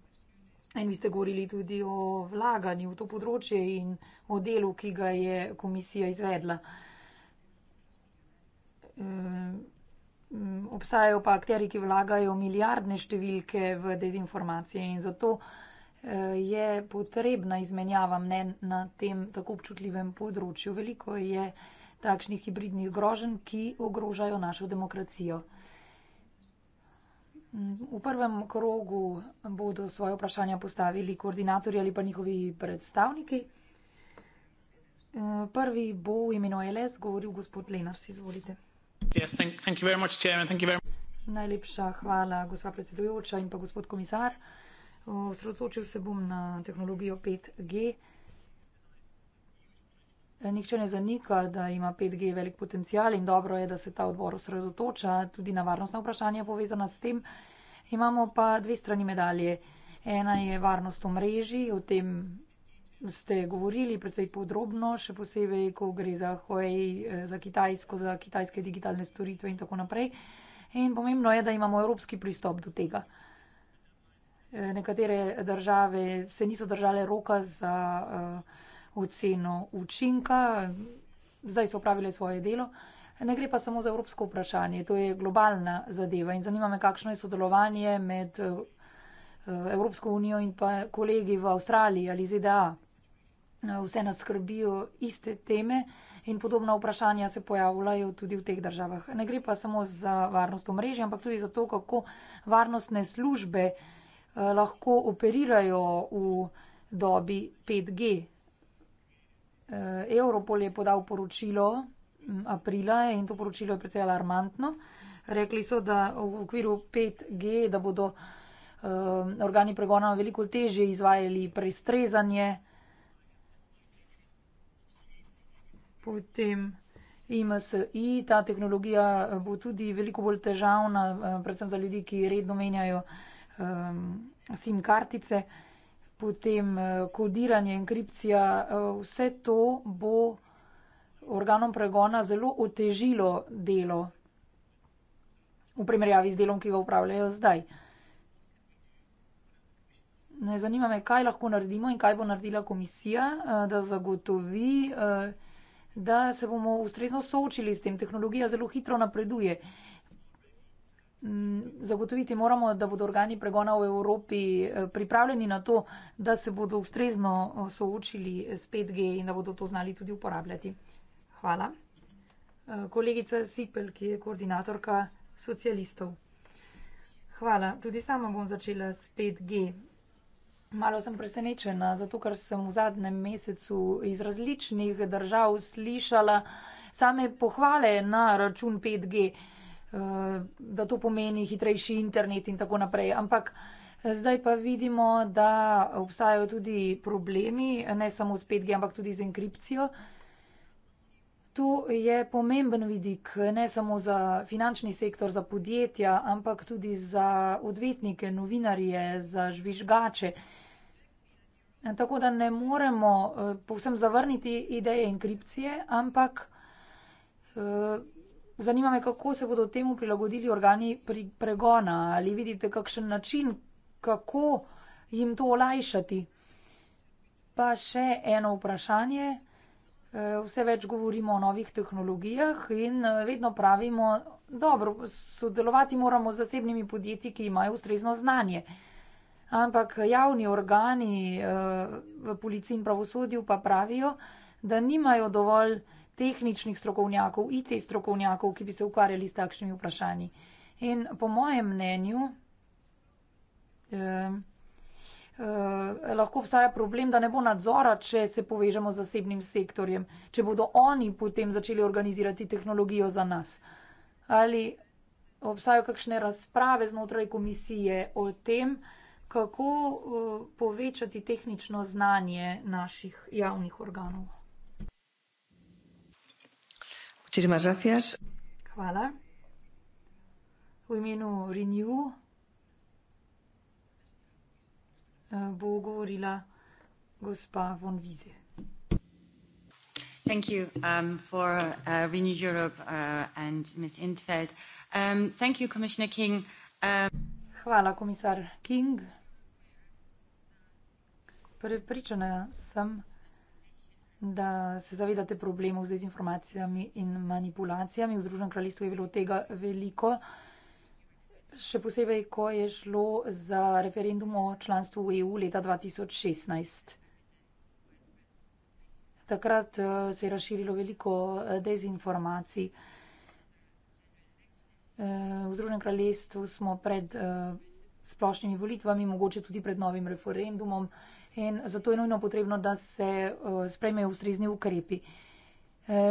In vi ste govorili tudi o vlaganju v to področje in o delu, ki ga je komisija izvedla. Um, Mm, obstajajo pa akteri, ki vlagajo milijardne številke v dezinformacije in zato eh, je potrebna izmenjava mnen na tem tako občutljivem področju. Veliko je takšnih hibridnih groženj, ki ogrožajo našo demokracijo. Mm, v prvem krogu bodo svoje vprašanja postavili koordinatorji ali pa njihovi predstavniki. Eh, prvi bo imenoval LS, govoril gospod Lenars, izvolite. Najlepša hvala, gospa predsedujoča in pa gospod komisar. Srotočil se bom na tehnologijo 5G. Nihče ne zanika, da ima 5G velik potencial in dobro je, da se ta odbor osredotoča tudi na varnostna vprašanja povezana s tem. Imamo pa dve strani medalje. Ena je varnost omrežji, o tem ste govorili precej podrobno, še posebej, ko gre za Huawei, eh, za Kitajsko, za kitajske digitalne storitve in tako naprej. In pomembno je, da imamo evropski pristop do tega. Eh, nekatere države se niso držale roka za eh, oceno učinka, zdaj so opravile svoje delo. Ne gre pa samo za evropsko vprašanje, to je globalna zadeva in zanima me, kakšno je sodelovanje med Evropsko unijo in pa kolegi v Avstraliji ali ZDA vse nas skrbijo iste teme in podobna vprašanja se pojavljajo tudi v teh državah. Ne gre pa samo za varnost omrežja, ampak tudi za to, kako varnostne službe eh, lahko operirajo v dobi 5G. Eh, Europol je podal poročilo mm, aprila in to poročilo je precej alarmantno. Rekli so, da v okviru 5G, da bodo eh, organi pregona veliko težje izvajali prestrezanje, potem IMSI, ta tehnologija eh, bo tudi veliko bolj težavna, eh, predvsem za ljudi, ki redno menjajo um, SIM kartice, potem eh, kodiranje, enkripcija, vse to bo organom pregona zelo otežilo delo v primerjavi z delom, ki ga upravljajo zdaj. Ne zanima me, kaj lahko naredimo in kaj bo naredila komisija, da zagotovi da se bomo ustrezno soočili s tem. Tehnologija zelo hitro napreduje. Mm, zagotoviti moramo, da bodo organi pregona v Evropi eh, pripravljeni na to, da se bodo ustrezno eh, soočili s 5G in da bodo to znali tudi uporabljati. Hvala. Eh, kolegica Sipel, ki je koordinatorka socialistov. Hvala. Tudi sama bom začela s 5G. Malo sem presenečena, zato ker sem v zadnjem mesecu iz različnih držav slišala same pohvale na račun 5G, eh, da to pomeni hitrejši internet in tako naprej. Ampak eh, zdaj pa vidimo, da obstajajo tudi problemi, ne samo s 5G, ampak tudi z enkripcijo. To je pomemben vidik ne samo za finančni sektor, za podjetja, ampak tudi za odvetnike, novinarje, za žvižgače. Tako da ne moremo eh, povsem zavrniti ideje enkripcije, ampak eh, zanima me, kako se bodo temu prilagodili organi pregona ali vidite kakšen način, kako jim to olajšati. Pa še eno vprašanje. Eh, vse več govorimo o novih tehnologijah in vedno pravimo, dobro, sodelovati moramo z zasebnimi podjetji, ki imajo ustrezno znanje ampak javni organi eh, v policiji in pravosodju pa pravijo, da nimajo dovolj tehničnih strokovnjakov, IT strokovnjakov, ki bi se ukvarjali s takšnimi vprašanji. In po mojem mnenju eh, eh, lahko obstaja problem, da ne bo nadzora, če se povežemo z zasebnim sektorjem, če bodo oni potem začeli organizirati tehnologijo za nas. Ali obstajajo kakšne razprave znotraj komisije o tem, eh, kako eh, povečati tehnično znanje naših javnih organov. Hvala. V imenu Renew eh, bo govorila gospa von Wiese. Thank you um, for uh, Renew Europe uh, and Ms. Intfeld. Um, thank you, Commissioner King. Um... Hvala, komisar King. Prepričana sem, da se zavedate problemov z dezinformacijami in manipulacijami. V Združenem kraljestvu je bilo tega veliko, še posebej, ko je šlo za referendum o članstvu v EU leta 2016. Takrat eh, se je razširilo veliko eh, dezinformacij. Eh, v Združenem kraljestvu smo pred eh, splošnimi volitvami, mogoče tudi pred novim referendumom in zato je nujno potrebno, da se eh, sprejmejo ustrezni ukrepi.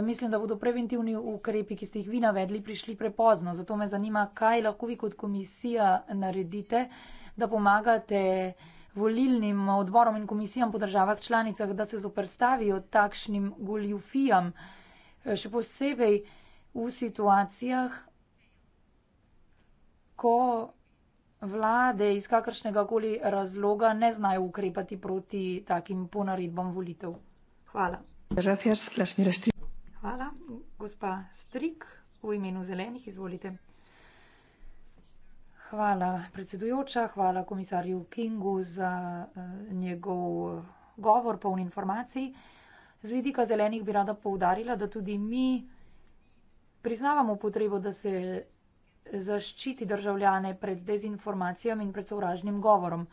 Mislim, da bodo preventivni ukrepi, ki ste jih vi navedli, prišli prepozno. Zato me zanima, kaj lahko vi kot komisija naredite, da pomagate volilnim odborom in komisijam po državah članicah, da se zoprstavijo takšnim goljufijam, še posebej v situacijah, ko vlade iz kakršnega koli razloga ne znajo ukrepati proti takim ponaredbam volitev. Hvala. Hvala. Gospa Strik, v imenu zelenih, izvolite. Hvala predsedujoča, hvala komisarju Kingu za uh, njegov eh, govor, poln informacij. Z vidika zelenih bi rada poudarila, da tudi mi priznavamo potrebo, da se zaščiti državljane pred dezinformacijami in pred sovražnim govorom.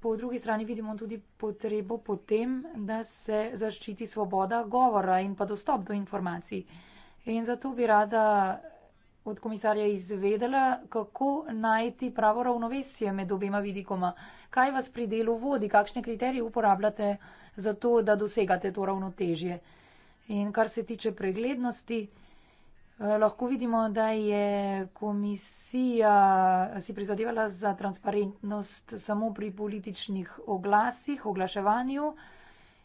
Po drugi strani vidimo tudi potrebo po tem, da se zaščiti svoboda govora in pa dostop do informacij. In zato bi rada od komisarja izvedela, kako najti pravo ravnovesje med obema vidikoma. Kaj vas pri delu vodi, kakšne kriterije uporabljate za to, da dosegate to ravnotežje. In kar se tiče preglednosti, Lahko vidimo, da je komisija si prizadevala za transparentnost samo pri političnih oglasih, oglaševanju.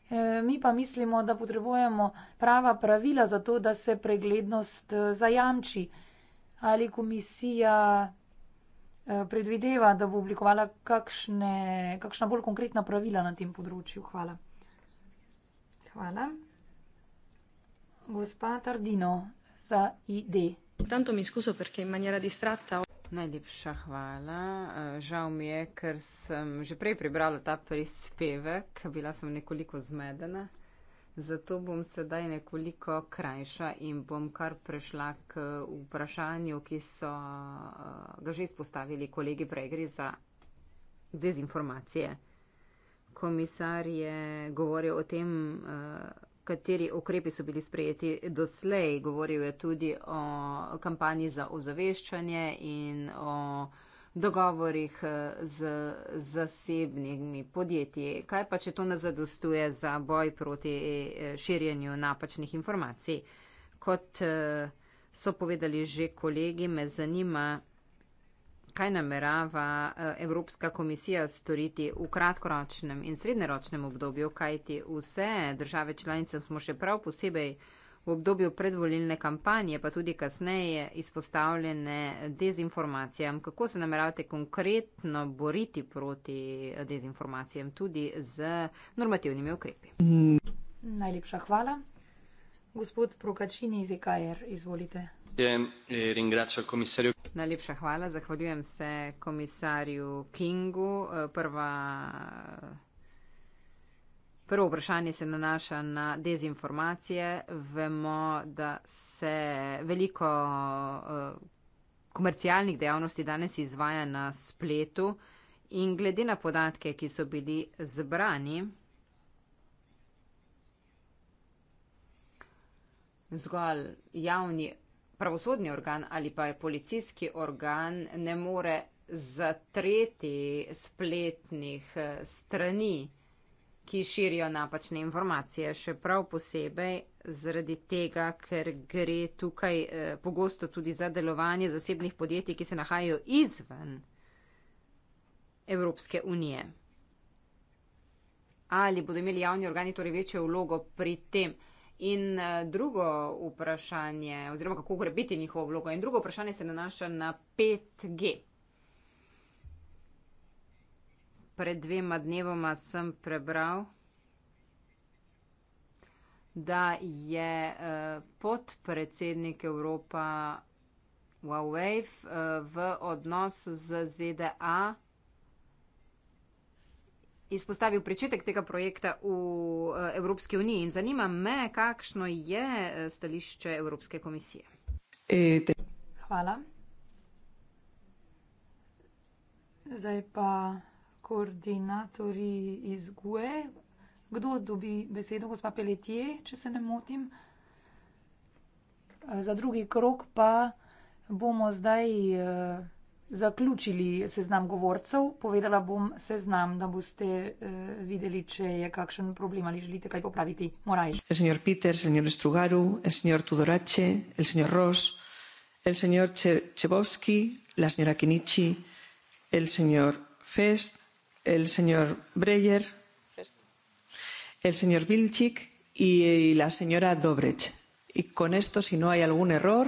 E, mi pa mislimo, da potrebujemo prava pravila za to, da se preglednost e, zajamči. Ali komisija e, predvideva, da bo oblikovala kakšne, kakšna bolj konkretna pravila na tem področju? Hvala. Hvala. Gospa Tardino, FID. Tanto mi scuso perché in maniera distratta. Najlepša hvala. Eh, žal mi je, ker sem že prej prebrala ta prispevek, bila sem nekoliko zmedena. Zato bom sedaj nekoliko krajša in bom kar prešla k vprašanju, ki so eh, ga že izpostavili kolegi prej. Gre za dezinformacije. Komisar je govoril o tem, eh, kateri ukrepi so bili sprejeti doslej. Govoril je tudi o kampanji za ozaveščanje in o dogovorih eh, z zasebnimi podjetji. Kaj pa, če to ne zadostuje za boj proti eh, širjenju napačnih informacij? Kot eh, so povedali že kolegi, me zanima, kaj namerava eh, Evropska komisija storiti v kratkoročnem in srednjeročnem obdobju, kajti vse države članice smo še prav posebej v obdobju predvolilne kampanje, pa tudi kasneje izpostavljene dezinformacijam. Kako se nameravate konkretno boriti proti dezinformacijam, tudi z normativnimi ukrepi? Najlepša hvala. Gospod Prokačini iz EKR, izvolite. Eh, Najlepša hvala. Zahvaljujem se komisarju Kingu. Eh, prva, prvo vprašanje se nanaša na dezinformacije. Vemo, da se veliko eh, komercialnih dejavnosti danes izvaja na spletu in glede na podatke, ki so bili zbrani, zgolj javni pravosodni organ ali pa je policijski organ ne more zatreti spletnih eh, strani, ki širijo napačne informacije, še prav posebej zaradi tega, ker gre tukaj eh, pogosto tudi za delovanje zasebnih podjetij, ki se nahajajo izven Evropske unije. Ali bodo imeli javni organi torej večjo vlogo pri tem? In eh, drugo vprašanje, oziroma kako grebiti njihovo vlogo, in drugo vprašanje se nanaša na 5G. Pred dvema dnevoma sem prebral, da je eh, podpredsednik Evropa Huawei eh, v odnosu z ZDA izpostavil pričetek tega projekta v eh, Evropski uniji in zanima me, kakšno je eh, stališče Evropske komisije. E, Hvala. Zdaj pa koordinatori iz GUE. Kdo dobi besedo, gospa Peletije, če se ne motim? Eh, za drugi krok pa bomo zdaj. Uh, zaključili seznam govorcev. Povedala bom seznam, da boste eh, videli, če je kakšen problem ali želite kaj popraviti. Morajš. El señor Peter, el señor Strugaru, el señor Tudorache, el señor Ross, el señor che Chebovski, la señora Kinichi, el señor Fest, el señor Breyer, el señor Vilčik y, y la señora Dobrech. Y con esto, si no hay algún error,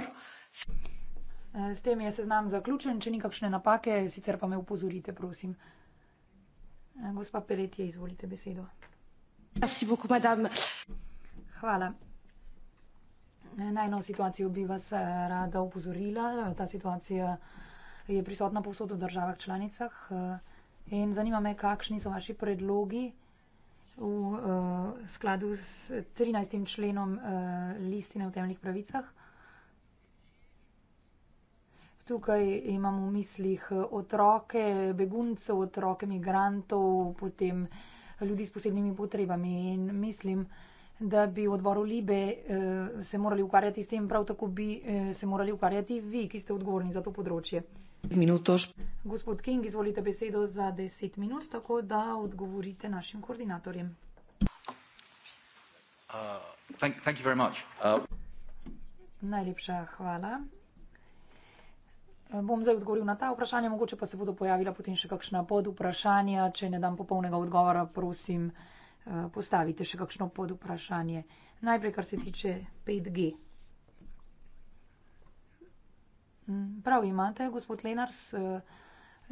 Eh, s tem je seznam zaključen, če ni kakšne napake, sicer pa me upozorite, prosim. Eh, gospa Peletje, izvolite besedo. Hvala. Eh, na eno situacijo bi vas rada upozorila. Ta situacija je prisotna povsod v državah članicah in zanima me, kakšni so vaši predlogi v skladu s 13. členom listine o temeljnih pravicah. Tukaj imamo v mislih eh, otroke, beguncev, otroke migrantov, potem ljudi s posebnimi potrebami in mislim, da bi v odboru Libe eh, se morali ukvarjati s tem, prav tako bi eh, se morali ukvarjati vi, ki ste odgovorni za to področje. Minutoš. Gospod King, izvolite besedo za deset minut, tako da odgovorite našim koordinatorjem. Uh, thank, thank uh... Najlepša hvala. Eh, bom zdaj odgovoril na ta vprašanja, mogoče pa se bodo pojavila potem še kakšna pod vprašanja. Če ne dam popolnega odgovora, prosim, eh, postavite še kakšno pod vprašanje. Najprej, kar se tiče 5G. Mm, prav imate, gospod Lenars, eh,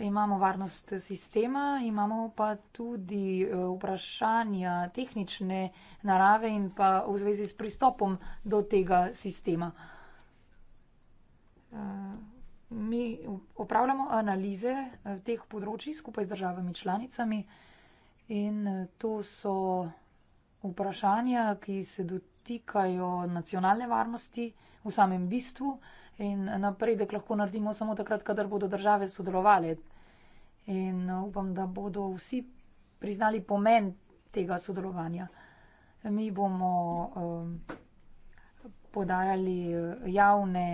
imamo varnost sistema, imamo pa tudi vprašanja tehnične narave in pa v zvezi s pristopom do tega sistema mi opravljamo analize eh, teh področji skupaj z državami članicami in eh, to so vprašanja, ki se dotikajo nacionalne varnosti v samem bistvu in napredek lahko naredimo samo takrat, kadar bodo države sodelovali. In eh, upam, da bodo vsi priznali pomen tega sodelovanja. Mi bomo um, podajali javne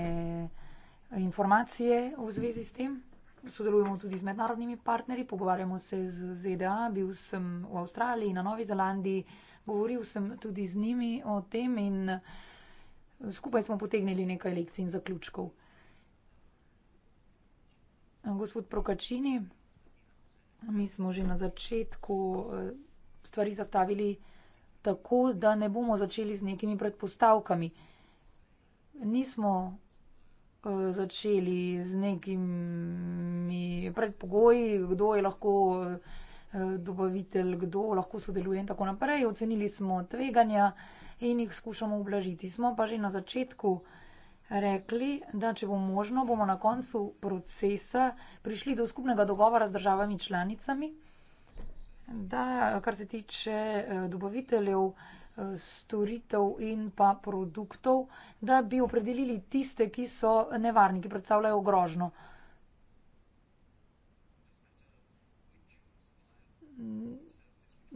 informacije v zvezi s tem. Sodelujemo tudi z mednarodnimi partnerji, pogovarjamo se z ZDA, bil sem v Avstraliji, na Novi Zelandiji, govoril sem tudi z njimi o tem in skupaj smo potegnili nekaj lekcij in zaključkov. Gospod Prokačini, mi smo že na začetku eh, stvari zastavili tako, da ne bomo začeli z nekimi predpostavkami. Nismo Eh, začeli z nekimi predpogoji, kdo je lahko eh, dobavitelj, kdo lahko sodeluje in tako naprej. Ocenili smo tveganja in jih skušamo oblažiti. Smo pa že na začetku rekli, da če bo možno, bomo na koncu procesa prišli do skupnega dogovora z državami članicami, da kar se tiče eh, dobaviteljev, storitev in pa produktov, da bi opredelili tiste, ki so nevarni, ki predstavljajo grožno.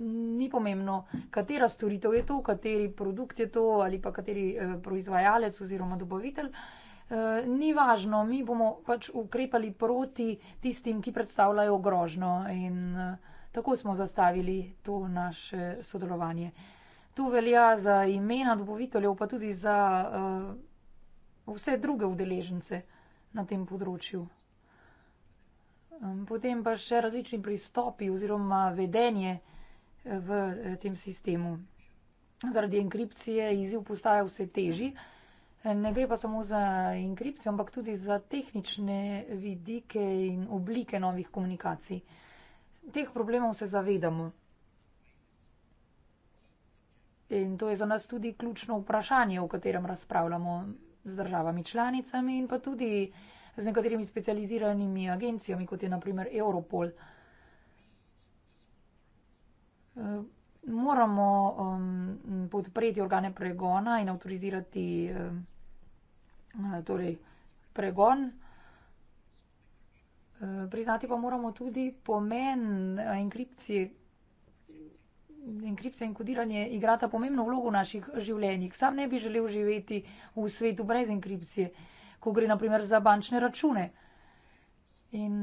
Ni pomembno, katera storitev je to, kateri produkt je to ali pa kateri eh, proizvajalec oziroma dobavitelj. Eh, ni važno, mi bomo pač ukrepali proti tistim, ki predstavljajo grožno in eh, tako smo zastavili to naše sodelovanje. Tu velja za imena dobaviteljev, pa tudi za uh, vse druge udeležence na tem področju. Um, potem pa še različni pristopi oziroma vedenje eh, v eh, tem sistemu. Zaradi enkripcije izziv postaja vse teži. Ne gre pa samo za enkripcijo, ampak tudi za tehnične vidike in oblike novih komunikacij. Teh problemov se zavedamo. In to je za nas tudi ključno vprašanje, o katerem razpravljamo z državami članicami in pa tudi z nekaterimi specializiranimi agencijami, kot je naprimer Europol. Eh, moramo um, podpreti organe pregona in avtorizirati um, torej pregon. Eh, priznati pa moramo tudi pomen enkripcije, enkripcija in kodiranje igrata pomembno vlogo v naših življenjih. Sam ne bi želel živeti v svetu brez enkripcije, ko gre naprimer za bančne račune. In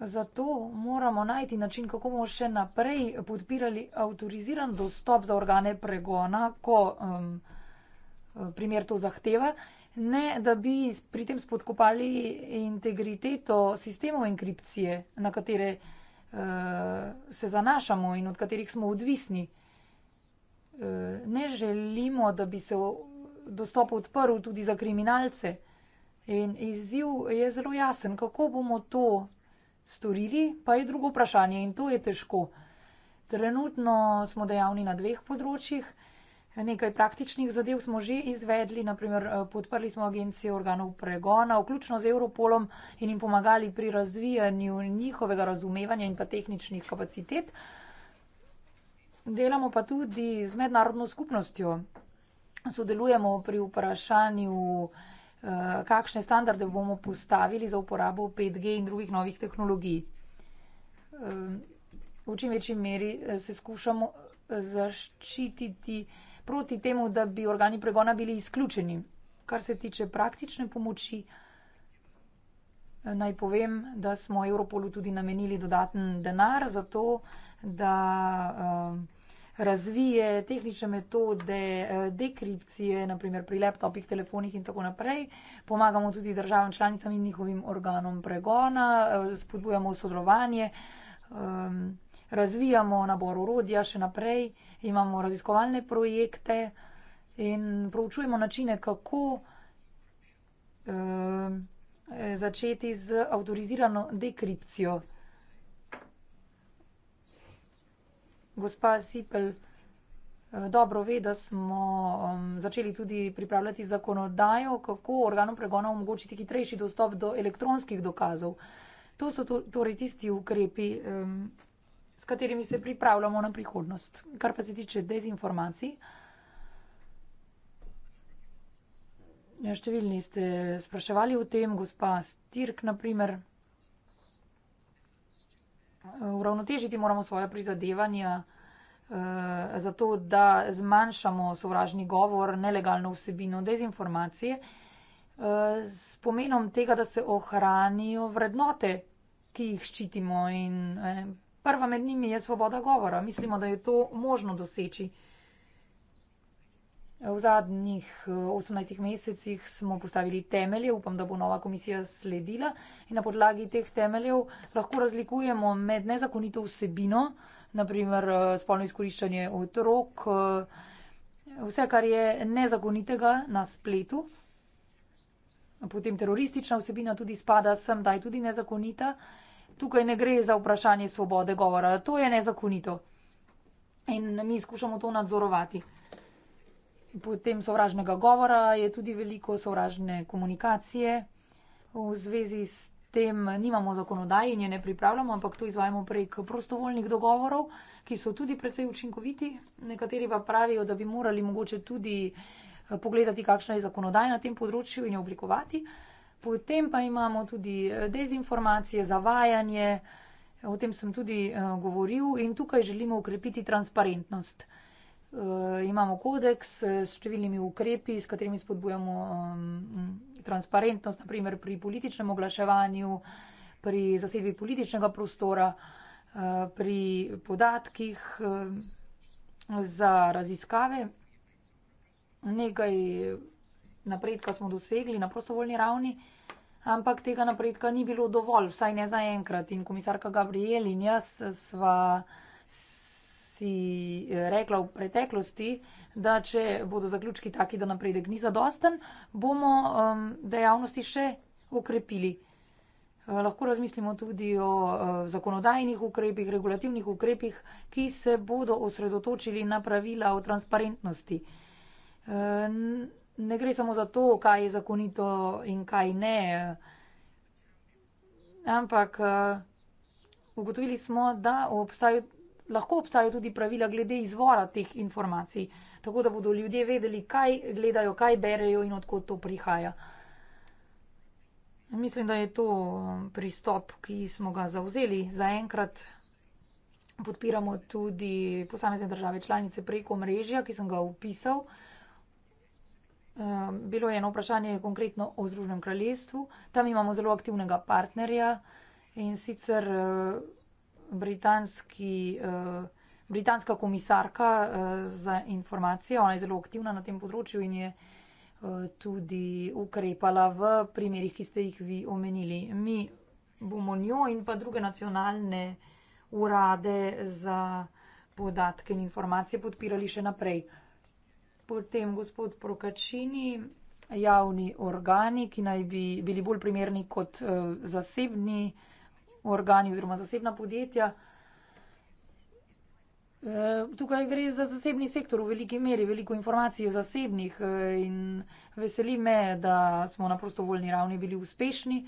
zato moramo najti način, kako bomo še naprej podpirali avtoriziran dostop za organe pregona, ko um, primer to zahteva, ne da bi pri tem spodkopali integriteto sistemov enkripcije, na katere. Eh, se zanašamo in od katerih smo odvisni. Eh, ne želimo, da bi se dostop odprl tudi za kriminalce. In izziv je zelo jasen, kako bomo to storili, pa je drugo vprašanje in to je težko. Trenutno smo dejavni na dveh področjih. Nekaj praktičnih zadev smo že izvedli, naprimer eh, podprli smo agencijo organov pregona, vključno z Europolom in jim pomagali pri razvijanju njihovega razumevanja in pa tehničnih kapacitet. Delamo pa tudi z mednarodno skupnostjo. Sodelujemo pri vprašanju, eh, kakšne standarde bomo postavili za uporabo 5G in drugih novih tehnologij. Eh, v čim večji meri se skušamo zaščititi proti temu, da bi organi pregona bili izključeni. Kar se tiče praktične pomoči, naj povem, da smo Europolu tudi namenili dodaten denar za to, da um, razvije tehnične metode uh, dekripcije, naprimer pri laptopih, telefonih in tako naprej. Pomagamo tudi državam članicam in njihovim organom pregona, uh, spodbujamo sodelovanje, um, razvijamo nabor urodja še naprej imamo raziskovalne projekte in proučujemo načine, kako eh, začeti z avtorizirano dekripcijo. Gospa Sipel eh, dobro ve, da smo začeli tudi pripravljati zakonodajo, kako organom pregona omogočiti hitrejši dostop do elektronskih dokazov. To so torej tisti ukrepi. Eh, s katerimi se pripravljamo na prihodnost. Kar pa se tiče dezinformacij, ja, številni ste spraševali o tem, gospa Stirk, naprimer. Uravnotežiti moramo svoje prizadevanja eh, za to, da zmanjšamo sovražni govor, nelegalno vsebino dezinformacije eh, s pomenom tega, da se ohranijo vrednote, ki jih ščitimo in eh, Prva med njimi je svoboda govora. Mislimo, da je to možno doseči. V zadnjih 18 eh, mesecih smo postavili temelje, upam, da bo nova komisija sledila in na podlagi teh temeljev lahko razlikujemo med nezakonito vsebino, naprimer eh, spolno izkoriščanje otrok, eh, vse, kar je nezakonitega na spletu, potem teroristična vsebina tudi spada sem, da je tudi nezakonita tukaj ne gre za vprašanje svobode govora, to je nezakonito. In mi skušamo to nadzorovati. Potem sovražnega govora je tudi veliko sovražne komunikacije. V zvezi s tem nimamo zakonodaje in je ne pripravljamo, ampak to izvajamo prek prostovoljnih dogovorov, ki so tudi precej učinkoviti. Nekateri pa pravijo, da bi morali mogoče tudi eh, pogledati, kakšna je zakonodaja na tem področju in jo oblikovati. Uh, Potem pa imamo tudi eh, dezinformacije, zavajanje, o tem sem tudi eh, govoril in tukaj želimo ukrepiti transparentnost. Eh, imamo kodeks s številnimi ukrepi, s katerimi spodbujamo transparentnost, naprimer pri političnem oglaševanju, pri zasedbi političnega prostora, pri podatkih za raziskave. Nekaj napredka smo dosegli na prostovoljni ravni, ampak tega napredka ni bilo dovolj, vsaj ne zaenkrat. In komisarka Gabriel in jaz sva si rekla v preteklosti, da če bodo zaključki taki, da napredek ni zadosten, bomo um, dejavnosti še ukrepili. Eh, lahko razmislimo tudi o eh, zakonodajnih ukrepih, regulativnih ukrepih, ki se bodo osredotočili na pravila o transparentnosti. Eh, ne gre samo za to, kaj je zakonito in kaj ne. Ampak ugotovili smo, da obstajajo, lahko obstajajo tudi pravila glede izvora teh informacij, tako da bodo ljudje vedeli, kaj gledajo, kaj berejo in odkot to prihaja. Mislim, da je to pristop, ki smo ga zauzeli. Zaenkrat podpiramo tudi posamezne države članice preko mrežja, ki sem ga upisal. Ehm, bilo je eno vprašanje konkretno o Združenem kraljestvu. Tam imamo zelo aktivnega partnerja in sicer eh, britanski, eh, britanska komisarka eh, za informacije. Ona je zelo aktivna na tem področju in je tudi ukrepala v primerih, ki ste jih vi omenili. Mi bomo njo in pa druge nacionalne urade za podatke in informacije podpirali še naprej potem gospod Prokačini, javni organi, ki naj bi bili bolj primerni kot eh, zasebni organi oziroma zasebna podjetja. Eh, tukaj gre za zasebni sektor v veliki meri, veliko informacij je zasebnih eh, in veseli me, da smo na prostovoljni ravni bili uspešni.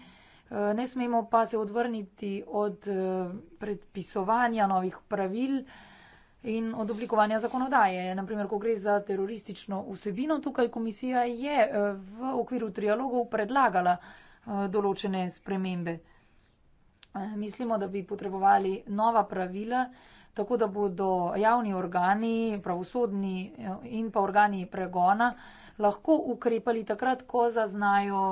Ne smemo pa se odvrniti od predpisovanja novih pravil in od oblikovanja zakonodaje. Naprimer, ko gre za teroristično vsebino, tukaj komisija je eh, v okviru trialogov predlagala eh, določene spremembe. Eh, mislimo, da bi potrebovali nova pravila, tako da bodo javni organi, pravosodni in pa organi pregona lahko ukrepali takrat, ko zaznajo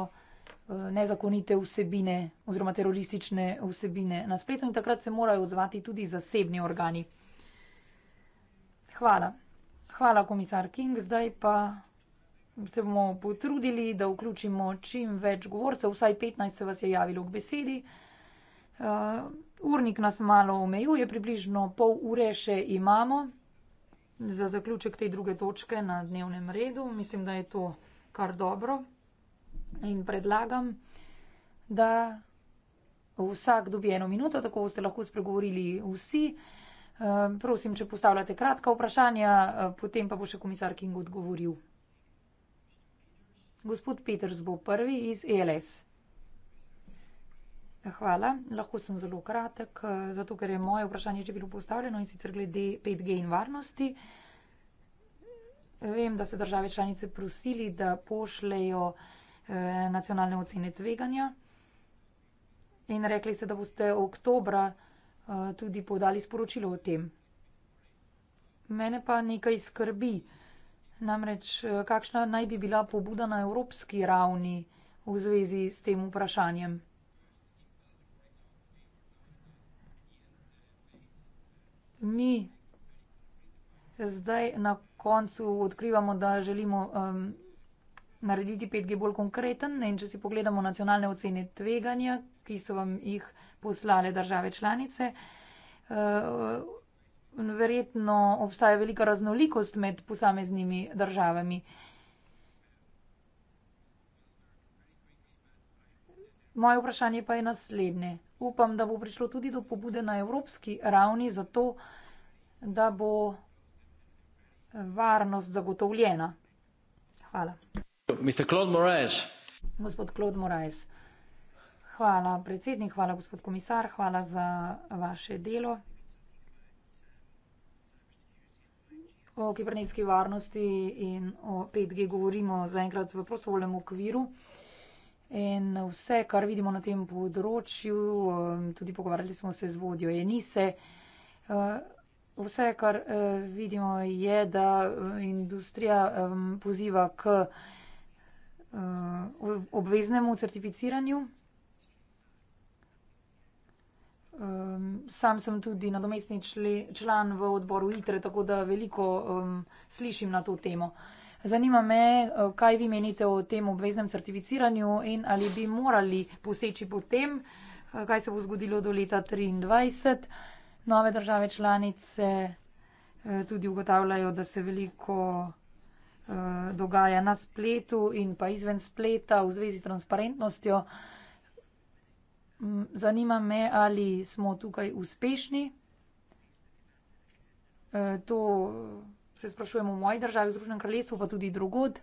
nezakonite vsebine oziroma teroristične vsebine na spletu in takrat se morajo odzvati tudi zasebni organi. Hvala. Hvala, komisar King. Zdaj pa se bomo potrudili, da vključimo čim več govorcev. Vsaj 15 se vas je javilo k besedi. Uh, urnik nas malo omejuje, približno pol ure še imamo za zaključek te druge točke na dnevnem redu. Mislim, da je to kar dobro in predlagam, da vsak dobi eno minuto, tako boste lahko spregovorili vsi. Uh, Ehm, prosim, če postavljate kratka vprašanja, eh, potem pa bo še komisar King odgovoril. Gospod Peters bo prvi iz ELS. Hvala, lahko sem zelo kratek, eh, zato ker je moje vprašanje že bilo postavljeno in sicer glede 5G in varnosti. Vem, da ste države članice prosili, da pošlejo eh, nacionalne ocene tveganja in rekli ste, da boste oktobra Eh, tudi podali sporočilo o tem. Mene pa nekaj skrbi, namreč eh, kakšna naj bi bila pobuda na evropski ravni v zvezi s tem vprašanjem. Mi zdaj na koncu odkrivamo, da želimo um, narediti 5G bolj konkreten. Ne? In če si pogledamo nacionalne ocene tveganja, ki so vam jih poslale države članice, uh, verjetno obstaja velika raznolikost med posameznimi državami. Moje vprašanje pa je naslednje. Upam, da bo prišlo tudi do pobude na evropski ravni za to, da bo varnost zagotovljena. Hvala. Gospod Klod Moraes, hvala predsednik, hvala gospod komisar, hvala za vaše delo. O kibernetski varnosti in o 5G govorimo zaenkrat v prostovoljnem okviru. In vse, kar vidimo na tem področju, um, tudi pogovarjali smo se z vodjo Enise, uh, vse, kar uh, vidimo, je, da uh, industrija um, poziva k uh, obveznemu certificiranju. Um, sam sem tudi nadomestni čle, član v odboru ITRE, tako da veliko um, slišim na to temo. Zanima me, uh, kaj vi menite o tem obveznem certificiranju in ali bi morali poseči po tem, uh, kaj se bo zgodilo do leta 2023. Nove države članice uh, tudi ugotavljajo, da se veliko. Eh, dogaja na spletu in pa izven spleta v zvezi s transparentnostjo. Mm, zanima me, ali smo tukaj uspešni. Eh, to se sprašujemo v moji državi, v Združenem kraljestvu, pa tudi drugod.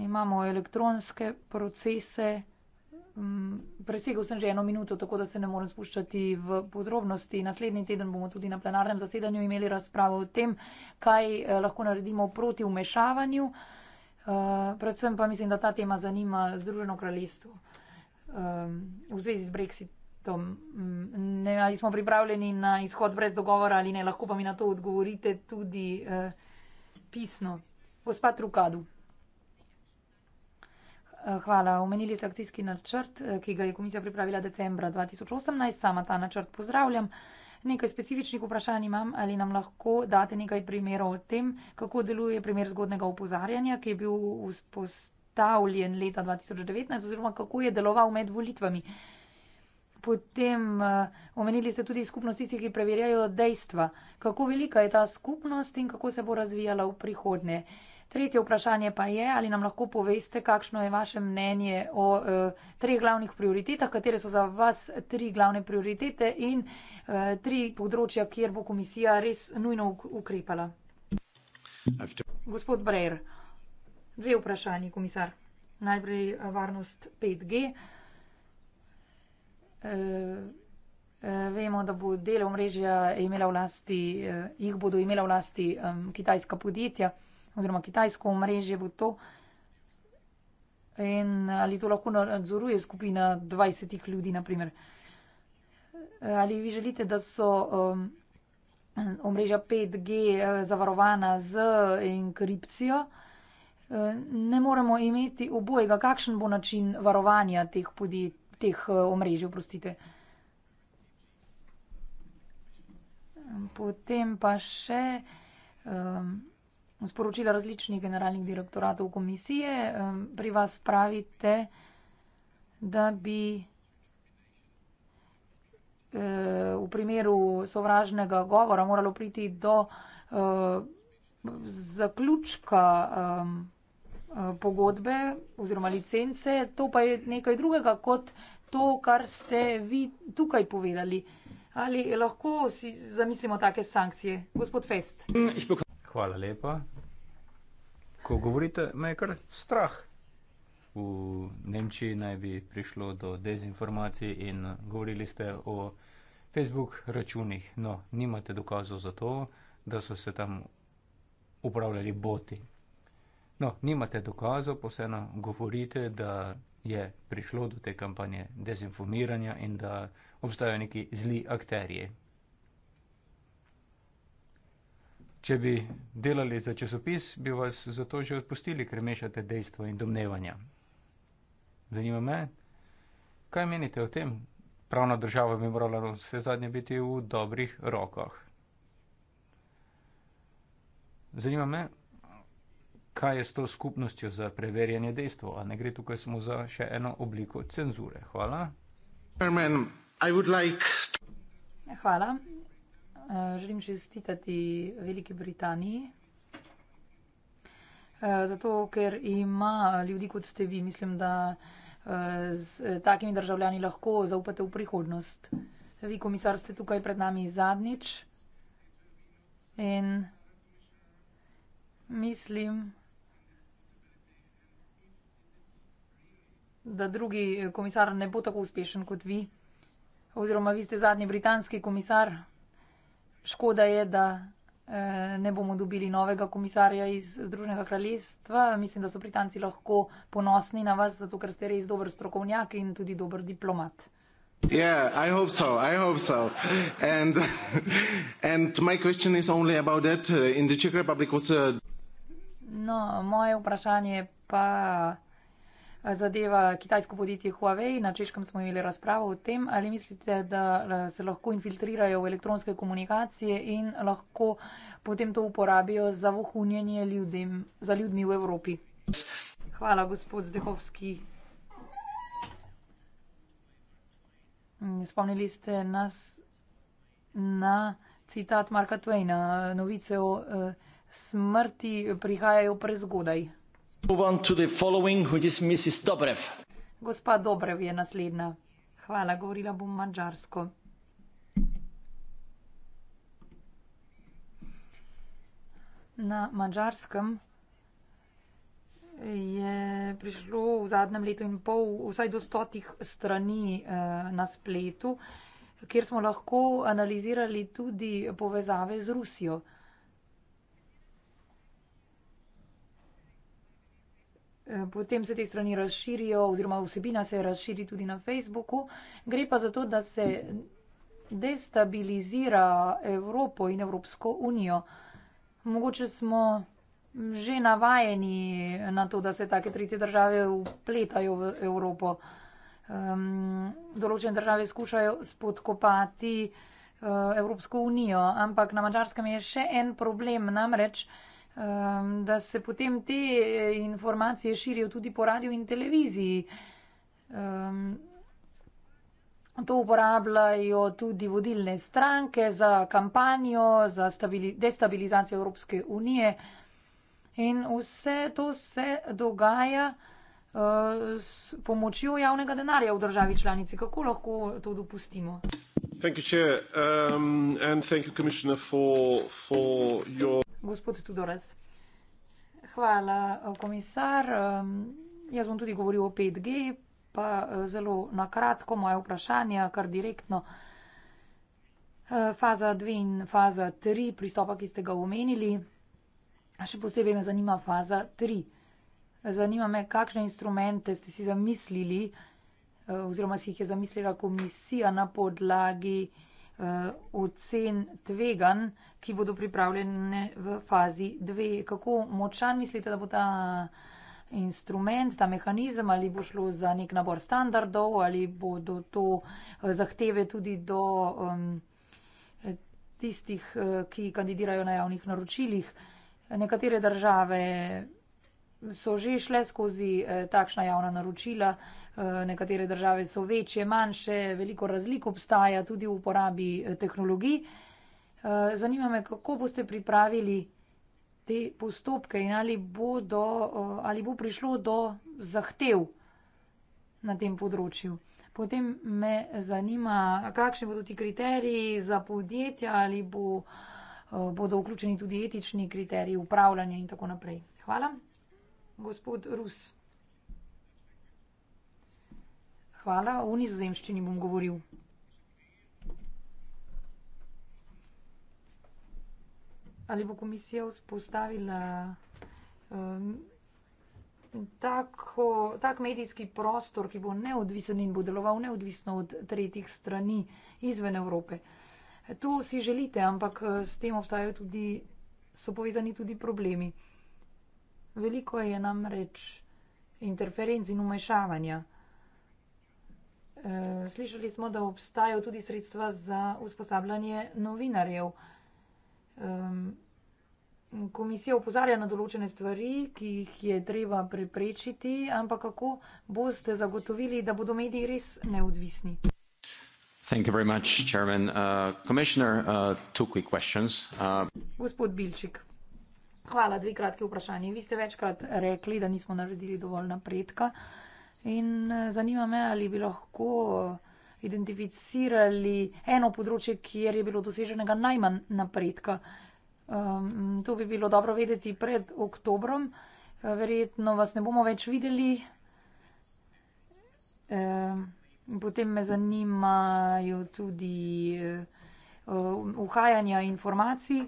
Imamo elektronske procese. Mm, presegel sem že eno minuto, tako da se ne morem spuščati v podrobnosti. Naslednji teden bomo tudi na plenarnem zasedanju imeli razpravo o tem, kaj eh, lahko naredimo proti umešavanju. Eh, predvsem pa mislim, da ta tema zanima Združeno kraljestvo ehm, v zvezi z Brexitom. Mm, ne, ali smo pripravljeni na izhod brez dogovora ali ne, lahko pa mi na to odgovorite tudi eh, pisno. Gospod Rukadu. Eh, hvala. Omenili ste akcijski načrt, eh, ki ga je komisija pripravila decembra 2018. Sama ta načrt pozdravljam. Nekaj specifičnih vprašanj imam, ali nam lahko date nekaj primerov o tem, kako deluje primer zgodnega upozarjanja, ki je bil vzpostavljen leta 2019 oziroma kako je deloval med volitvami. Potem uh, omenili ste tudi skupnost tistih, ki preverjajo dejstva, kako velika je ta skupnost in kako se bo razvijala v prihodnje. Uh, Tretje vprašanje pa je, ali nam lahko poveste, kakšno je vaše mnenje o e, treh glavnih prioritetah, katere so za vas tri glavne prioritete in e, tri področja, kjer bo komisija res nujno ukrepala. Gospod Breer, dve vprašanji, komisar. Najprej eh, varnost 5G. E, Vemo, da bo del omrežja imela vlasti, jih bodo imela vlasti um, kitajska podjetja oziroma kitajsko omrežje bo to. In eh, ali to lahko nadzoruje skupina 20 ljudi, naprimer. Eh, ali vi želite, da so um, omrežja 5G eh, zavarovana z enkripcijo? Ne moremo imeti obojega, kakšen bo način varovanja teh, podjet, teh omrežij, oprostite. Potem pa še. Um, sporočila različnih generalnih direktoratov komisije. Pri vas pravite, da bi e, v primeru sovražnega govora moralo priti do e, zaključka e, pogodbe oziroma licence. To pa je nekaj drugega kot to, kar ste vi tukaj povedali. Ali lahko si zamislimo take sankcije? Gospod Fest. Hvala lepa. Ko govorite, me je kar strah. V Nemčiji naj bi prišlo do dezinformacij in govorili ste o Facebook računih. No, nimate dokazov za to, da so se tam upravljali boti. No, nimate dokazov, pa vseeno govorite, da je prišlo do te kampanje dezinformiranja in da obstajajo neki zli akterji. Če bi delali za časopis, bi vas zato že odpustili, ker mešate dejstva in domnevanja. Zanima me, kaj menite o tem? Pravna država bi morala vse zadnje biti v dobrih rokah. Zanima me, kaj je s to skupnostjo za preverjanje dejstva, a ne gre tukaj samo za še eno obliko cenzure. Hvala. Hvala. Eh, želim čestitati Veliki Britaniji, eh, zato ker ima ljudi kot ste vi, mislim, da z eh, takimi državljani lahko zaupate v prihodnost. Vi, komisar, ste tukaj pred nami zadnjič in mislim, da drugi komisar ne bo tako uspešen kot vi, oziroma vi ste zadnji britanski komisar škoda je, da eh, ne bomo dobili novega komisarja iz Združenega kraljestva. Mislim, da so Britanci lahko ponosni na vas, zato ker ste res dober strokovnjak in tudi dober diplomat. Yeah, I hope so. I hope so. And and my question is only about that. Uh, in the Czech Republic was a... Uh, no, moje vprašanje pa zadeva kitajsko podjetje Huawei. Na češkem smo imeli razpravo o tem, ali mislite, da eh, se lahko infiltrirajo v elektronske komunikacije in lahko potem to uporabijo za vohunjenje ljudem, za ljudmi v Evropi. Hvala, gospod Zdehovski. Mm, spomnili ste nas na citat Marka Twaina. Novice o eh, smrti prihajajo prezgodaj. Gospa Dobrev je naslednja. Hvala, govorila bom mađarsko. Na mađarskem je prišlo v zadnjem letu in pol vsaj do stotih strani eh, na spletu, kjer smo lahko analizirali tudi povezave z Rusijo. Eh, potem se te strani razširijo, oziroma vsebina se razširi tudi na Facebooku. Gre pa za to, da se destabilizira Evropo in Evropsko unijo. Mogoče smo že navajeni na to, da se take tretje države upletajo v Evropo. Um, določene države skušajo spodkopati uh, Evropsko unijo, ampak na mačarskem je še en problem, namreč uh, um, da se potem te eh, informacije širijo tudi po radiju in televiziji. Um, to uporabljajo tudi vodilne stranke za kampanjo, za destabilizacijo Evropske unije. In vse to se dogaja uh, s pomočjo javnega denarja v državi članici. Kako lahko to dopustimo? Thank you, Chair, um, and thank you, Commissioner, for, for your. Gospod Tudores, hvala, eh, komisar. Jaz bom tudi govoril o 5G, pa eh, zelo na kratko moje vprašanje, kar direktno. Eh, faza 2 in faza 3 pristopa, ki ste ga omenili, še posebej me zanima faza 3. Zanima me, kakšne instrumente ste si zamislili oziroma si jih je zamislila komisija na podlagi Eh, ocen tvegan, ki bodo pripravljene v fazi dve. Kako močan mislite, da bo ta instrument, ta mehanizem, ali bo šlo za nek nabor standardov, ali bodo to eh, zahteve tudi do um, tistih, eh, ki kandidirajo na javnih naročilih. Nekatere države so že šle skozi takšna javna naročila. Eh, nekatere države so večje, manjše, veliko razlik obstaja tudi v uporabi eh, tehnologij. Eh, zanima me, kako boste pripravili te postopke in ali bo, do, ali bo prišlo do zahtev na tem področju. Potem me zanima, kakšni bodo ti kriteriji za podjetja, ali bo, bodo vključeni tudi etični kriteriji upravljanja in tako naprej. Hvala. Gospod Rus. Hvala, v nizozemščini bom govoril. Ali bo komisija vzpostavila um, tako, tak medijski prostor, ki bo neodvisen in bo deloval neodvisno od tretjih strani izven Evrope? To si želite, ampak eh, s tem obstajajo tudi, so povezani tudi problemi. Veliko je namreč interferenc in umešavanja. Eh, slišali smo, da obstajajo tudi sredstva za usposabljanje novinarjev. Komisija upozarja na določene stvari, ki jih je treba preprečiti, ampak kako boste zagotovili, da bodo mediji res neodvisni? Thank you very much, Chairman. Uh, commissioner, uh, two quick questions. Uh... Gospod Bilčik, hvala, dve kratki vprašanje. Vi ste večkrat rekli, da nismo naredili dovolj napredka. Uh, In eh, zanima me, ali bi lahko eh, identificirali eno področje, kjer je bilo doseženega najmanj napredka. Um, to bi bilo dobro vedeti pred oktobrom. Eh, verjetno vas ne bomo več videli. Um, potem me zanimajo tudi uhajanja informacij,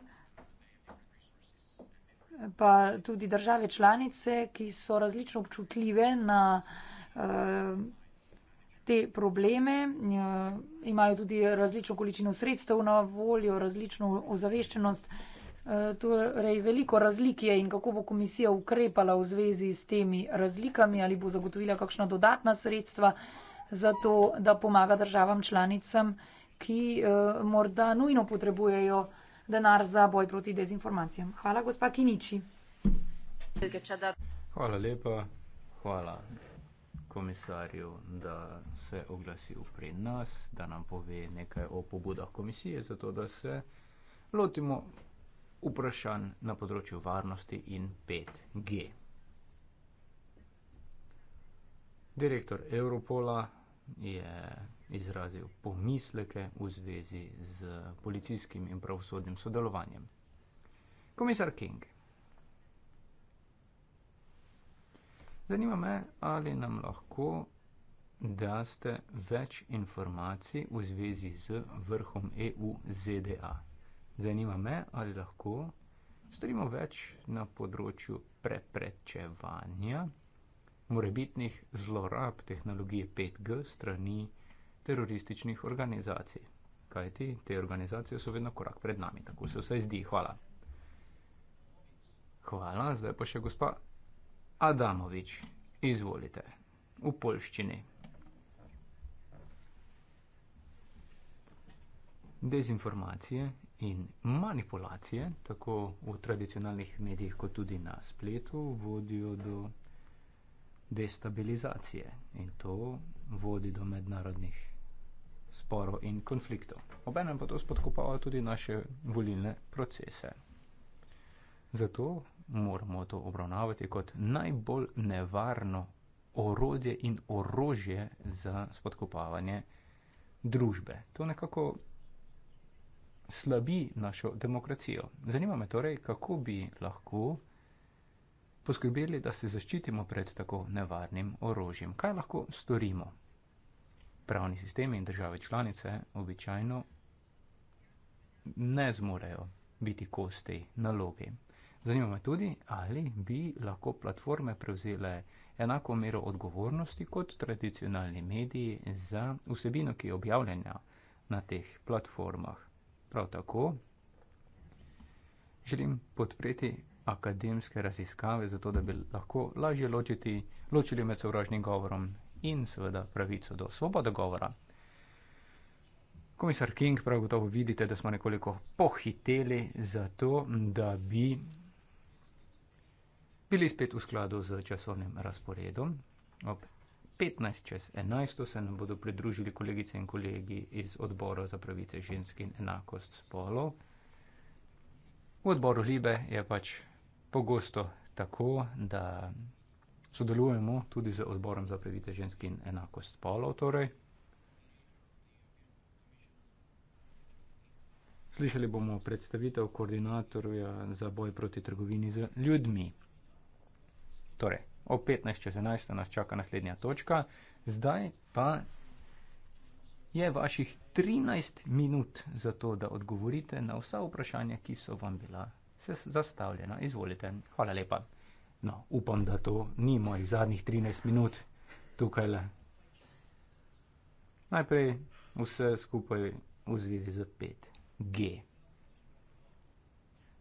pa tudi države članice, ki so različno občutljive na. Ehm, te probleme, eh, imajo tudi različno količino sredstev na voljo, različno ozaveščenost. Eh, torej, veliko razlik je in kako bo komisija ukrepala v zvezi s temi razlikami ali bo zagotovila kakšna dodatna sredstva za to, da pomaga državam članicam, ki eh, morda nujno potrebujejo denar za boj proti dezinformacijam. Hvala, gospa Kiniči. Hvala lepa. Hvala komisarju, da se oglasi pred nas, da nam pove nekaj o pobudah komisije, zato da se lotimo vprašanj na področju varnosti in 5G. Direktor Europola je izrazil pomisleke v zvezi z policijskim in pravosodnim sodelovanjem. Komisar King. Zanima me, ali nam lahko daste več informacij v zvezi z vrhom EU-ZDA. Zanima me, ali lahko storimo več na področju preprečevanja morebitnih zlorab tehnologije 5G strani terorističnih organizacij. Kajti te organizacije so vedno korak pred nami, tako se vse zdi. Hvala. Hvala, zdaj pa še gospa Adamovič, izvolite, v polščini. Dezinformacije in manipulacije, tako v tradicionalnih medijih, kot tudi na spletu, vodijo do destabilizacije in to vodi do mednarodnih sporov in konfliktov. Obenem pa to spodkopava tudi naše volilne procese. Zato moramo to obravnavati kot najbolj nevarno orodje in orožje za spodkopavanje družbe. To nekako slabi našo demokracijo. Zanima me torej, kako bi lahko poskrbeli, da se zaščitimo pred tako nevarnim orožjem. Kaj lahko storimo? Pravni sistemi in države članice običajno ne zmorejo biti kos tej nalogi. Zanima me tudi, ali bi lahko platforme prevzele enako mero odgovornosti kot tradicionalni mediji za vsebino, ki je objavljena na teh platformah. Prav tako želim podpreti akademske raziskave, zato da bi lahko lažje ločiti, ločili med sovražnim govorom in seveda pravico do svobode govora. Komisar King, prav gotovo vidite, da smo nekoliko pohiteli za to, da bi bili spet v skladu z časovnim razporedom. Ob 15 čez 11 se nam bodo pridružili kolegice in kolegi iz odbora za pravice žensk in enakost spolov. V odboru Libe je pač pogosto tako, da sodelujemo tudi z odborom za pravice žensk in enakost spolov. Torej. Slišali bomo predstavitev koordinatorja za boj proti trgovini z ljudmi. Torej, o 15.11. nas čaka naslednja točka, zdaj pa je vaših 13 minut za to, da odgovorite na vsa vprašanja, ki so vam bila zastavljena. Izvolite. Hvala lepa. No, upam, da to ni mojih zadnjih 13 minut tukaj. Le. Najprej vse skupaj v zvezi z 5G.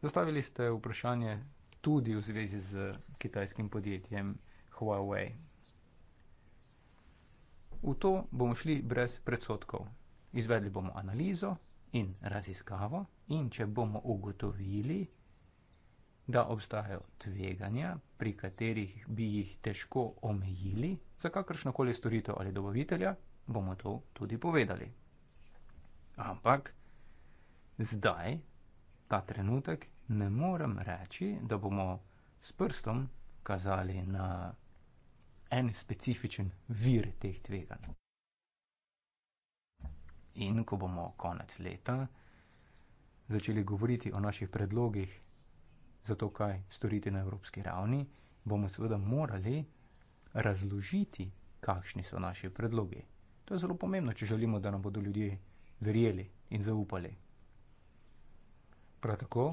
Zastavili ste vprašanje tudi v zvezi z kitajskim podjetjem Huawei. V to bomo šli brez predsotkov. Izvedli bomo analizo in raziskavo in če bomo ugotovili, da obstajajo tveganja, pri katerih bi jih težko omejili za kakršnokoli storitev ali dobavitelja, bomo to tudi povedali. Ampak zdaj, ta trenutek, ne morem reči, da bomo s prstom kazali na en specifičen vir teh tveganj. In ko bomo konec leta začeli govoriti o naših predlogih za to, kaj storiti na evropski ravni, bomo seveda morali razložiti, kakšni so naši predlogi. To je zelo pomembno, če želimo, da nam bodo ljudje verjeli in zaupali. Prav tako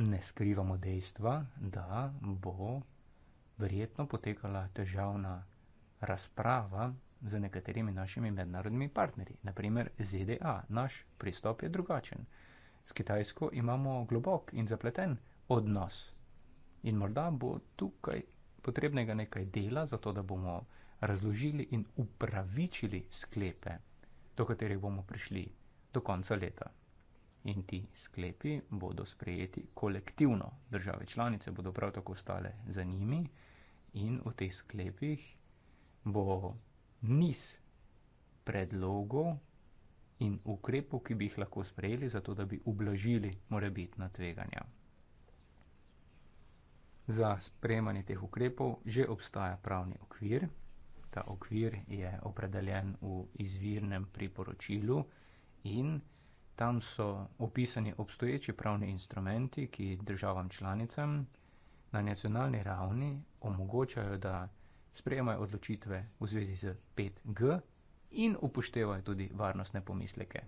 ne skrivamo dejstva, da bo verjetno potekala težavna razprava z nekaterimi našimi mednarodnimi partnerji, naprimer ZDA. Naš pristop je drugačen. S Kitajsko imamo globok in zapleten odnos. In morda bo tukaj potrebnega nekaj dela, zato da bomo razložili in upravičili sklepe, do katerih bomo prišli do konca leta in ti sklepi bodo sprejeti kolektivno. Države članice bodo prav tako stale za njimi in v teh sklepih bo niz predlogov in ukrepov, ki bi jih lahko sprejeli, zato da bi ublažili morebitna tveganja. Za sprejemanje teh ukrepov že obstaja pravni okvir. Ta okvir je opredeljen v izvirnem priporočilu in tam so opisani obstoječi pravni instrumenti, ki državam članicam na nacionalni ravni omogočajo, da sprejemajo odločitve v zvezi z 5G in upoštevajo tudi varnostne pomisleke.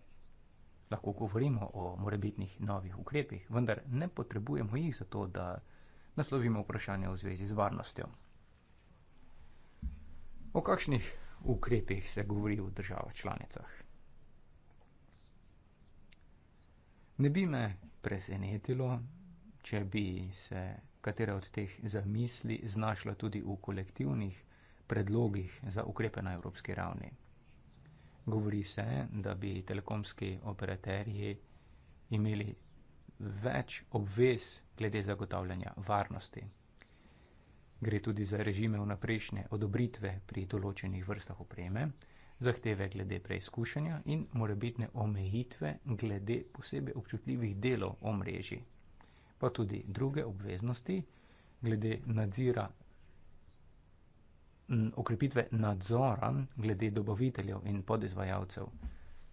Lahko govorimo o morebitnih novih ukrepih, vendar ne potrebujemo jih za to, da naslovimo vprašanje v zvezi z varnostjo. O kakšnih ukrepih se govori v državah članicah? Ne bi me presenetilo, če bi se katera od teh zamisli znašla tudi v kolektivnih predlogih za ukrepe na evropski ravni. Govori se, da bi telekomski operaterji imeli več obvez glede zagotavljanja varnosti. Gre tudi za režime vnaprejšnje odobritve pri določenih vrstah opreme zahteve glede preizkušanja in morebitne omejitve glede posebej občutljivih delov omrežji, pa tudi druge obveznosti glede nadzira, m, okrepitve nadzora glede dobaviteljev in podizvajalcev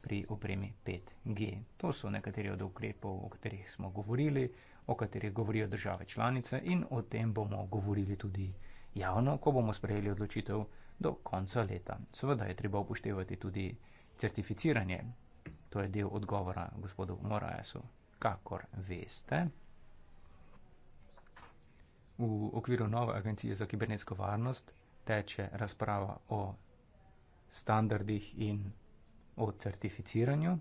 pri opremi 5G. To so nekateri od ukrepov, o katerih smo govorili, o katerih govorijo države članice in o tem bomo govorili tudi javno, ko bomo sprejeli odločitev do konca leta. Seveda je treba upoštevati tudi certificiranje. To je del odgovora gospodu Morajasu. Kakor veste, v okviru nove agencije za kibernetsko varnost teče razprava o standardih in o certificiranju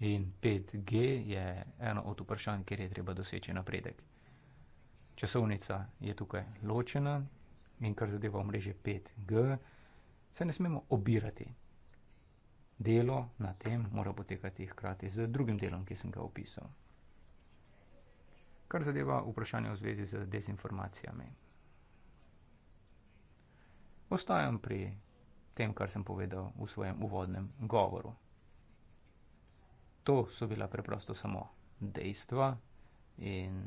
in 5G je eno od vprašanj, kjer je treba doseči napredek. Časovnica je tukaj ločena in kar zadeva omrežje 5G. Se ne smemo obirati. Delo na tem mora potekati hkrati z drugim delom, ki sem ga opisal. Kar zadeva vprašanje v zvezi z dezinformacijami. Ostajam pri tem, kar sem povedal v svojem uvodnem govoru. To so bila preprosto samo dejstva in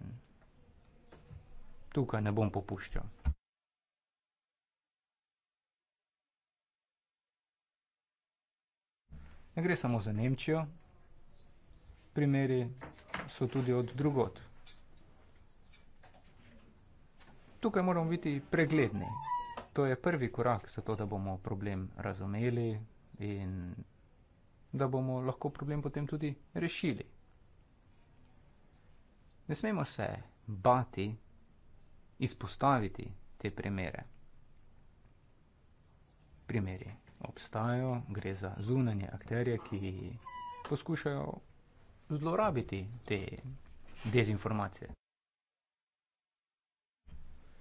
tukaj ne bom popuščal. Ne gre samo za Nemčijo, primeri so tudi od drugod. Tukaj moramo biti pregledni. To je prvi korak za to, da bomo problem razumeli in da bomo lahko problem potem tudi rešili. Ne smemo se bati izpostaviti te primere. Primeri obstajajo, gre za zunanje akterje, ki poskušajo zlorabiti te dezinformacije.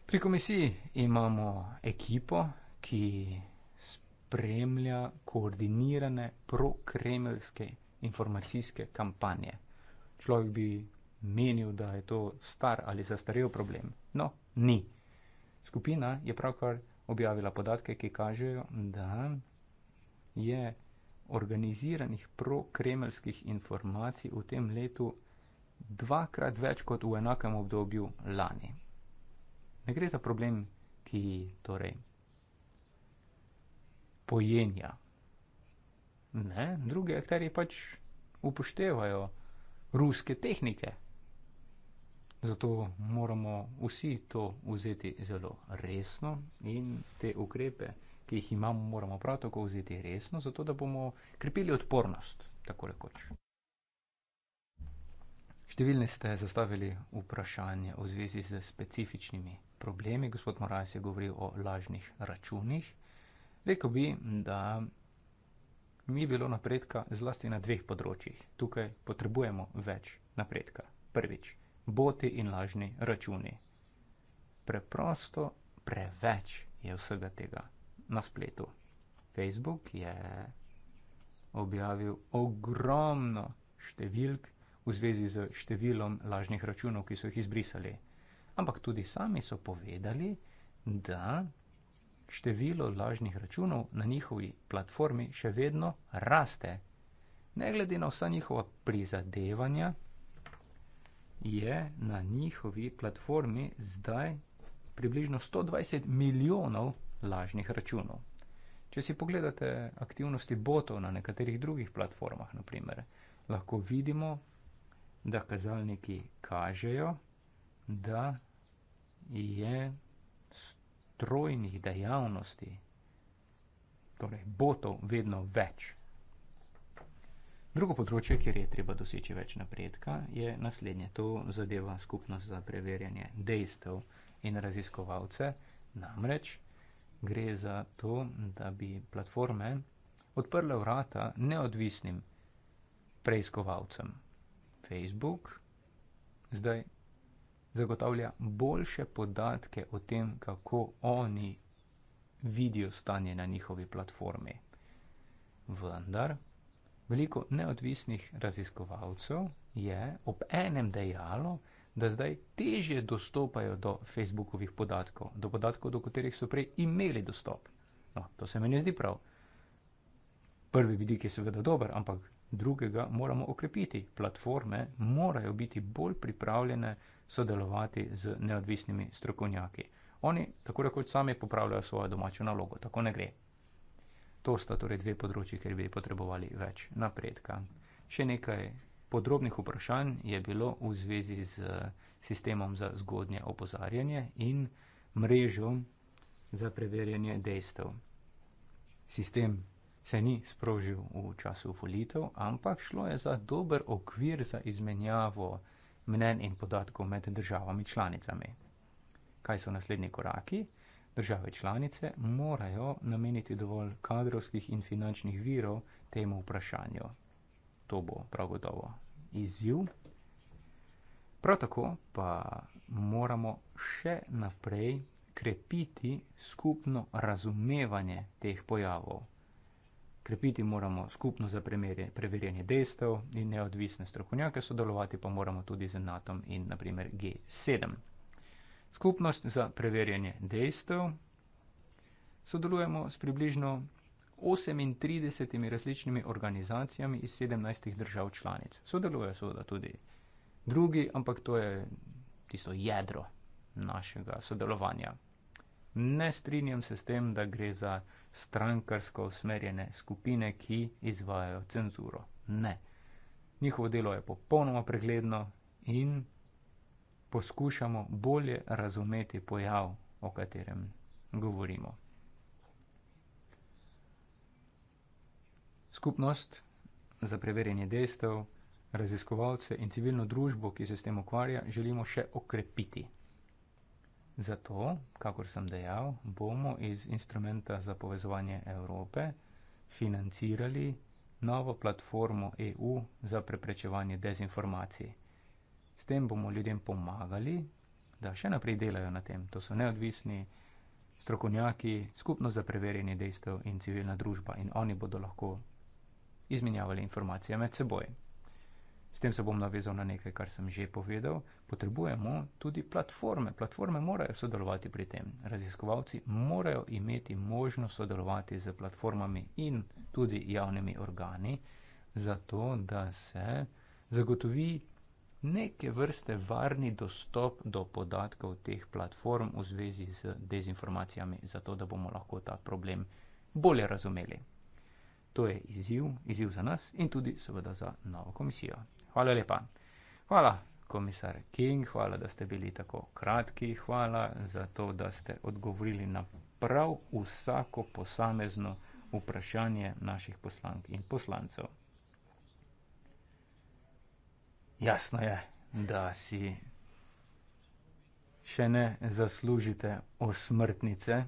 Pri komisiji imamo ekipo, ki spremlja koordinirane prokremljske informacijske kampanje. Človek bi menil, da je to star ali zastarel problem. No, ni. Skupina je pravkar objavila podatke, ki kažejo, da je organiziranih pro-kremljskih informacij v tem letu dvakrat več kot v enakem obdobju lani. Ne gre za problem, ki torej pojenja. Ne, druge akterje pač upoštevajo ruske tehnike. Zato moramo vsi to vzeti zelo resno in te ukrepe ki jih imamo, moramo prav tako vzeti resno, zato da bomo krepili odpornost, tako rekoč. Številni ste zastavili vprašanje v zvezi z specifičnimi problemi. Gospod Moraes je govoril o lažnih računih. Rekl bi, da ni bilo napredka zlasti na dveh področjih. Tukaj potrebujemo več napredka. Prvič, boti in lažni računi. Preprosto preveč je vsega tega na spletu. Facebook je objavil ogromno številk v zvezi z številom lažnih računov, ki so jih izbrisali. Ampak tudi sami so povedali, da število lažnih računov na njihovi platformi še vedno raste. Ne glede na vsa njihova prizadevanja, je na njihovi platformi zdaj približno 120 milijonov lažnih računov. Če si pogledate aktivnosti botov na nekaterih drugih platformah, naprimer, lahko vidimo, da kazalniki kažejo, da je strojnih dejavnosti, torej botov, vedno več. Drugo področje, kjer je treba doseči več napredka, je naslednje. To zadeva skupnost za preverjanje dejstev in raziskovalce, namreč gre za to, da bi platforme odprle vrata neodvisnim preiskovalcem. Facebook zdaj zagotavlja boljše podatke o tem, kako oni vidijo stanje na njihovi platformi. Vendar veliko neodvisnih raziskovalcev je ob enem dejalo, da zdaj teže dostopajo do Facebookovih podatkov, do podatkov, do katerih so prej imeli dostop. No, to se mi ne zdi prav. Prvi vidik je seveda dober, ampak drugega moramo okrepiti. Platforme morajo biti bolj pripravljene sodelovati z neodvisnimi strokovnjaki. Oni tako rekoč sami popravljajo svojo domačo nalogo, tako ne gre. To sta torej dve področji, kjer bi potrebovali več napredka. Še nekaj podrobnih vprašanj je bilo v zvezi z eh, sistemom za zgodnje opozarjanje in mrežo za preverjanje dejstev. Sistem se ni sprožil v času volitev, ampak šlo je za dober okvir za izmenjavo mnen in podatkov med državami članicami. Kaj so naslednji koraki? Države članice morajo nameniti dovolj kadrovskih in finančnih virov temu vprašanju. To bo prav gotovo izziv. Prav tako pa moramo še naprej krepiti skupno razumevanje teh pojavov. Krepiti moramo skupno za preverjanje dejstev in neodvisne strokovnjake, sodelovati pa moramo tudi z NATO-om in naprimer G7. Skupnost za preverjanje dejstev sodelujemo s približno 38 različnimi organizacijami iz 17 držav članic. Sodelujejo seveda tudi drugi, ampak to je tisto jedro našega sodelovanja. Ne strinjam se s tem, da gre za strankarsko usmerjene skupine, ki izvajajo cenzuro. Ne. Njihovo delo je popolnoma pregledno in poskušamo bolje razumeti pojav, o katerem govorimo. skupnost za preverjanje dejstev, raziskovalce in civilno družbo, ki se s tem ukvarja, želimo še okrepiti. Zato, kakor sem dejal, bomo iz instrumenta za povezovanje Evrope financirali novo platformo EU za preprečevanje dezinformacij. S tem bomo ljudem pomagali, da še naprej delajo na tem. To so neodvisni strokovnjaki, skupno za preverjanje dejstev in civilna družba in oni bodo lahko izmenjavali informacije med seboj. S tem se bom navezal na nekaj, kar sem že povedal. Potrebujemo tudi platforme. Platforme morajo sodelovati pri tem. Raziskovalci morajo imeti možnost sodelovati z platformami in tudi javnimi organi, zato da se zagotovi neke vrste varni dostop do podatkov teh platform v zvezi z dezinformacijami, zato da bomo lahko ta problem bolje razumeli. To je izziv, izziv za nas in tudi seveda za novo komisijo. Hvala lepa. Hvala, komisar King, hvala, da ste bili tako kratki, hvala za to, da ste odgovorili na prav vsako posamezno vprašanje naših poslank in poslancev. Jasno je, da si še ne zaslužite osmrtnice.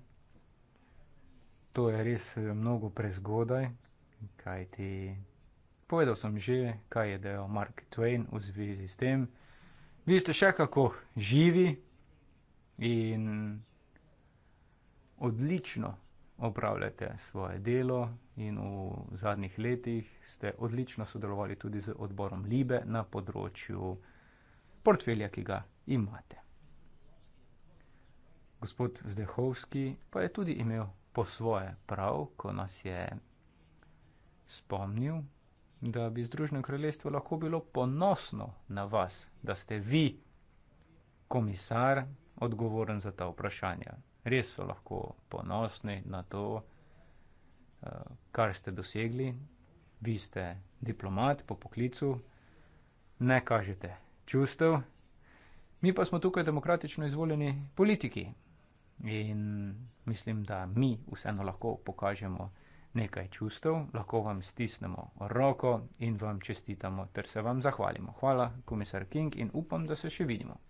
To je res eh, mnogo prezgodaj, kaj ti. Povedal sem že, kaj je dejal Mark Twain v zvezi s tem. Vi ste še kako živi in odlično opravljate svoje delo, in v zadnjih letih ste odlično sodelovali tudi z odborom Libe na področju portfelja, ki ga imate. Gospod Zdehovski pa je tudi imel po svoje prav, ko nas je spomnil, da bi Združeno kraljestvo lahko bilo ponosno na vas, da ste vi, komisar, odgovoren za ta vprašanja. Res so lahko ponosni na to, eh, kar ste dosegli. Vi ste diplomat po poklicu, ne kažete čustev, mi pa smo tukaj demokratično izvoljeni politiki. In mislim, da mi vseeno lahko pokažemo, nekaj čustev, lahko vam stisnemo roko in vam čestitamo ter se vam zahvalimo. Hvala, komisar King, in upam, da se še vidimo.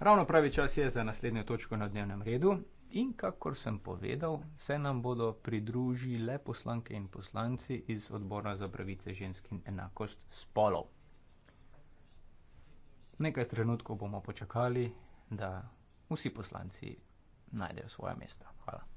Ravno pravi čas je za naslednjo točko na dnevnem redu in kakor sem povedal, se nam bodo pridružile poslanke in poslanci iz odbora za pravice žensk in enakost spolov. Nekaj trenutkov bomo počakali, da vsi poslanci najdejo svoje mesto. Hvala.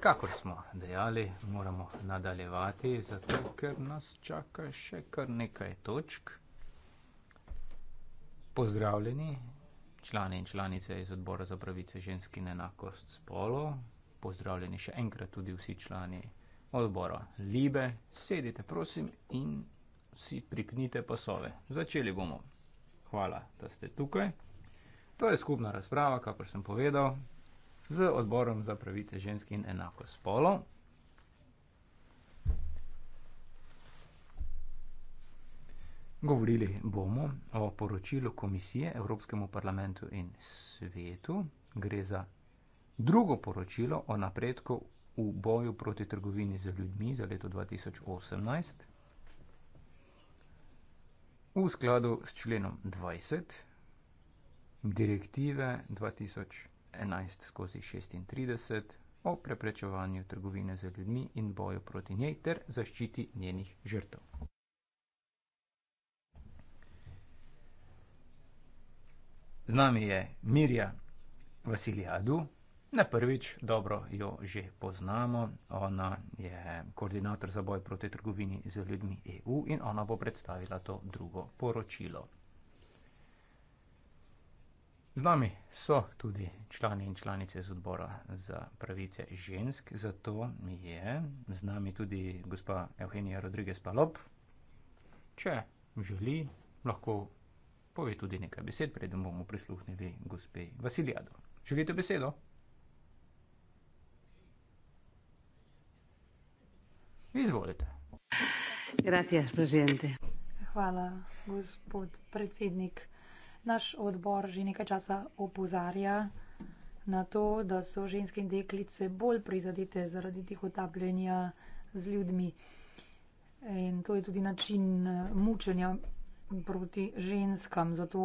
Kakor smo dejali, moramo nadaljevati, zato ker nas čaka še kar nekaj točk. Pozdravljeni člani in članice iz odbora za pravice žensk in enakost spolov. Pozdravljeni še enkrat tudi vsi člani odbora Libe. Sedite prosim in si priknite pasove. Začeli bomo. Hvala, da ste tukaj. To je skupna razprava, kakor sem povedal, z odborom za pravice žensk in enako spolo. Govorili bomo o poročilu komisije Evropskemu parlamentu in svetu. Gre za drugo poročilo o napredku v boju proti trgovini z ljudmi za leto 2018. V skladu s členom 20 direktive 2011 skozi 36 o preprečevanju trgovine z ljudmi in boju proti njej ter zaščiti njenih žrtev. Z nami je Mirja Vasilijadu. Na prvič dobro jo že poznamo. Ona je koordinator za boj proti trgovini z ljudmi EU in ona bo predstavila to drugo poročilo. Z nami so tudi člani in članice z odbora za pravice žensk, zato je z nami tudi gospa Evhenija Rodriguez Palop. Če želi, lahko pove tudi nekaj besed, preden bomo prisluhnili gospe Vasilijadu. Želite besedo? Izvolite. Gracias, Hvala, gospod predsednik naš odbor že nekaj časa opozarja na to, da so ženske in deklice bolj prizadete zaradi tih otapljanja z ljudmi. In to je tudi način eh, mučenja proti ženskam, zato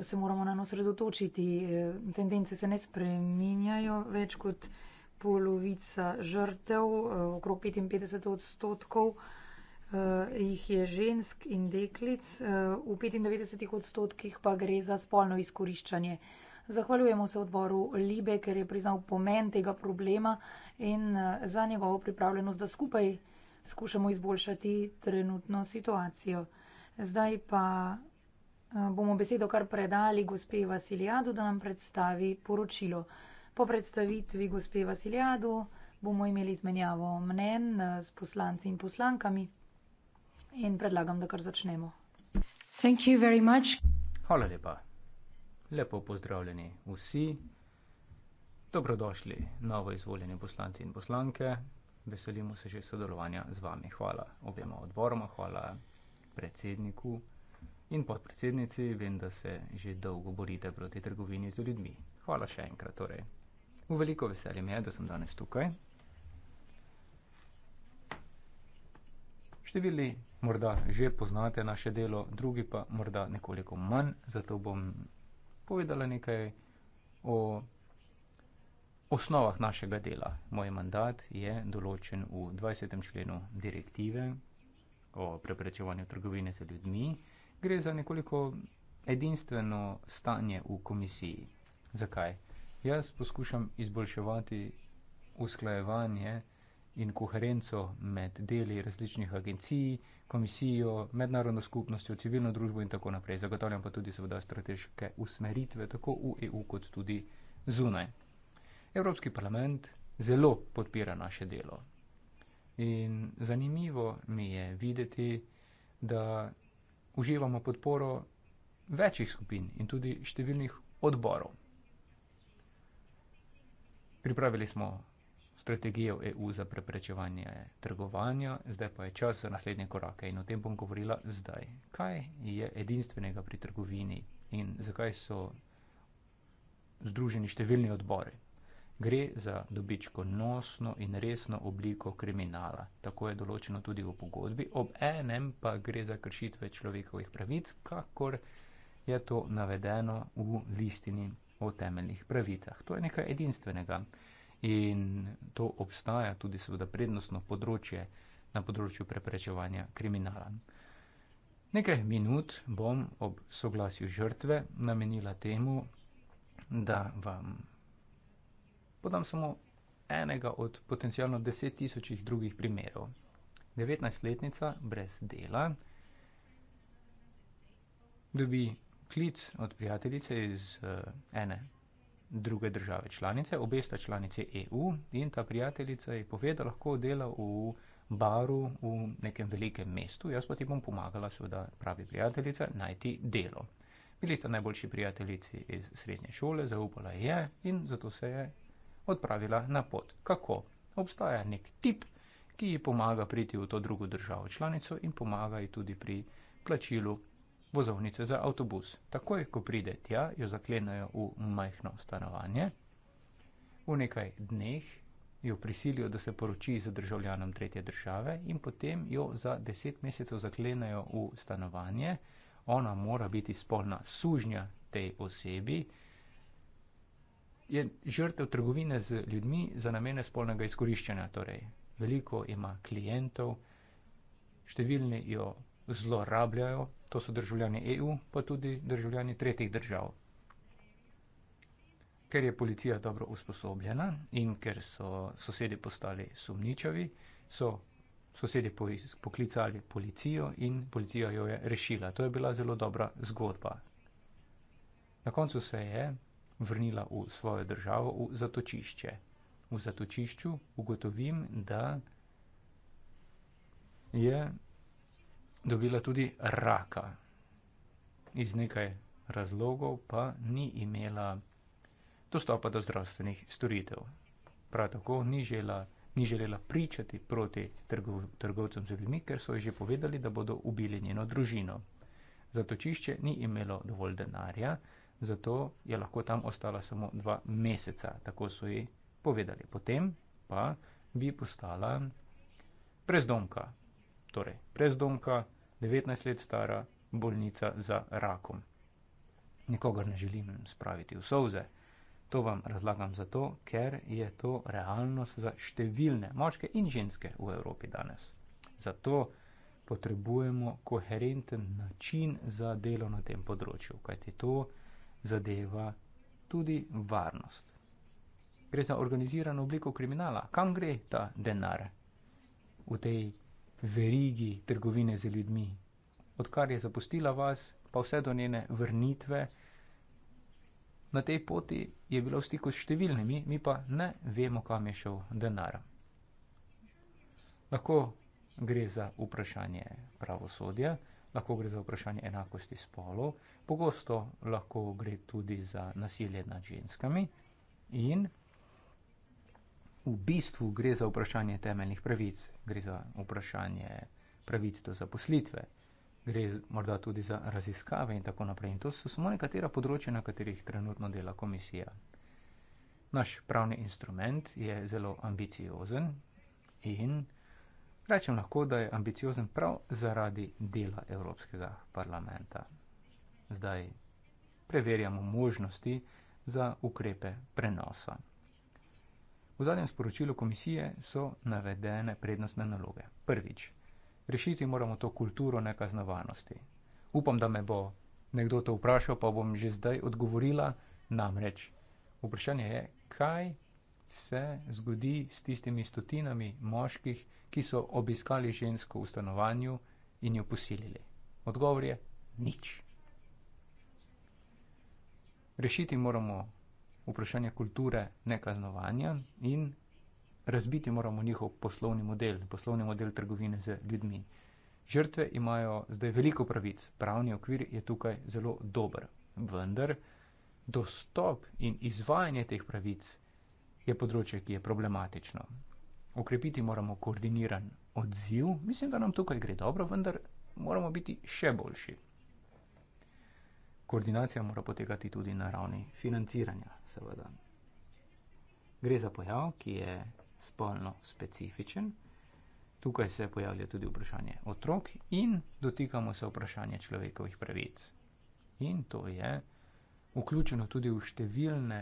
se moramo na nos redotočiti. Eh, tendence se ne spreminjajo več kot polovica žrtev, eh, okrog 55 odstotkov. Eh, jih je žensk in deklic, eh, v 95 odstotkih pa gre za spolno izkoriščanje. Zahvaljujemo se odboru Libe, ker je priznal pomen tega problema in eh, za njegovo pripravljenost, da skupaj skušamo izboljšati trenutno situacijo. Zdaj pa bomo besedo kar predali gospe Vasiljadu, da nam predstavi poročilo. Po predstavitvi gospe Vasiljadu bomo imeli izmenjavo mnen s poslanci in poslankami in predlagam, da kar začnemo. Hvala lepa. Lepo pozdravljeni vsi. Dobrodošli novo izvoljeni poslanci in poslanke. Veselimo se že sodelovanja z vami. Hvala objema odboroma, hvala predsedniku in podpredsednici. Vem, da se že dolgo borite proti trgovini z ljudmi. Hvala še enkrat torej. V veliko veselje mi je, da sem danes tukaj. Številni morda že poznate naše delo, drugi pa morda nekoliko manj, zato bom povedala nekaj o osnovah našega dela. Moj mandat je določen v 20. členu direktive o preprečevanju trgovine z ljudmi. Gre za nekoliko edinstveno stanje v komisiji. Zakaj? Jaz poskušam izboljševati usklajevanje in koherenco med deli različnih agencij, komisijo, mednarodno skupnostjo, civilno družbo in tako naprej. Zagotavljam pa tudi seveda strateške usmeritve tako v EU kot tudi zunaj. Evropski parlament zelo podpira naše delo. In zanimivo mi je videti, da uživamo podporo večjih skupin in tudi številnih odborov. Pripravili smo strategijo EU za preprečevanje trgovanja, zdaj pa je čas za naslednje korake in o tem bom govorila zdaj. Kaj je edinstvenega pri trgovini in zakaj so združeni številni odbori? Gre za dobičkonosno in resno obliko kriminala, tako je določeno tudi v pogodbi, ob enem pa gre za kršitve človekovih pravic, kakor je to navedeno v listini o temeljnih pravicah. To je nekaj edinstvenega. In to obstaja tudi seveda prednostno področje na področju preprečevanja kriminala. Nekaj minut bom ob soglasju žrtve namenila temu, da vam podam samo enega od potencialno deset tisočih drugih primerov. 19-letnica brez dela dobi klic od prijateljice iz uh, ene druge države članice, obe sta članice EU in ta prijateljica je povedala, lahko dela v baru v nekem velikem mestu, jaz pa ti bom pomagala, seveda pravi prijateljica, najti delo. Bili sta najboljši prijateljici iz srednje šole, zaupala je in zato se je odpravila na pot. Kako? Obstaja nek tip, ki ji pomaga priti v to drugo državo članico in pomaga ji tudi pri plačilu vozovnice za avtobus. Takoj, ko pride tja, jo zaklenajo v majhno stanovanje. V nekaj dneh jo prisilijo, da se poroči z državljanom tretje države in potem jo za deset mesecev zaklenajo v stanovanje. Ona mora biti spolna sužnja tej osebi. Je žrtev trgovine z ljudmi za namene spolnega izkoriščanja. Torej. Veliko ima klientov, številni jo zlorabljajo, to so državljani EU, pa tudi državljani tretjih držav. Ker je policija dobro usposobljena in ker so sosedi postali sumničavi, so sosedi poklicali policijo in policija jo je rešila. To je bila zelo dobra zgodba. Na koncu se je vrnila v svojo državo, v zatočišče. V zatočišču ugotovim, da je dobila tudi raka. Iz nekaj razlogov pa ni imela dostopa do zdravstvenih storitev. Prav tako ni želela, ni želela pričati proti trgov, trgovcem z ljudmi, ker so ji že povedali, da bodo ubili njeno družino. Zatočišče ni imelo dovolj denarja, zato je lahko tam ostala samo dva meseca, tako so ji povedali. Potem pa bi postala prezdomka. Torej, prezdomka 19 let stara bolnica za rakom. Nikogar ne želim spraviti v solze. To vam razlagam zato, ker je to realnost za številne moške in ženske v Evropi danes. Zato potrebujemo koherenten način za delo na tem področju, kajti to zadeva tudi varnost. Gre za organizirano obliko kriminala. Kam gre ta denar v tej verigi trgovine z ljudmi. Odkar je zapustila vas, pa vse do njene vrnitve, na tej poti je bila v stiku s številnimi, mi pa ne vemo, kam je šel denar. Lahko gre za vprašanje pravosodja, lahko gre za vprašanje enakosti spolov, pogosto lahko gre tudi za nasilje nad ženskami in v bistvu gre za vprašanje temeljnih pravic, gre za vprašanje pravic do zaposlitve, gre morda tudi za raziskave in tako naprej. In to so samo nekatera področja, na katerih trenutno dela komisija. Naš pravni instrument je zelo ambiciozen in rečem lahko, da je ambiciozen prav zaradi dela Evropskega parlamenta. Zdaj preverjamo možnosti za ukrepe prenosa. V zadnjem sporočilu komisije so navedene prednostne naloge. Prvič, rešiti moramo to kulturo nekaznovanosti. Upam, da me bo nekdo to vprašal, pa bom že zdaj odgovorila. Namreč, vprašanje je, kaj se zgodi s tistimi stotinami moških, ki so obiskali žensko v stanovanju in jo posilili. Odgovor je nič. Rešiti moramo vprašanje kulture nekaznovanja in razbiti moramo njihov poslovni model, poslovni model trgovine z ljudmi. Žrtve imajo zdaj veliko pravic, pravni okvir je tukaj zelo dober, vendar dostop in izvajanje teh pravic je področje, ki je problematično. Okrepiti moramo koordiniran odziv, mislim, da nam tukaj gre dobro, vendar moramo biti še boljši koordinacija mora potekati tudi na ravni financiranja, seveda. Gre za pojav, ki je spolno specifičen. Tukaj se pojavlja tudi vprašanje otrok in dotikamo se vprašanja človekovih pravic. In to je vključeno tudi v številne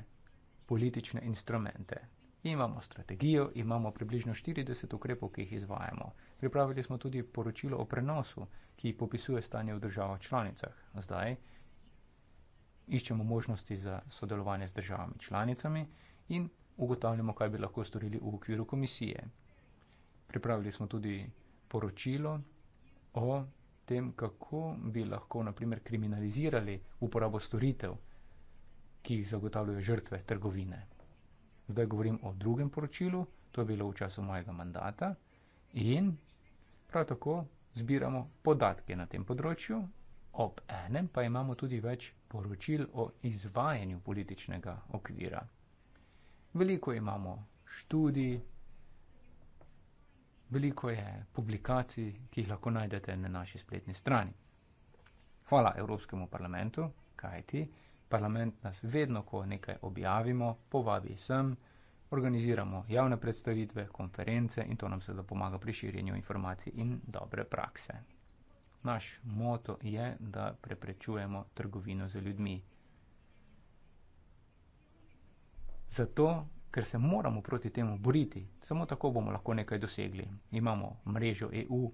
politične instrumente. Imamo strategijo, imamo približno 40 ukrepov, ki jih izvajamo. Pripravili smo tudi poročilo o prenosu, ki popisuje stanje v državah članicah. Zdaj iščemo možnosti za sodelovanje z državami članicami in ugotavljamo, kaj bi lahko storili v okviru komisije. Pripravili smo tudi poročilo o tem, kako bi lahko naprimer kriminalizirali uporabo storitev, ki jih zagotavljajo žrtve trgovine. Zdaj govorim o drugem poročilu, to je bilo v času mojega mandata in prav tako zbiramo podatke na tem področju, ob enem pa imamo tudi več poročil o izvajanju političnega okvira. Veliko imamo študij, veliko je publikacij, ki jih lahko najdete na naši spletni strani. Hvala Evropskemu parlamentu, kajti parlament nas vedno, ko nekaj objavimo, povabi sem, organiziramo javne predstavitve, konference in to nam seveda pomaga pri širjenju informacij in dobre prakse. Naš moto je, da preprečujemo trgovino z ljudmi. Zato, ker se moramo proti temu boriti, samo tako bomo lahko nekaj dosegli. Imamo mrežo EU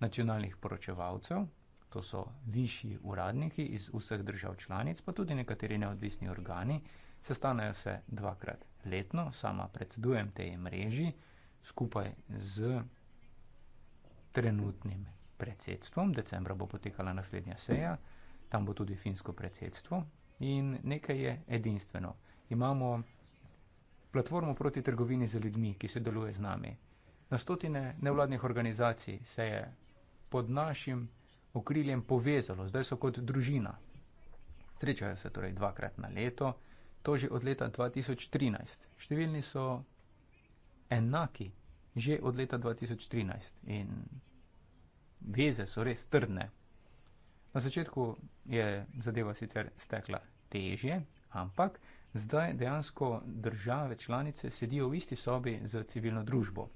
nacionalnih poročevalcev, to so višji uradniki iz vseh držav članic, pa tudi nekateri neodvisni organi. Sestanejo se dvakrat letno, sama predsedujem tej mreži skupaj z trenutnimi predsedstvom, decembra bo potekala naslednja seja, tam bo tudi finsko predsedstvo in nekaj je edinstveno. Imamo platformo proti trgovini za ljudmi, ki se deluje z nami. Na stotine nevladnih organizacij se je pod našim okriljem povezalo, zdaj so kot družina. Srečajo se torej dvakrat na leto, to že od leta 2013. Številni so enaki že od leta 2013 in veze so res trdne. Na začetku je zadeva sicer stekla težje, ampak zdaj dejansko države članice sedijo v isti sobi z civilno družbo.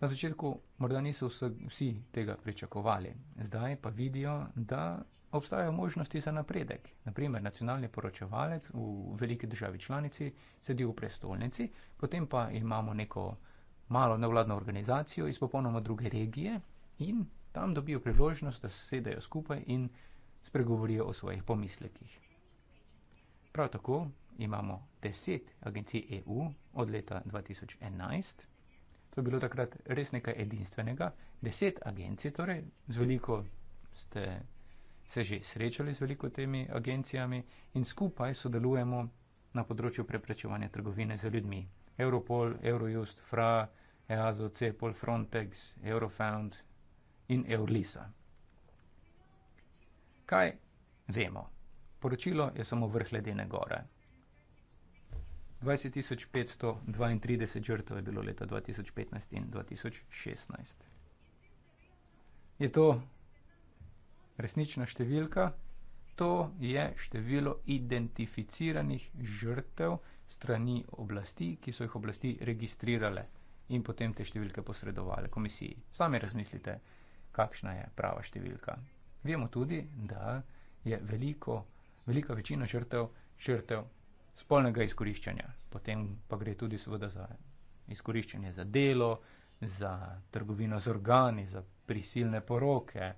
Na začetku morda niso vsi tega pričakovali, zdaj pa vidijo, da obstajajo možnosti za napredek. Naprimer, nacionalni poročevalec v veliki državi članici sedi v prestolnici, potem pa imamo neko malo nevladno organizacijo iz popolnoma druge regije in tam dobijo priložnost, da sedajo skupaj in spregovorijo o svojih pomislekih. Prav tako imamo deset agencij EU od leta 2011. To je bilo takrat res nekaj edinstvenega. Deset agencij, torej, z veliko ste se že srečali z veliko temi agencijami in skupaj sodelujemo na področju preprečevanja trgovine z ljudmi. Europol, Eurojust, FRA, EASO, CEPOL, Frontex, Eurofound in Eurlisa. Kaj vemo? Poročilo je samo vrh ledene gore. 20532 žrtev je bilo leta 2015 in 2016. Je to resnična številka? To je število identificiranih žrtev, strani oblasti, ki so jih oblasti registrirale in potem te številke posredovale komisiji. Sami razmislite, kakšna je prava številka. Vemo tudi, da je veliko, velika večina žrtev žrtev spolnega izkoriščanja. Potem pa gre tudi seveda za izkoriščanje za delo, za trgovino z organi, za prisilne poroke,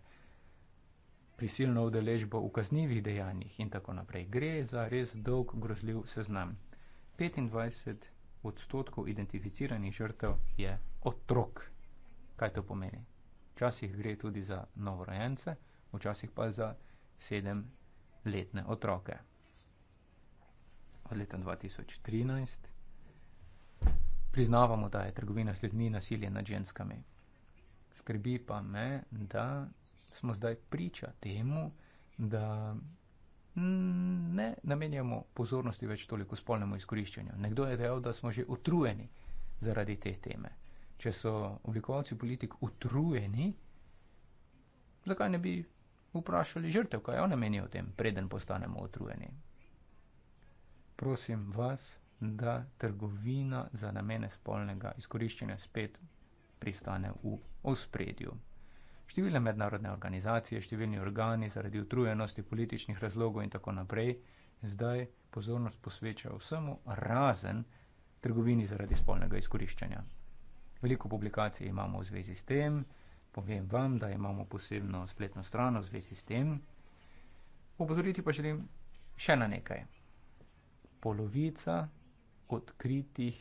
prisilno udeležbo v kaznjivih dejanjih in tako naprej. Gre za res dolg grozljiv seznam. 25 odstotkov identificiranih žrtev je otrok. Kaj to pomeni? Včasih gre tudi za novorojence, včasih pa za sedemletne otroke. Od leta 2013 priznavamo, da je trgovina s ljudmi nasilje nad ženskami. Skrbi pa me, da smo zdaj priča temu, da ne namenjamo pozornosti več toliko spolnemu izkoriščanju. Nekdo je dejal, da smo že utrujeni zaradi te teme. Če so oblikovalci politik utrujeni, zakaj ne bi vprašali žrtev, kaj ona meni o tem, preden postanemo utrujeni? Prosim vas, da trgovina za namene spolnega izkoriščanja spet pristane v ospredju. Številne mednarodne organizacije, številni organi zaradi utrujenosti političnih razlogov in tako naprej zdaj pozornost posvečajo vsemu razen trgovini zaradi spolnega izkoriščanja. Veliko publikacij imamo v zvezi s tem, povem vam, da imamo posebno spletno stran v zvezi s tem. Opozoriti pa želim še na nekaj. Polovica odkritih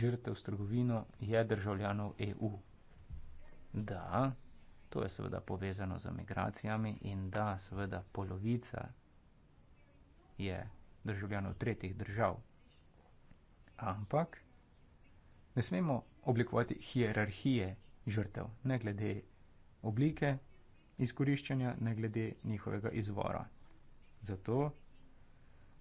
žrtev s trgovino je državljanov EU. Da, to je seveda povezano z migracijami in da seveda polovica je državljanov tretjih držav. Ampak ne smemo oblikovati hierarhije žrtev, ne glede oblike izkoriščanja, ne glede njihovega izvora. Zato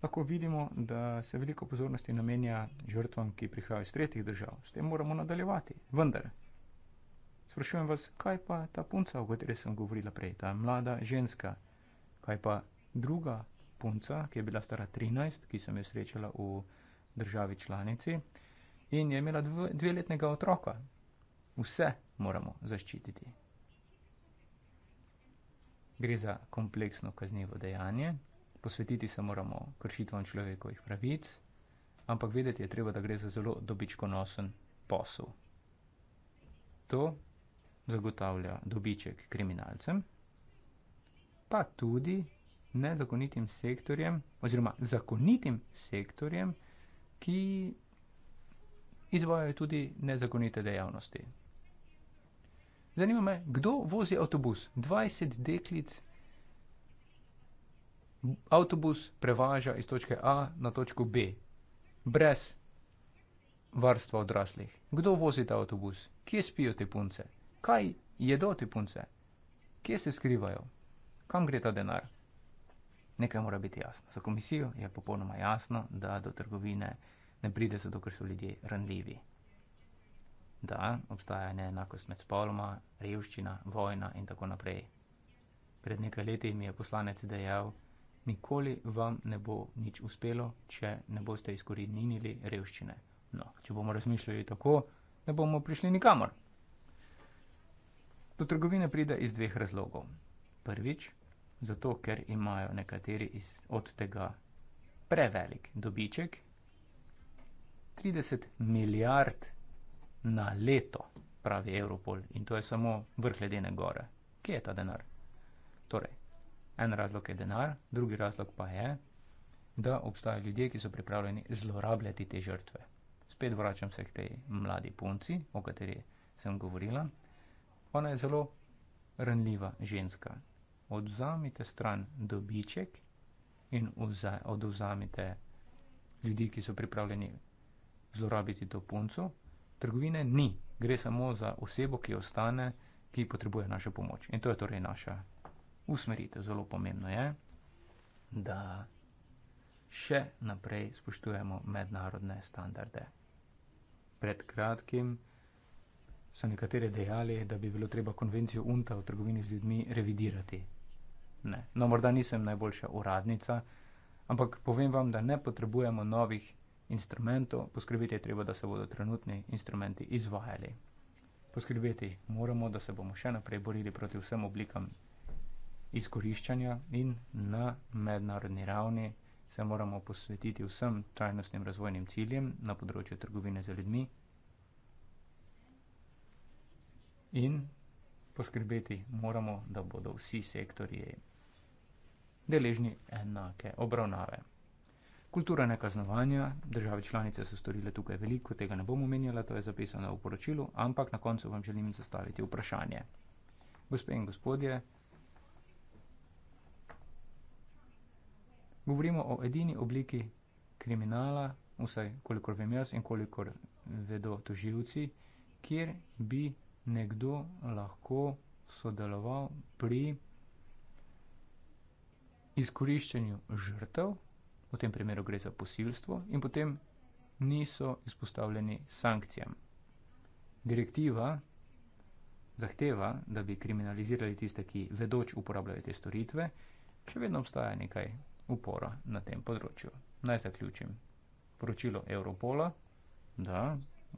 lahko vidimo, da se veliko pozornosti namenja žrtvam, ki prihajajo iz tretjih držav. S tem moramo nadaljevati. Vendar Sprašujem vas, kaj pa ta punca, o kateri sem govorila prej, ta mlada ženska, kaj pa druga punca, ki je bila stara 13, ki sem jo srečala v državi članici in je imela dveletnega otroka. Vse moramo zaščititi. Gre za kompleksno kaznivo dejanje, posvetiti se moramo kršitvam človekovih pravic, ampak vedeti je treba, da gre za zelo dobičkonosen posel. To zagotavlja dobiček kriminalcem, pa tudi nezakonitim sektorjem, oziroma zakonitim sektorjem, ki izvajajo tudi nezakonite dejavnosti. Zanima me, kdo vozi avtobus? 20 deklic avtobus prevaža iz točke A na točko B, brez varstva odraslih. Kdo vozi ta avtobus? Kje spijo te punce? Kaj jedo te punce? Kje se skrivajo? Kam gre ta denar? Nekaj mora biti jasno. Za komisijo je popolnoma jasno, da do trgovine ne pride zato, ker so ljudje ranljivi. Da obstaja neenakost med spoloma, revščina, vojna in tako naprej. Pred nekaj leti mi je poslanec dejal, nikoli vam ne bo nič uspelo, če ne boste izkoreninili revščine. No, če bomo razmišljali tako, ne bomo prišli nikamor. Do trgovine pride iz dveh razlogov. Prvič, zato ker imajo nekateri iz, od tega prevelik dobiček, 30 milijard na leto, pravi Evropol, in to je samo vrh ledene gore. Kje je ta denar? Torej, en razlog je denar, drugi razlog pa je, da obstajajo ljudje, ki so pripravljeni zlorabljati te žrtve. Spet vračam se k tej mladi punci, o kateri sem govorila ona je zelo ranljiva ženska. Odvzamite stran dobiček in odvzamite ljudi, ki so pripravljeni zlorabiti to punco. Trgovine ni, gre samo za osebo, ki ostane, ki potrebuje našo pomoč. In to je torej naša usmeritev. Zelo pomembno je, da še naprej spoštujemo mednarodne standarde. Pred kratkim so nekatere dejali, da bi bilo treba konvencijo UNTA o trgovini z ljudmi revidirati. Ne. No, morda nisem najboljša uradnica, ampak povem vam, da ne potrebujemo novih instrumentov, poskrbeti je treba, da se bodo trenutni instrumenti izvajali. Poskrbeti moramo, da se bomo še naprej borili proti vsem oblikam izkoriščanja in na mednarodni ravni se moramo posvetiti vsem trajnostnim razvojnim ciljem na področju trgovine z ljudmi, in poskrbeti moramo, da bodo vsi sektorji deležni enake obravnave. Kultura nekaznovanja, države članice so storile tukaj veliko, tega ne bom omenjala, to je zapisano v poročilu, ampak na koncu vam želim zastaviti vprašanje. Gospe in gospodje, govorimo o edini obliki kriminala, vsaj kolikor vem jaz in kolikor vedo toživci, kjer bi nekdo lahko sodeloval pri izkoriščanju žrtev, v tem primeru gre za posilstvo, in potem niso izpostavljeni sankcijam. Direktiva zahteva, da bi kriminalizirali tiste, ki vedoč uporabljajo te storitve, še vedno obstaja nekaj upora na tem področju. Naj zaključim. Poročilo Europola, da,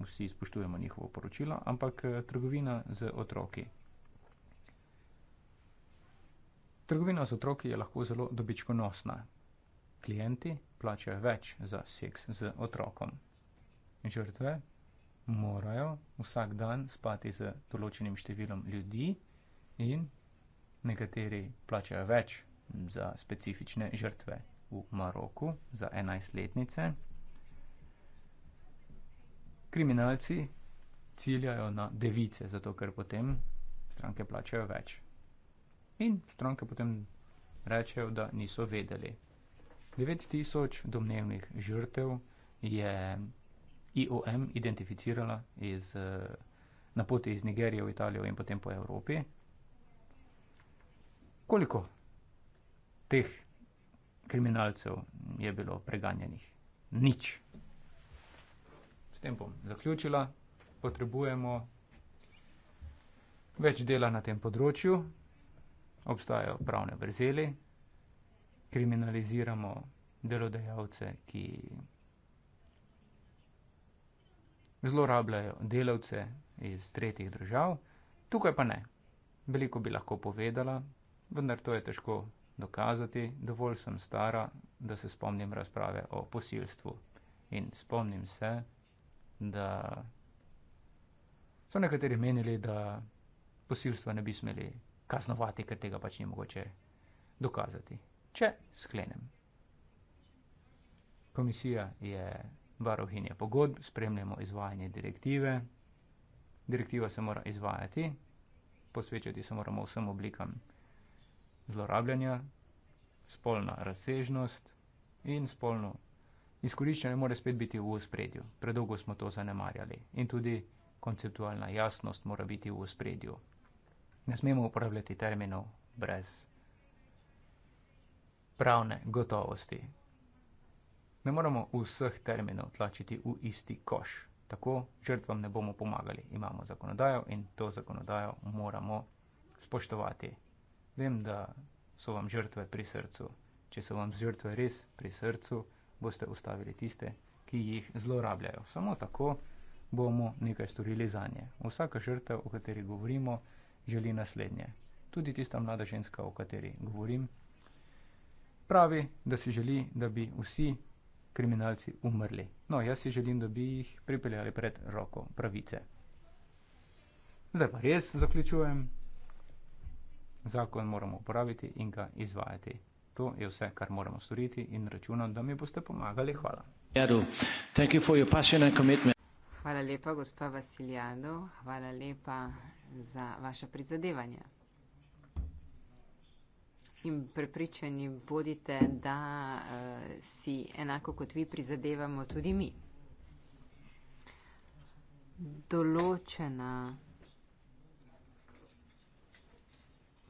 vsi spoštujemo njihovo poročilo, ampak eh, trgovina z otroki. Trgovina z otroki je lahko zelo dobičkonosna. Klienti plačajo več za seks z otrokom. Žrtve morajo vsak dan spati z določenim številom ljudi in nekateri plačajo več za specifične žrtve. V Maroku za 11 letnice kriminalci ciljajo na device, zato ker potem stranke plačajo več. In stranke potem rečejo, da niso vedeli. 9000 domnevnih žrtev je IOM identificirala iz, eh, na poti iz Nigerije v Italijo in potem po Evropi. Koliko teh kriminalcev je bilo preganjenih? Nič tem bom zaključila. Potrebujemo več dela na tem področju. Obstajajo pravne vrzeli, kriminaliziramo delodajalce, ki zlorabljajo delavce iz tretjih držav. Tukaj pa ne. Veliko bi lahko povedala, vendar to je težko dokazati. Dovolj sem stara, da se spomnim razprave o posilstvu. In spomnim se, da so nekateri menili, da posilstva ne bi smeli kaznovati, ker tega pač ni mogoče dokazati. Če sklenem. Komisija je varohinje pogodb, spremljamo izvajanje direktive. Direktiva se mora izvajati, posvečati se moramo vsem oblikam zlorabljanja, spolna razsežnost in spolno izkoriščanje mora spet biti v ospredju. Predolgo smo to zanemarjali in tudi konceptualna jasnost mora biti v ospredju. Ne smemo uporabljati terminov brez pravne gotovosti. Ne moramo vseh terminov tlačiti v isti koš. Tako žrtvam ne bomo pomagali. Imamo zakonodajo in to zakonodajo moramo spoštovati. Vem, da so vam žrtve pri srcu. Če so vam žrtve res pri srcu, boste ustavili tiste, ki jih zlorabljajo. Samo tako bomo nekaj storili za nje. Vsaka žrtev, o kateri govorimo, želi naslednje. Tudi tista mlada ženska, o kateri govorim, pravi, da si želi, da bi vsi kriminalci umrli. No, jaz si želim, da bi jih pripeljali pred roko pravice. Zdaj pa res zaključujem. Zakon moramo uporabiti in ga izvajati. To je vse, kar moramo storiti in računam, da mi boste pomagali. Hvala. Hvala lepa, gospa Vasiljano. Hvala lepa za vaše prizadevanje. In prepričani bodite, da uh, si enako kot vi prizadevamo tudi mi. Določena.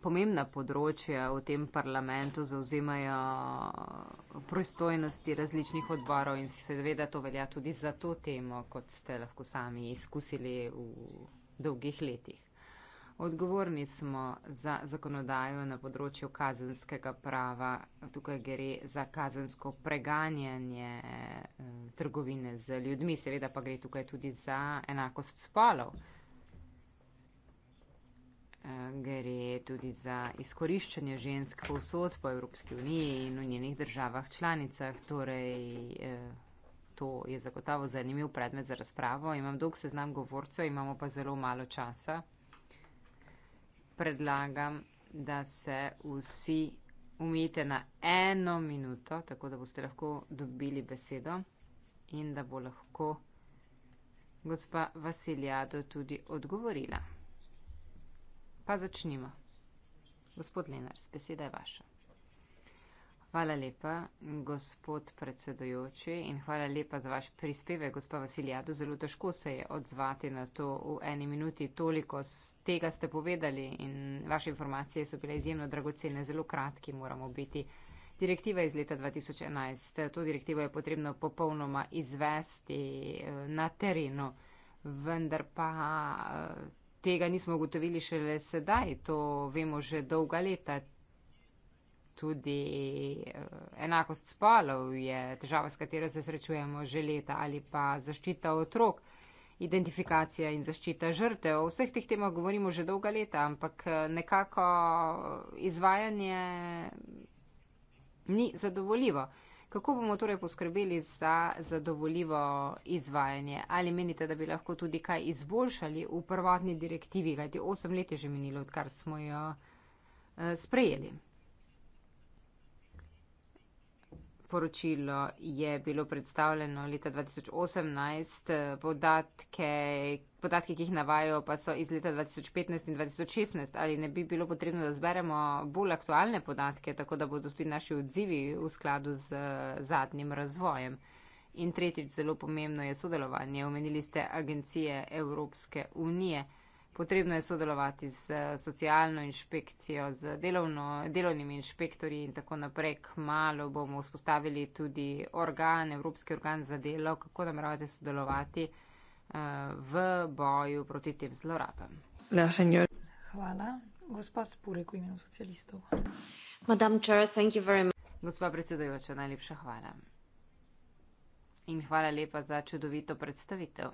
pomembna področja v tem parlamentu zauzemajo pristojnosti različnih odborov in seveda to velja tudi za to temo, kot ste lahko sami izkusili v dolgih letih. Odgovorni smo za zakonodajo na področju kazenskega prava. Tukaj gre za kazensko preganjanje eh, trgovine z ljudmi, seveda pa gre tukaj tudi za enakost spolov gre tudi za izkoriščanje žensk povsod po Evropski uniji in v njenih državah članicah. Torej, eh, to je zagotovo zanimiv predmet za razpravo. Imam dolg seznam govorcev, imamo pa zelo malo časa. Predlagam, da se vsi umijete na eno minuto, tako da boste lahko dobili besedo in da bo lahko gospa Vasiljado tudi odgovorila. Pa začnimo. Gospod Lenars, beseda je vaša. Hvala lepa, gospod predsedojoči, in hvala lepa za vaš prispevek, gospa Vasiljado. Zelo težko se je odzvati na to v eni minuti. Toliko tega ste povedali in vaše informacije so bile izjemno dragocene, zelo kratki moramo biti. Direktiva iz leta 2011. To direktivo je potrebno popolnoma izvesti eh, na terenu, vendar pa eh, tega nismo ugotovili šele sedaj, to vemo že dolga leta. Tudi eh, enakost spolov je težava, s katero se srečujemo že leta, ali pa zaščita otrok, identifikacija in zaščita žrtev. O vseh teh temah govorimo že dolga leta, ampak eh, nekako izvajanje ni zadovoljivo. Kako bomo torej poskrbeli za zadovoljivo izvajanje? Ali menite, da bi lahko tudi kaj izboljšali v prvotni direktivi, kajti osem let je že minilo, odkar smo jo eh, sprejeli? poročilo je bilo predstavljeno leta 2018, podatke, podatki, ki jih navajajo, pa so iz leta 2015 in 2016. Ali ne bi bilo potrebno, da zberemo bolj aktualne podatke, tako da bodo tudi naši odzivi v skladu z zadnjim razvojem? In tretjič, zelo pomembno je sodelovanje. Omenili ste agencije Evropske unije potrebno je sodelovati z eh, socialno inšpekcijo, z delovno, delovnimi inšpektori in tako naprej. Kmalo bomo vzpostavili tudi organ, Evropski organ za delo, kako nameravate sodelovati eh, v boju proti tem zlorabam. Ja, senjor. Hvala. Gospa Spurek v imenu socialistov. Chair, Gospa predsedojoča, najlepša hvala. In hvala lepa za čudovito predstavitev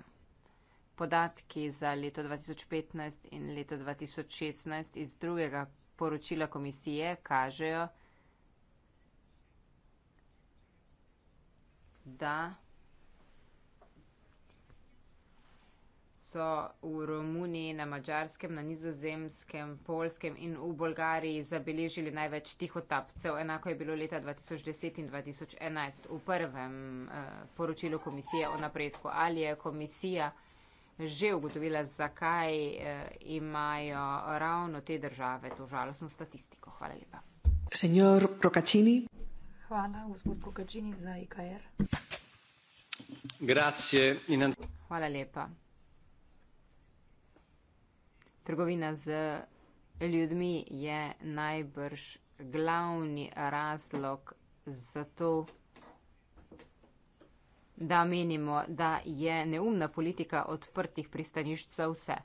podatki za leto 2015 in leto 2016 iz drugega poročila komisije kažejo, da so v Romuniji, na Mačarskem, na Nizozemskem, Polskem in v Bolgariji zabeležili največ tihotapcev. Enako je bilo leta 2010 in 2011 v prvem eh, poročilu komisije o napredku. Ali je komisija že ugotovila, zakaj eh, imajo ravno te države to žalostno statistiko. Hvala lepa. Senjor Procaccini. Hvala, gospod Procaccini, za IKR. Grazie. Hvala lepa. Trgovina z ljudmi je najbrž glavni razlog za to, da menimo, da je neumna politika odprtih pristanišč za vse.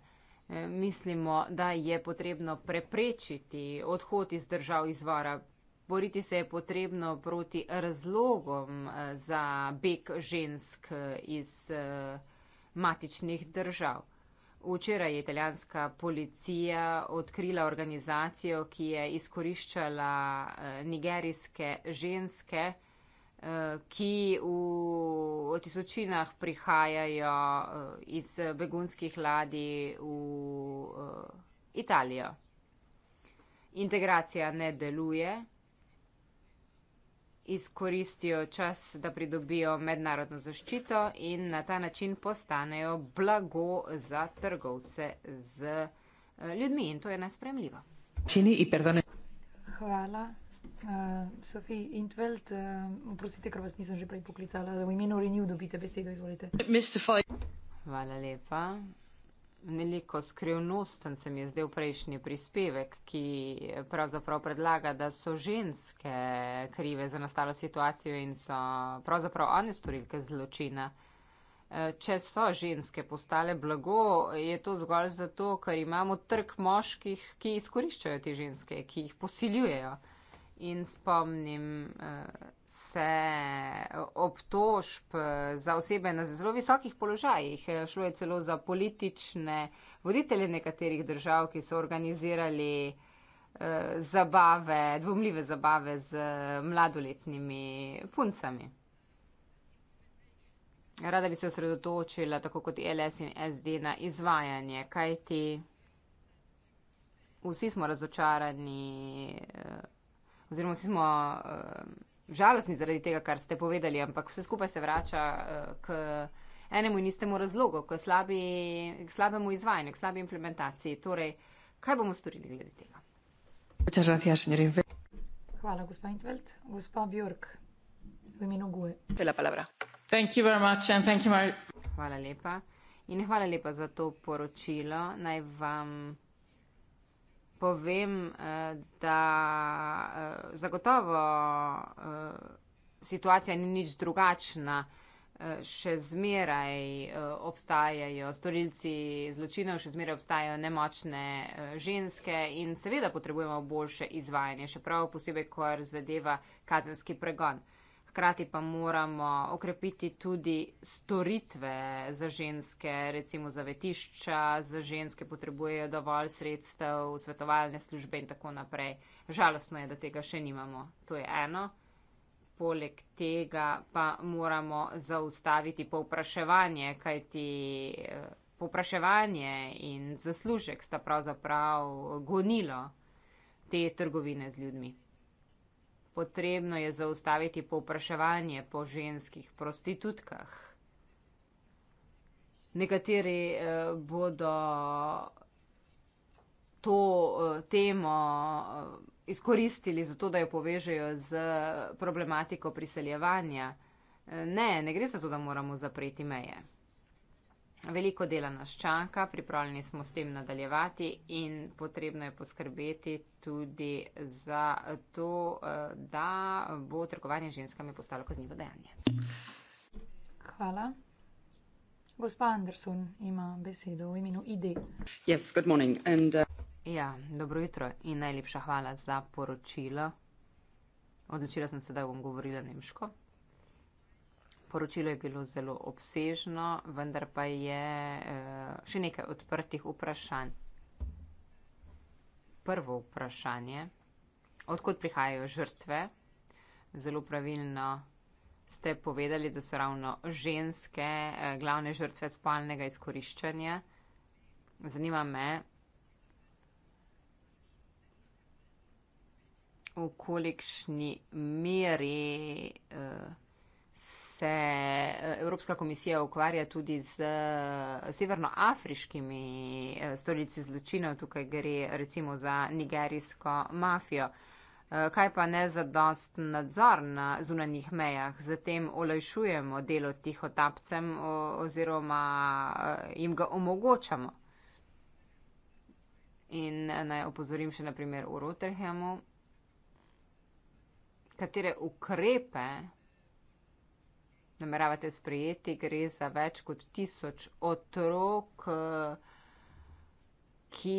E, mislimo, da je potrebno preprečiti odhod iz držav izvora. Boriti se je potrebno proti razlogom e, za beg žensk e, iz matičnih držav. Včeraj je italijanska policija odkrila organizacijo, ki je izkoriščala nigerijske ženske ki v tisočinah prihajajo eh, iz begunskih ladij v eh, Italijo. Integracija ne deluje, izkoristijo čas, da pridobijo mednarodno zaščito in na ta način postanejo blago za trgovce z eh, ljudmi in to je nespremljivo. Hvala. Uh, eh, Sofi Intveld, eh, oprostite, uh, ker vas nisem že prej poklicala, v imenu Renew dobite besedo, izvolite. Mystify. Hvala lepa. Neliko skrivnosten se mi je zdel prejšnji prispevek, ki pravzaprav predlaga, da so ženske krive za nastalo situacijo in so pravzaprav one storilke zločina. Eh, če so ženske postale blago, je to zgolj zato, ker imamo trg moških, ki izkoriščajo te ženske, ki jih posiljujejo in spomnim uh, se eh, obtožb eh, za osebe na zelo visokih položajih. Šlo je celo za politične voditelje nekaterih držav, ki so organizirali uh, zabave, dvomljive zabave z mladoletnimi puncami. Rada bi se osredotočila, tako kot LS in SD, na izvajanje, kajti vsi smo razočarani. Uh, oziroma vsi smo uh, žalostni zaradi tega, kar ste povedali, ampak vse skupaj se vrača uh, k enemu in istemu razlogu, k, slabi, k slabemu izvajanju, k slabi implementaciji. Torej, kaj bomo storili glede tega? Hvala, gospod Intveld. Gospod Bjork, v imenu Guje. Hvala lepa. Hvala lepa. In hvala lepa za to poročilo. Naj vam povem, eh, da eh, zagotovo eh, situacija ni nič drugačna. Še zmeraj obstajajo storilci zločinov, še zmeraj obstajajo nemočne ženske in seveda potrebujemo boljše izvajanje, še prav posebej, ko zadeva kazenski pregon hkrati pa moramo okrepiti tudi storitve za ženske, recimo zavetišča, za ženske potrebujejo dovolj sredstev, svetovalne službe in tako naprej. Žalostno je, da tega še nimamo. To je eno. Poleg tega pa moramo zaustaviti povpraševanje, kajti eh, povpraševanje in zaslužek sta pravzaprav gonilo te trgovine z ljudmi. Potrebno je zaustaviti povpraševanje po ženskih prostitutkah. Nekateri eh, bodo to eh, temo eh, izkoristili zato, da jo povežejo z problematiko priseljevanja. Ne, ne gre za to, da moramo zapreti meje. Veliko dela nas čaka, pripravljeni smo s tem nadaljevati in potrebno je poskrbeti tudi za to, eh, da bo trgovanje ženskami postalo kaznivo dejanje. Hvala. Gospa Anderson ima besedo v imenu ID. Yes, And, uh... Ja, dobro jutro in najlepša hvala za poročilo. Odločila sem se, da bom govorila nemško. Poročilo je bilo zelo obsežno, vendar pa je eh, še nekaj odprtih vprašanj. Prvo vprašanje, odkot prihajajo žrtve? Zelo pravilno ste povedali, da so ravno ženske eh, glavne žrtve spolnega izkoriščanja. Zanima me, v kolikšni meri. Eh, se eh, Evropska komisija ukvarja tudi z eh, severnoafriškimi eh, stolici zločinov, tukaj gre recimo za nigerijsko mafijo. Kaj pa ne zadost nadzor na zunanjih mejah, zatem olajšujemo delo tiho tapcem oziroma jim ga omogočamo. In naj opozorim še na primer v Rotterhamu, katere ukrepe nameravate sprejeti. Gre za več kot tisoč otrok, eh, ki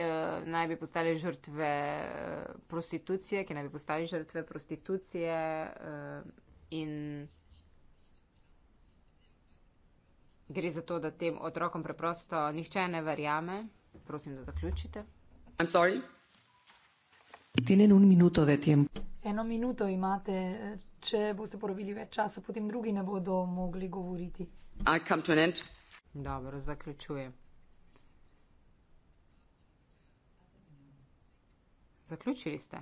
eh, naj bi postali žrtve eh, prostitucije, ki naj bi postali žrtve prostitucije in. Gre za to, da tem otrokom preprosto nihče ne verjame. Prosim, da zaključite. Tienen un minuto de tiempo. Eno minuto imate če boste porabili več časa, potem drugi ne bodo mogli govoriti. Dobro, zaključujem. Zaključili ste.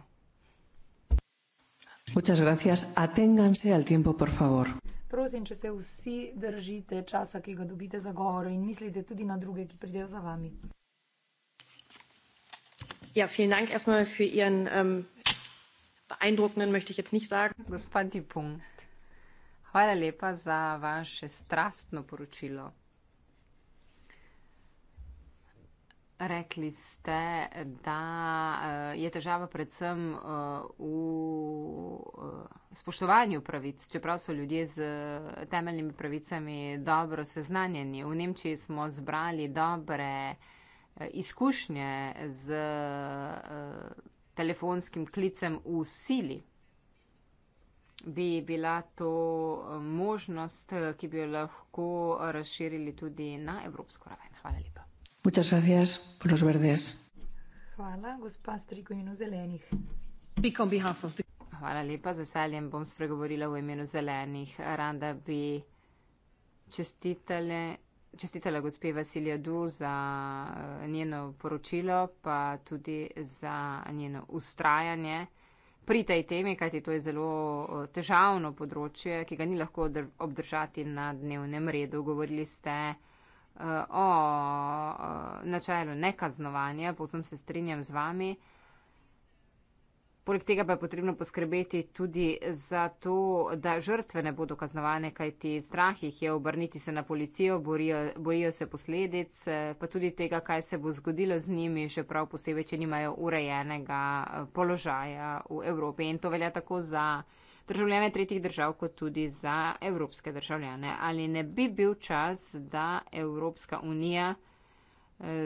Muchas gracias. Aténganse al tiempo, por favor. Prosim, če se vsi držite časa, ki ga dobite za govor in mislite tudi na druge, ki pridejo za vami. Ja, vielen Dank erstmal für Ihren um, beeindruckenden möchte ich jetzt nicht sagen. Gospodin Punkt. Hvala lepa za vaše strastno poročilo. Rekli ste, da eh, je težava predvsem eh, v eh, spoštovanju pravic, čeprav so ljudje z temeljnimi pravicami dobro seznanjeni. V Nemčiji smo zbrali dobre izkušnje z telefonskim klicem v sili. Bi bila to eh, možnost, eh, ki bi jo lahko razširili tudi na evropsko raven. Hvala lepa. Hvala, gospa Striko in v zelenih. Hvala lepa, z veseljem bom spregovorila v imenu zelenih. Randa bi čestitele čestitela gospe Vasilija Du za eh, njeno poročilo, pa tudi za njeno ustrajanje pri tej temi, kajti to je zelo eh, težavno področje, ki ga ni lahko obdržati na dnevnem redu. Govorili ste eh, o načelu nekaznovanja, povsem se strinjam z vami. Poleg tega pa je potrebno poskrbeti tudi za to, da žrtve ne bodo kaznovane, kaj ti strah jih je obrniti se na policijo, borijo, bojijo se posledic, pa tudi tega, kaj se bo zgodilo z njimi, še prav posebej, če nimajo urejenega eh, položaja v Evropi. In to velja tako za državljane tretjih držav, kot tudi za evropske državljane. Ali ne bi bil čas, da Evropska unija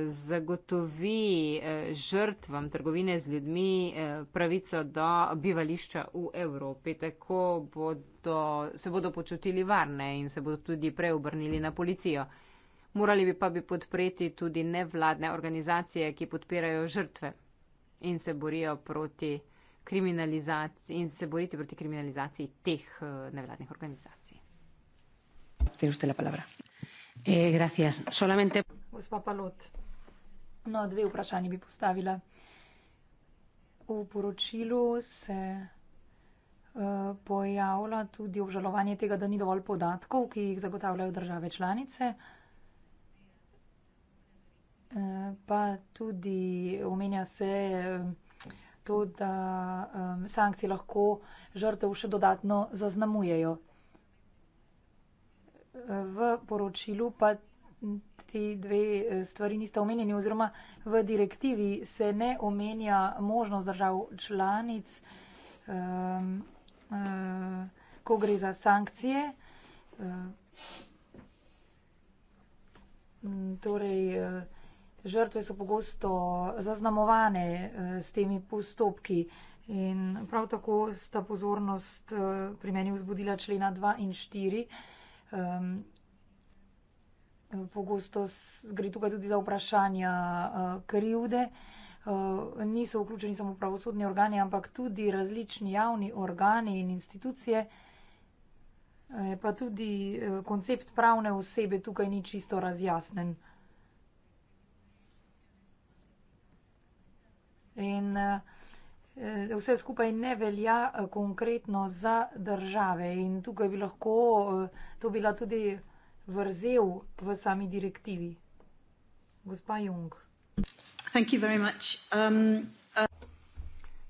zagotovi eh, žrtvam trgovine z ljudmi eh, pravico do bivališča v Evropi. Tako bodo, se bodo počutili varne in se bodo tudi preobrnili na policijo. Morali bi pa bi podpreti tudi nevladne organizacije, ki podpirajo žrtve in se borijo proti kriminalizaciji in se boriti proti kriminalizaciji teh eh, nevladnih organizacij. Eh, gracias. Solamente gospa Palot. No, dve vprašanji bi postavila. V poročilu se uh, pojavlja tudi obžalovanje tega, da ni dovolj podatkov, ki jih zagotavljajo države članice. Eh, pa tudi omenja se eh, to, da sankcije lahko žrtev še dodatno zaznamujejo. V poročilu pa rekli dve eh, stvari, nista omenjeni, oziroma v direktivi se ne omenja možnost držav članic, um, um, ko gre za sankcije. Um, torej, žrtve so pogosto zaznamovane s temi postopki. In prav tako sta pozornost pri meni vzbudila člena 2 in 4, pogosto gre tukaj tudi za vprašanja eh, krivde. Eh, niso vključeni samo pravosodni organi, ampak tudi različni javni organi in institucije, eh, pa tudi koncept pravne osebe tukaj ni čisto razjasnen. In vse skupaj ne velja konkretno za države in tukaj bi lahko to bila tudi vrzel v sami direktivi. Gospa Jung. Um, uh...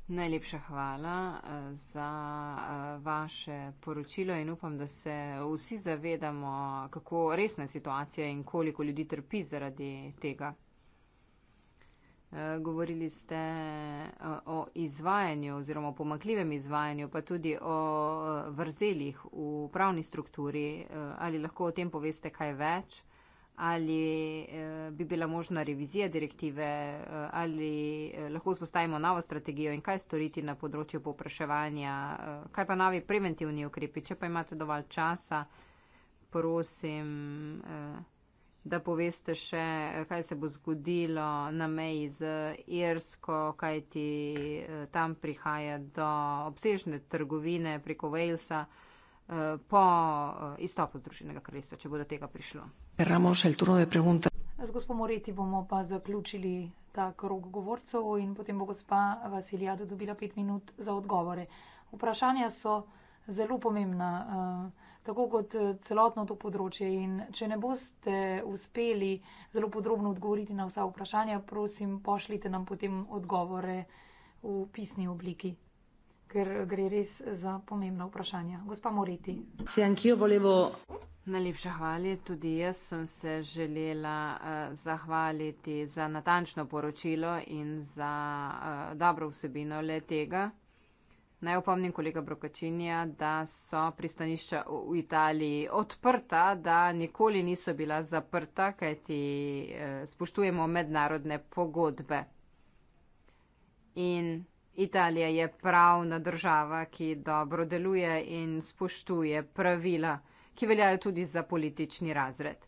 Najlepša hvala uh, za uh, vaše poročilo in upam, da se vsi zavedamo, kako resna je situacija in koliko ljudi trpi zaradi tega. Eh, govorili ste eh, o izvajanju oziroma o pomakljivem izvajanju, pa tudi o eh, vrzeljih v pravni strukturi. Ali lahko o tem poveste kaj več? Ali bi bila možna revizija direktive? Ali lahko spostavimo novo strategijo in kaj storiti na področju popraševanja? Kaj pa novi preventivni ukrepi? Če pa imate dovolj časa, prosim da poveste še, kaj se bo zgodilo na meji z Irsko, kaj ti eh, tam prihaja do obsežne trgovine preko Walesa eh, po eh, izstopu Združenega kraljestva, če bo do tega prišlo. Z gospod Moreti bomo pa zaključili ta krog govorcev in potem bo gospa Vasilijada dobila pet minut za odgovore. Vprašanja so zelo pomembna. Uh, tako kot eh, celotno to področje. In če ne boste uspeli zelo podrobno odgovoriti na vsa vprašanja, prosim, pošljite nam potem odgovore v pisni obliki. Ker gre res za pomembna vprašanja. Gospa Moriti. Sjankijo volevo. Najlepša hvala. Tudi jaz sem se želela uh, zahvaliti za natančno poročilo in za uh, dobro vsebino le tega. Naj opomnim kolega Brokačinja, da so pristanišča v Italiji odprta, da nikoli niso bila zaprta, kajti eh, spoštujemo mednarodne pogodbe. In Italija je pravna država, ki dobro deluje in spoštuje pravila, ki veljajo tudi za politični razred.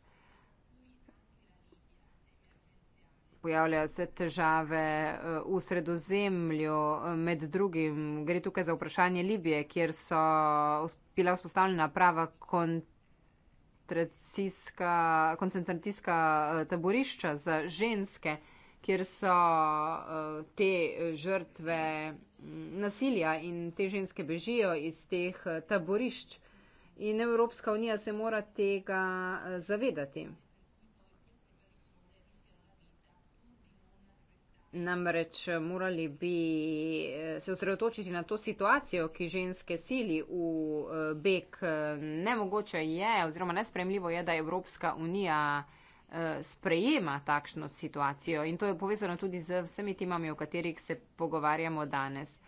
pojavljajo se težave eh, v sredozemlju, eh, med drugim gre tukaj za vprašanje Libije, kjer so bila vzpostavljena prava koncentracijska eh, taborišča za ženske, kjer so te žrtve mm, nasilja in te ženske bežijo iz teh taborišč. In Evropska unija se mora tega zavedati. Namreč eh, morali bi eh, se osredotočiti na to situacijo, ki ženske sili v eh, beg. Nemogoče je, oziroma nespremljivo je, da Evropska unija sprejema takšno situacijo in to je povezano tudi z vsemi timami, o katerih se pogovarjamo danes.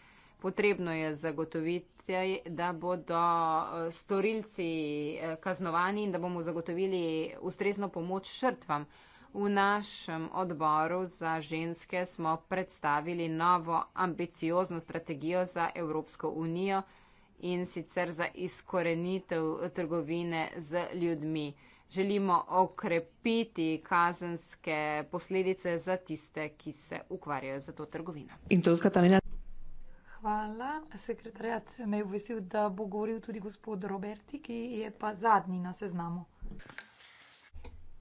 Potrebno je zagotoviti, da bodo storilci kaznovani in da bomo zagotovili ustrezno pomoč žrtvam. V našem odboru za ženske smo predstavili novo ambiciozno strategijo za Evropsko unijo in sicer za izkorenitev trgovine z ljudmi. Želimo okrepiti kazenske posledice za tiste, ki se ukvarjajo z to trgovino. In to, kar tam je. Hvala. Sekretarjat me je obvestil, da bo govoril tudi gospod Roberti, ki je pa zadnji na seznamu.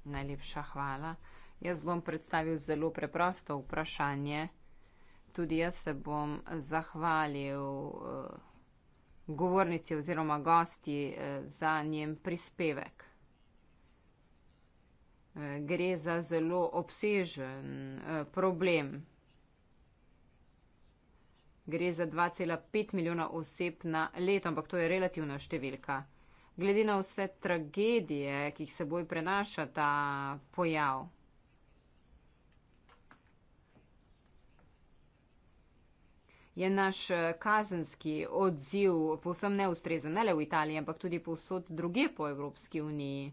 Najlepša hvala. Jaz bom predstavil zelo preprosto vprašanje. Tudi jaz se bom zahvalil uh, govornici oziroma gosti uh, za njen prispevek. Uh, gre za zelo obsežen uh, problem. Gre za 2,5 milijona oseb na leto, ampak to je relativna številka glede na vse tragedije, ki jih seboj prenaša ta pojav. Je naš eh, kazenski odziv povsem neustrezen, ne le v Italiji, ampak tudi povsod druge po Evropski uniji.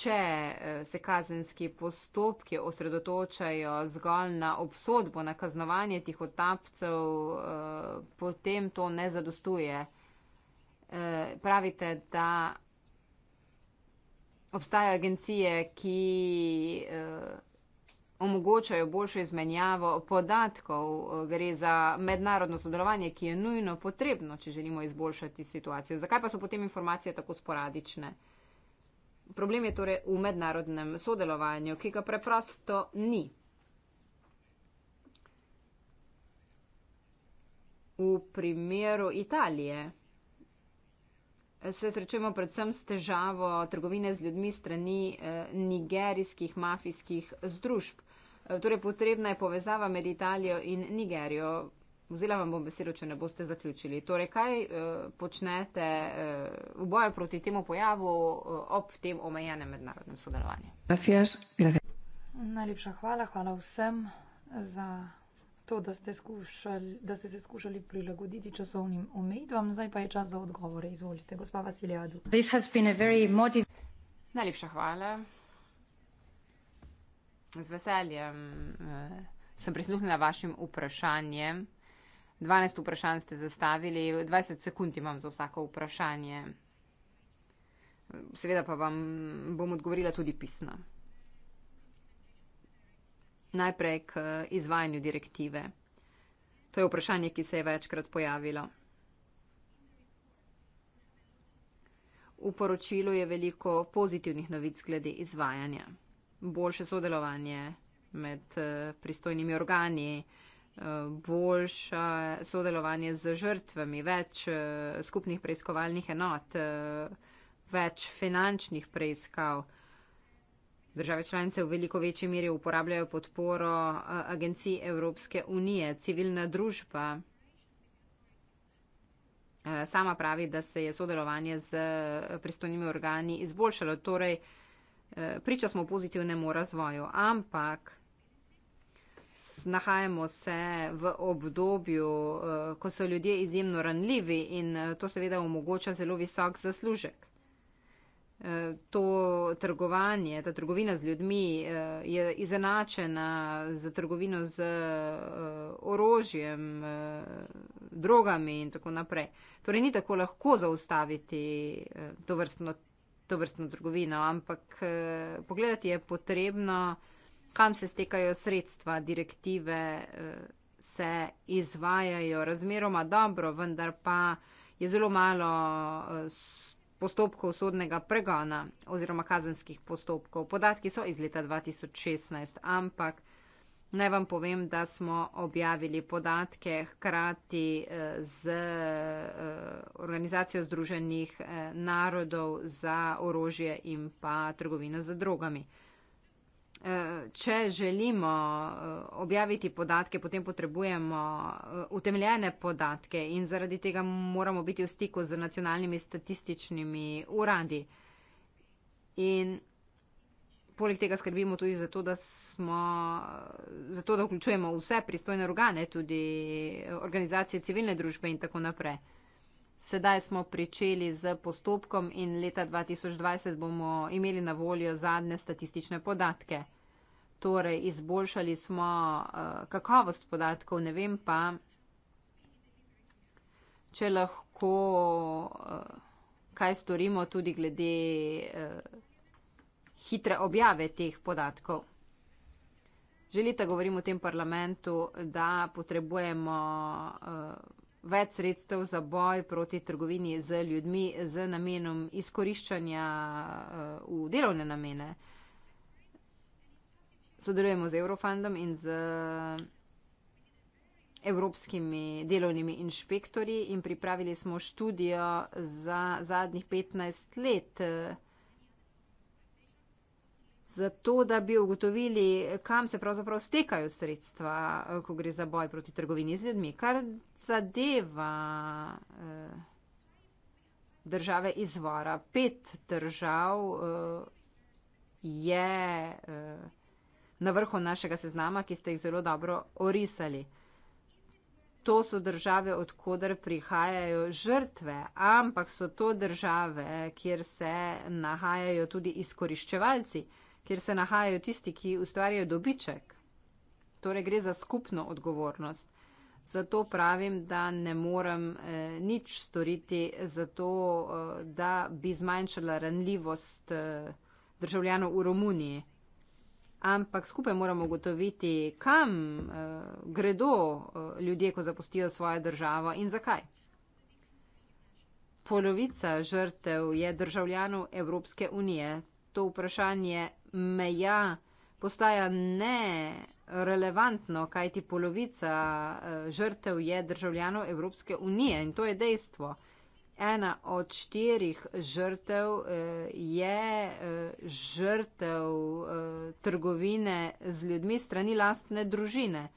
Če eh, se kazenski postopki osredotočajo zgolj na obsodbo, na kaznovanje tih otapcev, eh, potem to ne zadostuje. Eh, pravite, da obstajajo agencije, ki eh, omogočajo boljšo izmenjavo podatkov. Eh, gre za mednarodno sodelovanje, ki je nujno potrebno, če želimo izboljšati situacijo. Zakaj pa so potem informacije tako sporadične? Problem je torej v mednarodnem sodelovanju, ki ga preprosto ni. V primeru Italije se srečujemo predvsem s težavo trgovine z ljudmi strani eh, nigerijskih mafijskih združb. Eh, torej potrebna je povezava med Italijo in Nigerijo. Vzela vam bom besedo, če ne boste zaključili. Torej, kaj eh, počnete v boju proti temu pojavu ob tem omejenem mednarodnem sodelovanju? Najlepša hvala, hvala vsem za to, da ste, skušali, da ste se skušali prilagoditi časovnim omejitvam, zdaj pa je čas za odgovore. Izvolite, gospa Vasiljadu. Motiv... Najlepša hvala. Z veseljem eh, sem prisluhnila vašim vprašanjem. 12 vprašanj ste zastavili, 20 sekund imam za vsako vprašanje. Seveda pa vam bom odgovorila tudi pisno najprej k eh, izvajanju direktive. To je vprašanje, ki se je večkrat pojavilo. V poročilu je veliko pozitivnih novic glede izvajanja. Boljše sodelovanje med eh, pristojnimi organi, eh, boljše sodelovanje z žrtvami, več skupnih preiskovalnih enot, več finančnih preiskav. Države članice v veliko večji meri uporabljajo podporo eh, agencij Evropske unije, civilna družba. Eh, sama pravi, da se je sodelovanje z eh, pristojnimi organi izboljšalo, torej priča smo pozitivnemu razvoju, ampak nahajamo se v obdobju, ko so ljudje izjemno ranljivi in to seveda omogoča zelo visok zaslužek. Eh, to trgovanje, ta trgovina z ljudmi eh, je izenačena z trgovino z eh, orožjem, drogami in tako naprej. Torej ni tako lahko zaustaviti to vrstno, to vrstno trgovino, ampak pogledati je potrebno, kam se stekajo sredstva, direktive se izvajajo razmeroma dobro, vendar pa je zelo malo postopkov sodnega pregona oziroma kazenskih postopkov. Podatki so iz leta 2016, ampak naj vam povem, da smo objavili podatke hkrati eh, z eh, Organizacijo Združenih eh, narodov za orožje in pa trgovino z drogami. Eh, če želimo eh, objaviti podatke, potem potrebujemo eh, utemljene podatke in zaradi tega moramo biti v stiku z nacionalnimi statističnimi uradi. In poleg tega skrbimo tudi za to, da, smo, za to, da vključujemo vse pristojne organe, tudi organizacije civilne družbe in tako naprej. Sedaj smo pričeli z postopkom in leta 2020 bomo imeli na voljo zadnje statistične podatke. Torej, izboljšali smo uh, kakovost podatkov, ne vem pa, če lahko uh, kaj storimo tudi glede uh, hitre objave teh podatkov. Želite, govorim v tem parlamentu, da potrebujemo uh, več sredstev za boj proti trgovini z ljudmi z namenom izkoriščanja uh, v delovne namene. Uh, sodelujemo z Eurofundom in z evropskimi delovnimi inšpektori in pripravili smo študijo za zadnjih 15 let, zato da bi ugotovili, kam se pravzaprav stekajo sredstva, ko gre za boj proti trgovini z ljudmi. Kar zadeva države izvora, pet držav je na vrhu našega seznama, ki ste jih zelo dobro orisali. To so države, odkuder prihajajo žrtve, ampak so to države, kjer se nahajajo tudi izkoriščevalci, kjer se nahajajo tisti, ki ustvarjajo dobiček. Torej gre za skupno odgovornost. Zato pravim, da ne morem eh, nič storiti, zato eh, da bi zmanjšala ranljivost eh, državljanov v Romuniji ampak skupaj moramo ugotoviti, kam uh, gredo uh, ljudje, ko zapustijo svojo državo in zakaj. Polovica žrtev je državljanov Evropske unije. To vprašanje meja postaja ne. Relevantno, kaj ti polovica eh, žrtev je državljanov Evropske unije in to je dejstvo ena od štirih žrtev eh, je eh, žrtev eh, trgovine z ljudmi strani lastne družine.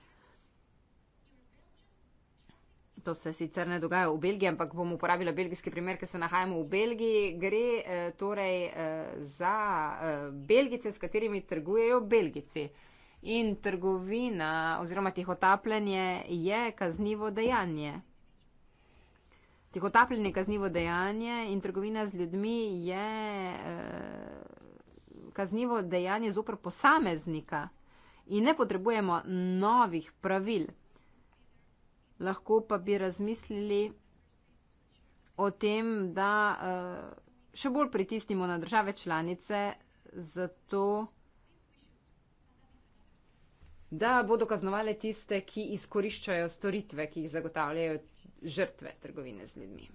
To se sicer ne dogaja v Belgiji, ampak bom uporabila belgijski primer, ker se nahajamo v Belgiji. Gre torej za belgice, s katerimi trgujejo belgici. In trgovina oziroma tihotapljanje je kaznivo dejanje tihotapljenje kaznivo dejanje in trgovina z ljudmi je eh, kaznivo dejanje zopr posameznika in ne potrebujemo novih pravil. Lahko pa bi razmislili o tem, da eh, še bolj pritisnimo na države članice, zato da bodo kaznovali tiste, ki izkoriščajo storitve, ki jih zagotavljajo žrtve trgovine z ljudmi.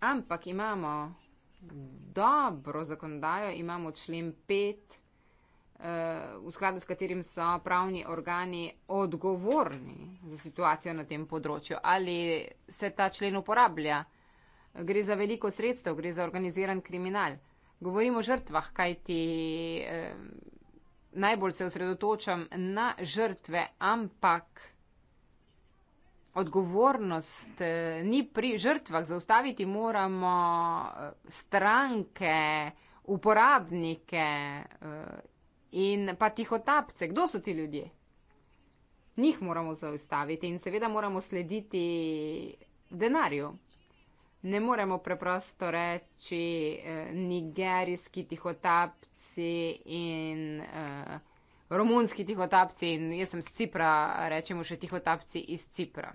Ampak imamo dobro zakonodajo, imamo člen 5, eh, v skladu s katerim so pravni organi odgovorni za situacijo na tem področju. Ali se ta člen uporablja? Gre za veliko sredstev, gre za organiziran kriminal. Govorimo o žrtvah, kajti eh, najbolj se osredotočam na žrtve, ampak odgovornost eh, ni pri žrtvah, zaustaviti moramo eh, stranke, uporabnike eh, in pa tihotapce. Kdo so ti ljudje? Njih moramo zaustaviti in seveda moramo slediti denarju. Ne moremo preprosto reči eh, nigerijski tihotapci in eh, romunski tihotapci in jaz sem z Cipra, rečemo še tihotapci iz Cipra.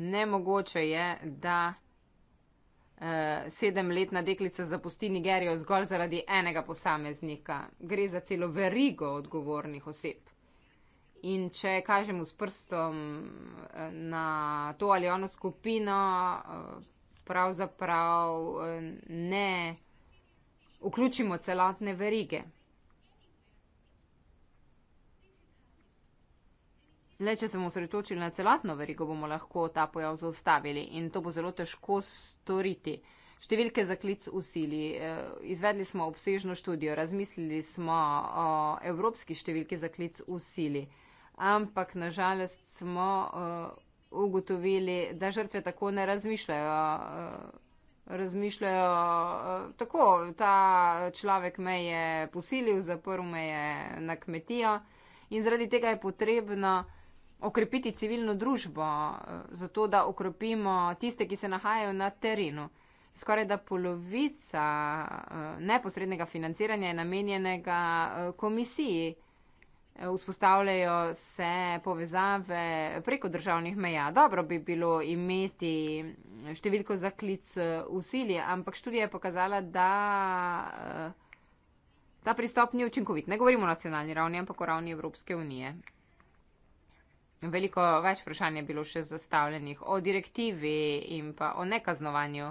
Nemogoče je, da eh, sedemletna deklica zapusti Nigerijo zgolj zaradi enega posameznika. Gre za celo verigo odgovornih oseb. In če kažemo s prstom eh, na to ali ono skupino, eh, pravzaprav eh, ne vključimo celotne verige. Le, če se bomo sretočili na celotno verigo, bomo lahko ta pojav zaustavili in to bo zelo težko storiti. Številke za klic v sili. Eh, izvedli smo obsežno študijo, razmislili smo o evropski številki za klic v sili, ampak nažalost smo eh, ugotovili, da žrtve tako ne razmišljajo. Eh, razmišljajo tako, ta človek me je posilil, zaprl me je na kmetijo in zaradi tega je potrebno okrepiti civilno družbo, eh, zato da okrepimo tiste, ki se nahajajo na terenu. Skoraj da polovica eh, neposrednega financiranja je namenjenega eh, komisiji. Vzpostavljajo se povezave preko državnih meja. Dobro bi bilo imeti številko za klic v sili, ampak študija je pokazala, da ta pristop ni učinkovit. Ne govorimo o nacionalni ravni, ampak o ravni Evropske unije. Veliko več vprašanj je bilo še zastavljenih o direktivi in pa o nekaznovanju.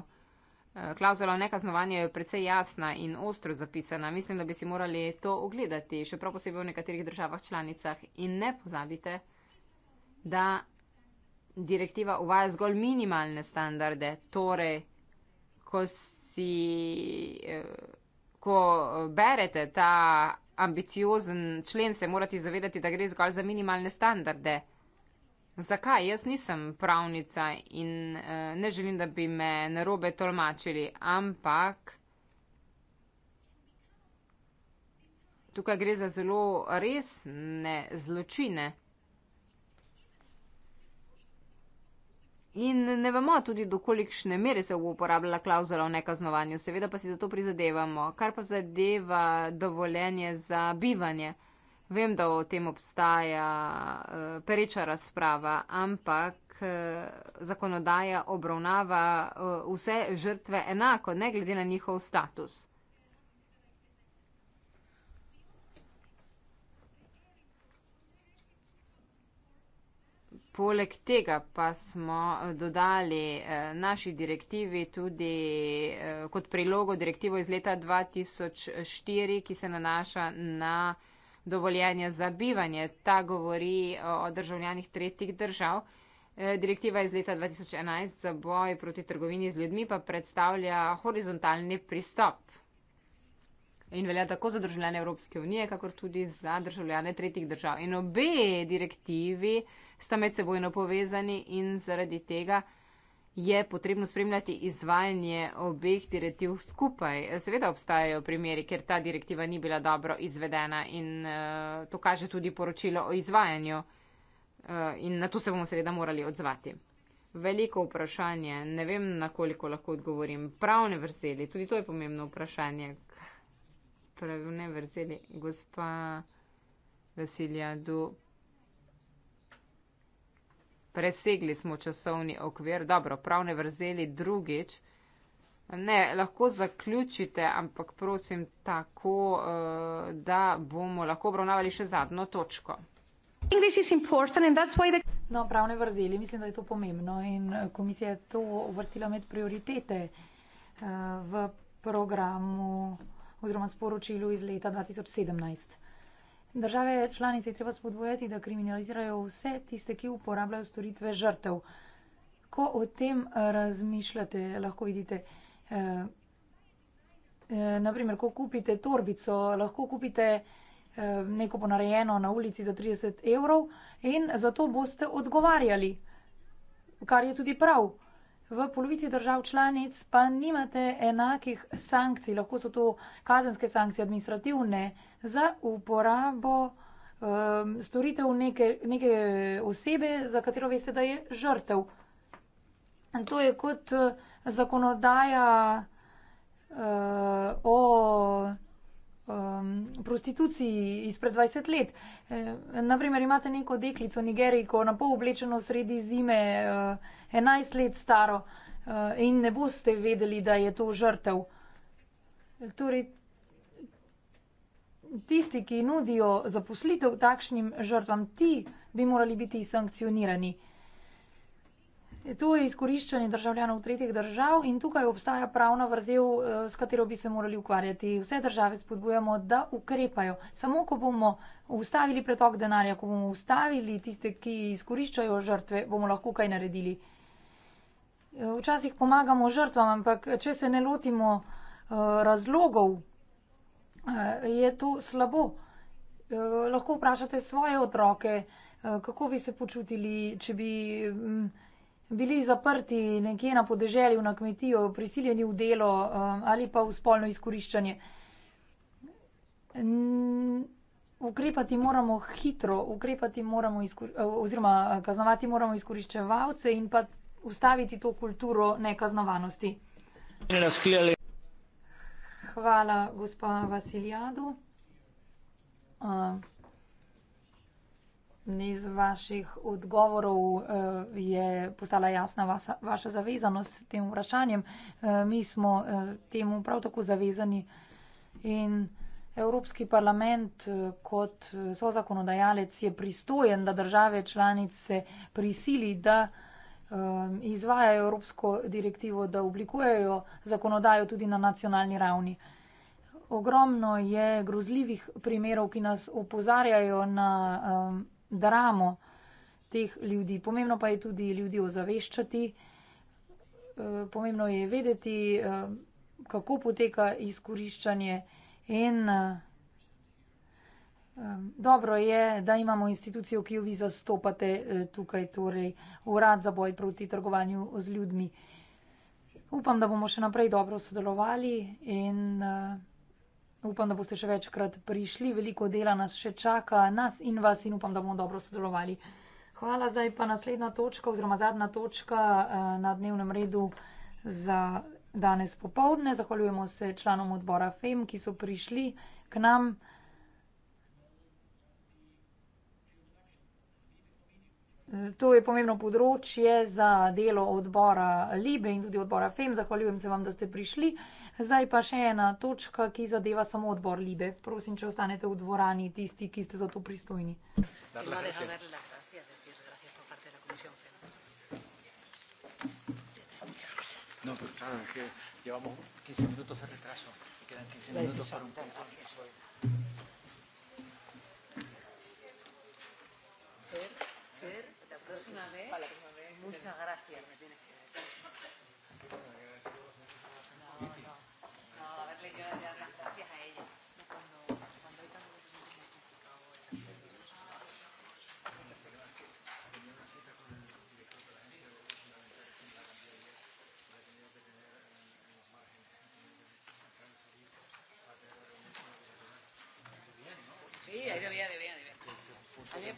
Eh, Klauzula o nekaznovanju je precej jasna in ostro zapisana. Mislim, da bi si morali to ogledati, še prav posebej v nekaterih državah članicah. In ne pozabite, da direktiva uvaja zgolj minimalne standarde. Torej, ko, si, eh, ko berete ta ambiciozen člen, se morate zavedati, da gre zgolj za minimalne standarde. Zakaj? Jaz nisem pravnica in uh, ne želim, da bi me narobe tolmačili, ampak tukaj gre za zelo resne zločine. In ne vemo tudi, dokolikšne mere se bo uporabljala klauzula o nekaznovanju, seveda pa si zato prizadevamo. Kar pa zadeva dovoljenje za bivanje. Uh, vem, da o tem obstaja uh, pereča razprava, ampak uh, zakonodaja obravnava uh, vse žrtve enako, ne glede na njihov status. Poleg tega pa smo dodali naši direktivi tudi kot prilogo direktivo iz leta 2004, ki se nanaša na dovoljenja za bivanje. Ta govori eh, o državljanih tretjih držav. Eh, direktiva iz leta 2011 za boj proti trgovini z ljudmi pa predstavlja horizontalni pristop in velja tako za državljane Evropske unije, kakor tudi za državljane tretjih držav. In obe direktivi sta med sebojno povezani in zaradi tega je potrebno spremljati izvajanje obeh direktiv skupaj. Seveda obstajajo primeri, ker ta direktiva ni bila dobro izvedena in uh, to kaže tudi poročilo o izvajanju uh, in na to se bomo seveda morali odzvati. Veliko vprašanje, ne vem, na koliko lahko odgovorim. Pravne vrzeli, tudi to je pomembno vprašanje. Pravne vrzeli, gospa Vasilija, do presegli smo časovni okvir, dobro, pravne vrzeli drugič. Ne, lahko zaključite, ampak prosim tako, eh, da bomo lahko obravnavali še zadnjo točko. The... No, pravne vrzeli, mislim, da je to pomembno in eh, komisija je to uvrstila med prioritete eh, v programu oziroma sporočilu iz leta 2017. Države članice je treba spodbujati, da kriminalizirajo vse tiste, ki uporabljajo storitve žrtev. Ko o tem eh, razmišljate, lahko vidite, eh, eh, naprimer, ko kupite torbico, lahko kupite neko ponarejeno na ulici za 30 evrov in za to boste odgovarjali, kar je tudi prav v polovici držav članic pa nimate enakih sankcij, lahko so to kazenske sankcije, administrativne, za uporabo um, storitev neke, neke osebe, za katero veste, da je žrtev. In to je kot uh, zakonodaja uh, o um, prostituciji izpred 20 let. E, eh, naprimer, imate neko deklico Nigerijko, na pol oblečeno sredi zime, uh, eh, 11 let staro uh, in ne boste vedeli, da je to žrtev. Torej, tisti, ki nudijo zaposlitev takšnim žrtvam, ti bi morali biti sankcionirani. Uh, To je izkoriščanje državljanov tretjih držav in tukaj obstaja pravna vrzel, eh, s katero bi se morali ukvarjati. Vse države spodbujamo, da ukrepajo. Samo ko bomo ustavili pretok denarja, ko bomo ustavili tiste, ki izkoriščajo žrtve, bomo lahko kaj naredili. Eh, včasih pomagamo žrtvam, ampak eh, če se ne lotimo razlogov, je to slabo. Lahko vprašate svoje otroke, kako bi se počutili, če bi mm, bili zaprti nekje na podeželju, na kmetijo, prisiljeni v delo um, ali pa v spolno izkoriščanje. Ukrepati moramo hitro, ukrepati moramo eh, oziroma eh, kaznovati moramo izkoriščevalce in pa ustaviti to kulturo nekaznovanosti. Hvala, gospa Vasiljadu. Uh ne iz vaših odgovorov eh, je postala jasna vasa, vaša zavezanost tem vprašanjem. Eh, mi smo eh, temu prav tako zavezani in Evropski parlament kot so zakonodajalec je pristojen, da države članice prisili, da izvajajo Evropsko direktivo, da oblikujejo zakonodajo tudi na nacionalni ravni. Ogromno je grozljivih primerov, ki nas opozarjajo na um, dramo teh ljudi. Pomembno pa je tudi ljudi ozaveščati, eh, pomembno je vedeti, eh, kako poteka izkoriščanje in eh, dobro je, da imamo institucijo, ki jo vi zastopate tukaj, torej Urad za boj proti trgovanju z ljudmi. Upam, da bomo še naprej dobro sodelovali in uh, Upam, da boste še večkrat prišli, veliko dela nas še čaka, nas in vas, in upam, da bomo dobro sodelovali. Hvala, zdaj pa naslednja točka, oziroma zadnja točka eh, na dnevnem redu za danes popovdne. Zahvaljujemo se članom odbora FEM, ki so prišli k nam. To je pomembno področje za delo odbora Libe in tudi odbora FEM. Zahvaljujem se vam, da ste prišli. Zdaj pa še ena točka, ki zadeva samo odbor Libe. Prosim, če ostanete v dvorani, tisti, ki ste za to pristojni. No, ser, ser, la próxima vez, vale. muchas gracias.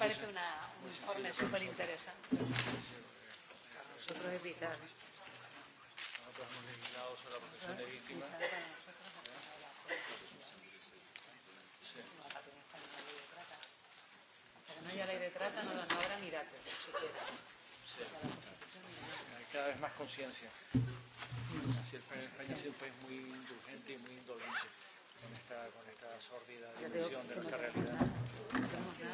parece una, un informe súper interesante. Nosotros evitamos. cada vez más conciencia. Así el país siempre es muy indulgente y muy indolente. No con esta, con esta sórdida dimensión de nuestra realidad.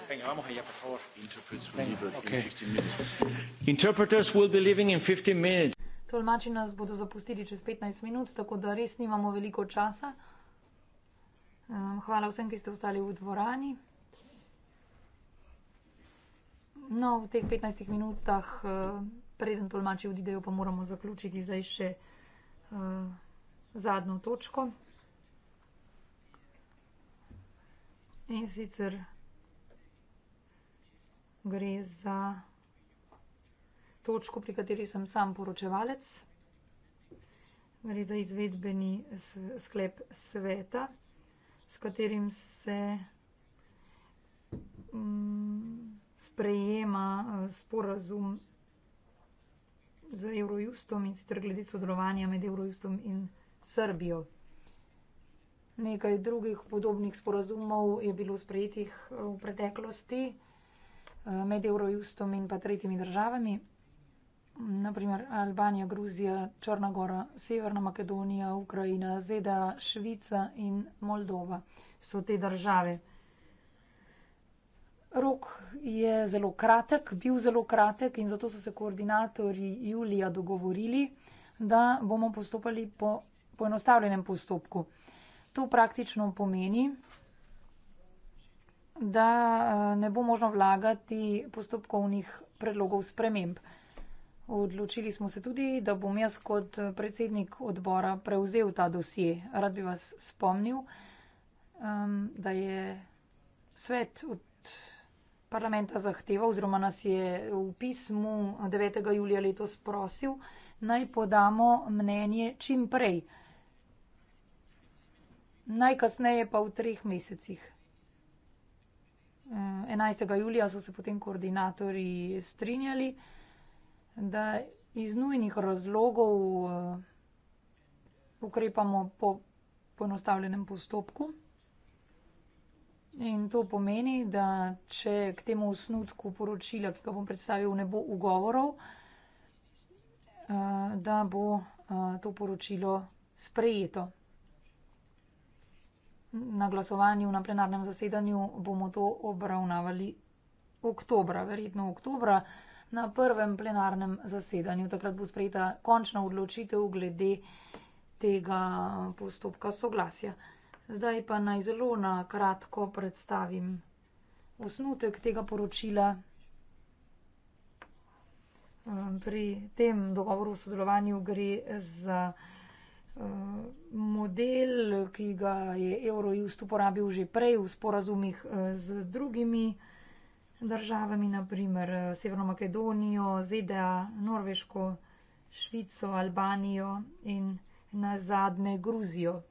Venga, vamos allá, por favor. Interpreters will Venga, be okay. in 15 minutes. Interpreters will be leaving in 15 minutes. Tolmači nas bodo zapustili čez 15 minut, tako da res nimamo veliko časa. Ehm, hvala vsem, ki ste ostali v dvorani. No, v teh 15 minutah, eh, preden tolmači odidejo, pa moramo zaključiti zdaj še uh, zadnjo točko. In sicer gre za točko, pri kateri sem sam poročevalec. Gre za izvedbeni sklep sveta, s katerim se mm, sprejema eh, sporazum z Eurojustom in sicer glede sodelovanja med Eurojustom in Srbijo nekaj drugih podobnih sporazumov je bilo sprejetih eh, v preteklosti eh, med Eurojustom in pa tretjimi državami, naprimer Albanija, Gruzija, Črnagora, Severna Makedonija, Ukrajina, ZDA, Švica in Moldova so te države. Rok je zelo kratek, bil zelo kratek in zato so se koordinatorji julija dogovorili, da bomo postopali po poenostavljenem postopku. To praktično pomeni, da eh, ne bo možno vlagati postopkovnih predlogov sprememb. Odločili smo se tudi, da bom jaz kot eh, predsednik odbora prevzel ta dosje. Rad bi vas spomnil, ehm, da je svet od parlamenta zahteval oziroma nas je v pismu 9. julija letos prosil, naj podamo mnenje čim prej najkasneje pa v treh mesecih. 11. Eh, julija so se potem koordinatori strinjali, da iz nujnih razlogov eh, ukrepamo po ponostavljenem postopku. In to pomeni, da če k temu osnutku poročila, ki ga bom predstavil, ne bo ugovorov, eh, da bo to poročilo sprejeto na glasovanju na plenarnem zasedanju bomo to obravnavali oktobra, verjetno oktobra, na prvem plenarnem zasedanju. Takrat bo sprejeta končna odločitev glede tega postopka soglasja. Zdaj pa naj zelo na kratko predstavim osnutek tega poročila. Pri tem dogovoru o sodelovanju gre za model, ki ga je Eurojust uporabil že prej v sporazumih eh, z drugimi državami, naprimer eh, Severno Makedonijo, ZDA, Norveško, Švico, Albanijo in nazadnje Gruzijo.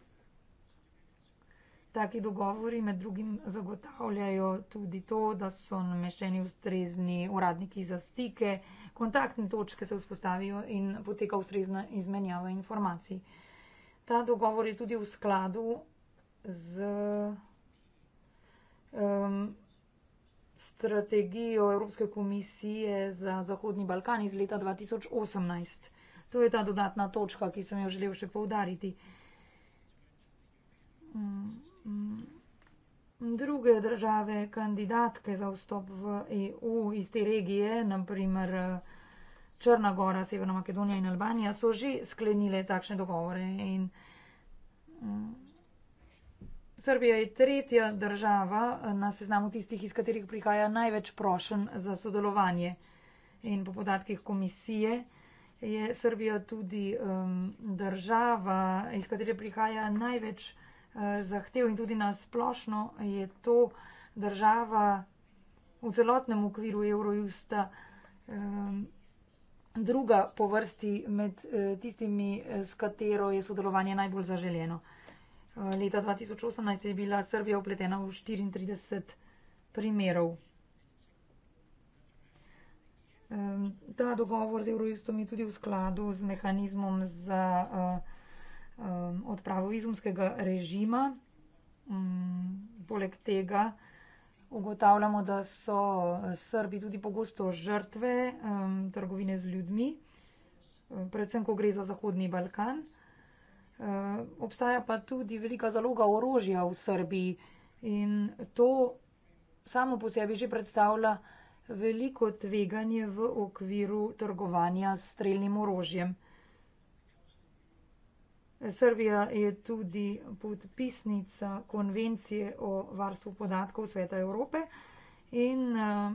Taki dogovori med drugim zagotavljajo tudi to, da so nameščeni ustrezni uradniki za stike, kontaktne točke se vzpostavijo in poteka ustrezna izmenjava informacij ta dogovor je tudi v skladu z um, strategijo Evropske komisije za Zahodni Balkan iz leta 2018. To je ta dodatna točka, ki sem jo želel še povdariti. Mm, mm, druge države, kandidatke za vstop v EU iz te regije, naprimer. Črna gora, Severna Makedonija in Albanija so že sklenile takšne dogovore. In, um, Srbija je tretja država eh, na seznamu tistih, iz katerih prihaja največ prošen za sodelovanje. In po podatkih komisije je Srbija tudi um, država, iz katere prihaja največ uh, zahtev in tudi nasplošno je to država v celotnem okviru Eurojusta. Um, druga po vrsti med eh, tistimi, eh, s katero je sodelovanje najbolj zaželeno. Eh, leta 2018 je bila Srbija upletena v 34 primerov. Ta dogovor z Eurojustom je tudi v skladu z mehanizmom za odpravo izumskega režima. Mm, poleg tega, ugotavljamo, da so eh, Srbi tudi pogosto žrtve um, trgovine z ljudmi, eh, predvsem, ko gre za Zahodni Balkan. Um, obstaja pa tudi velika zaloga orožja v Srbiji in to samo po sebi že predstavlja veliko tveganje v okviru trgovanja s streljnim orožjem. Srbija je tudi podpisnica konvencije o varstvu podatkov Sveta Evrope in eh,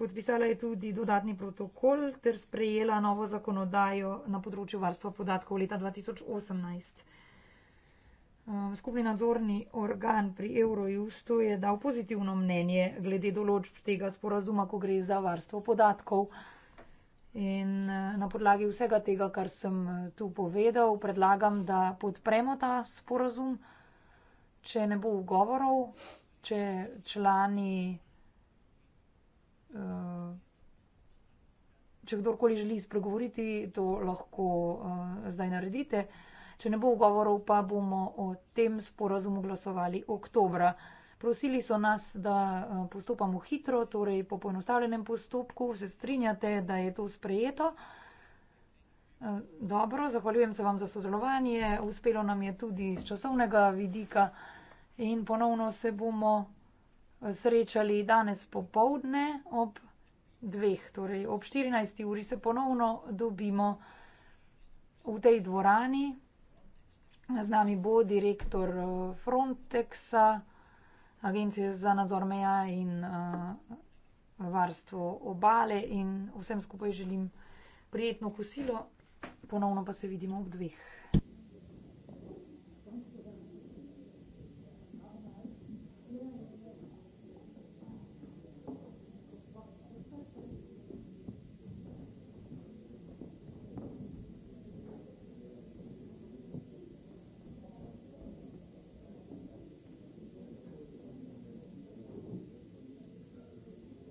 podpisala je tudi dodatni protokol ter sprejela novo zakonodajo na področju varstva podatkov leta 2018. Eh, skupni nadzorni organ pri Eurojustu je dal pozitivno mnenje glede določb tega sporazuma, ko gre za varstvo podatkov. In eh, na podlagi vsega tega, kar sem eh, tu povedal, predlagam, da podpremo ta sporozum, če ne bo ugovorov, če člani, eh, če kdorkoli želi spregovoriti, to lahko zdaj naredite. Če ne bo ugovorov, pa bomo o tem sporozumu glasovali oktobra. Prosili so nas, da eh, postopamo hitro, torej po poenostavljenem postopku. Se strinjate, da je to sprejeto? Eh, dobro, zahvaljujem se vam za sodelovanje. Uspelo nam je tudi z časovnega vidika in ponovno se bomo eh, srečali danes popovdne ob dveh, torej ob 14. uri se ponovno dobimo v tej dvorani. Z nami bo direktor Frontexa. Agencije za nadzor meja in uh, varstvo obale in vsem skupaj želim prijetno kosilo, ponovno pa se vidimo ob dveh.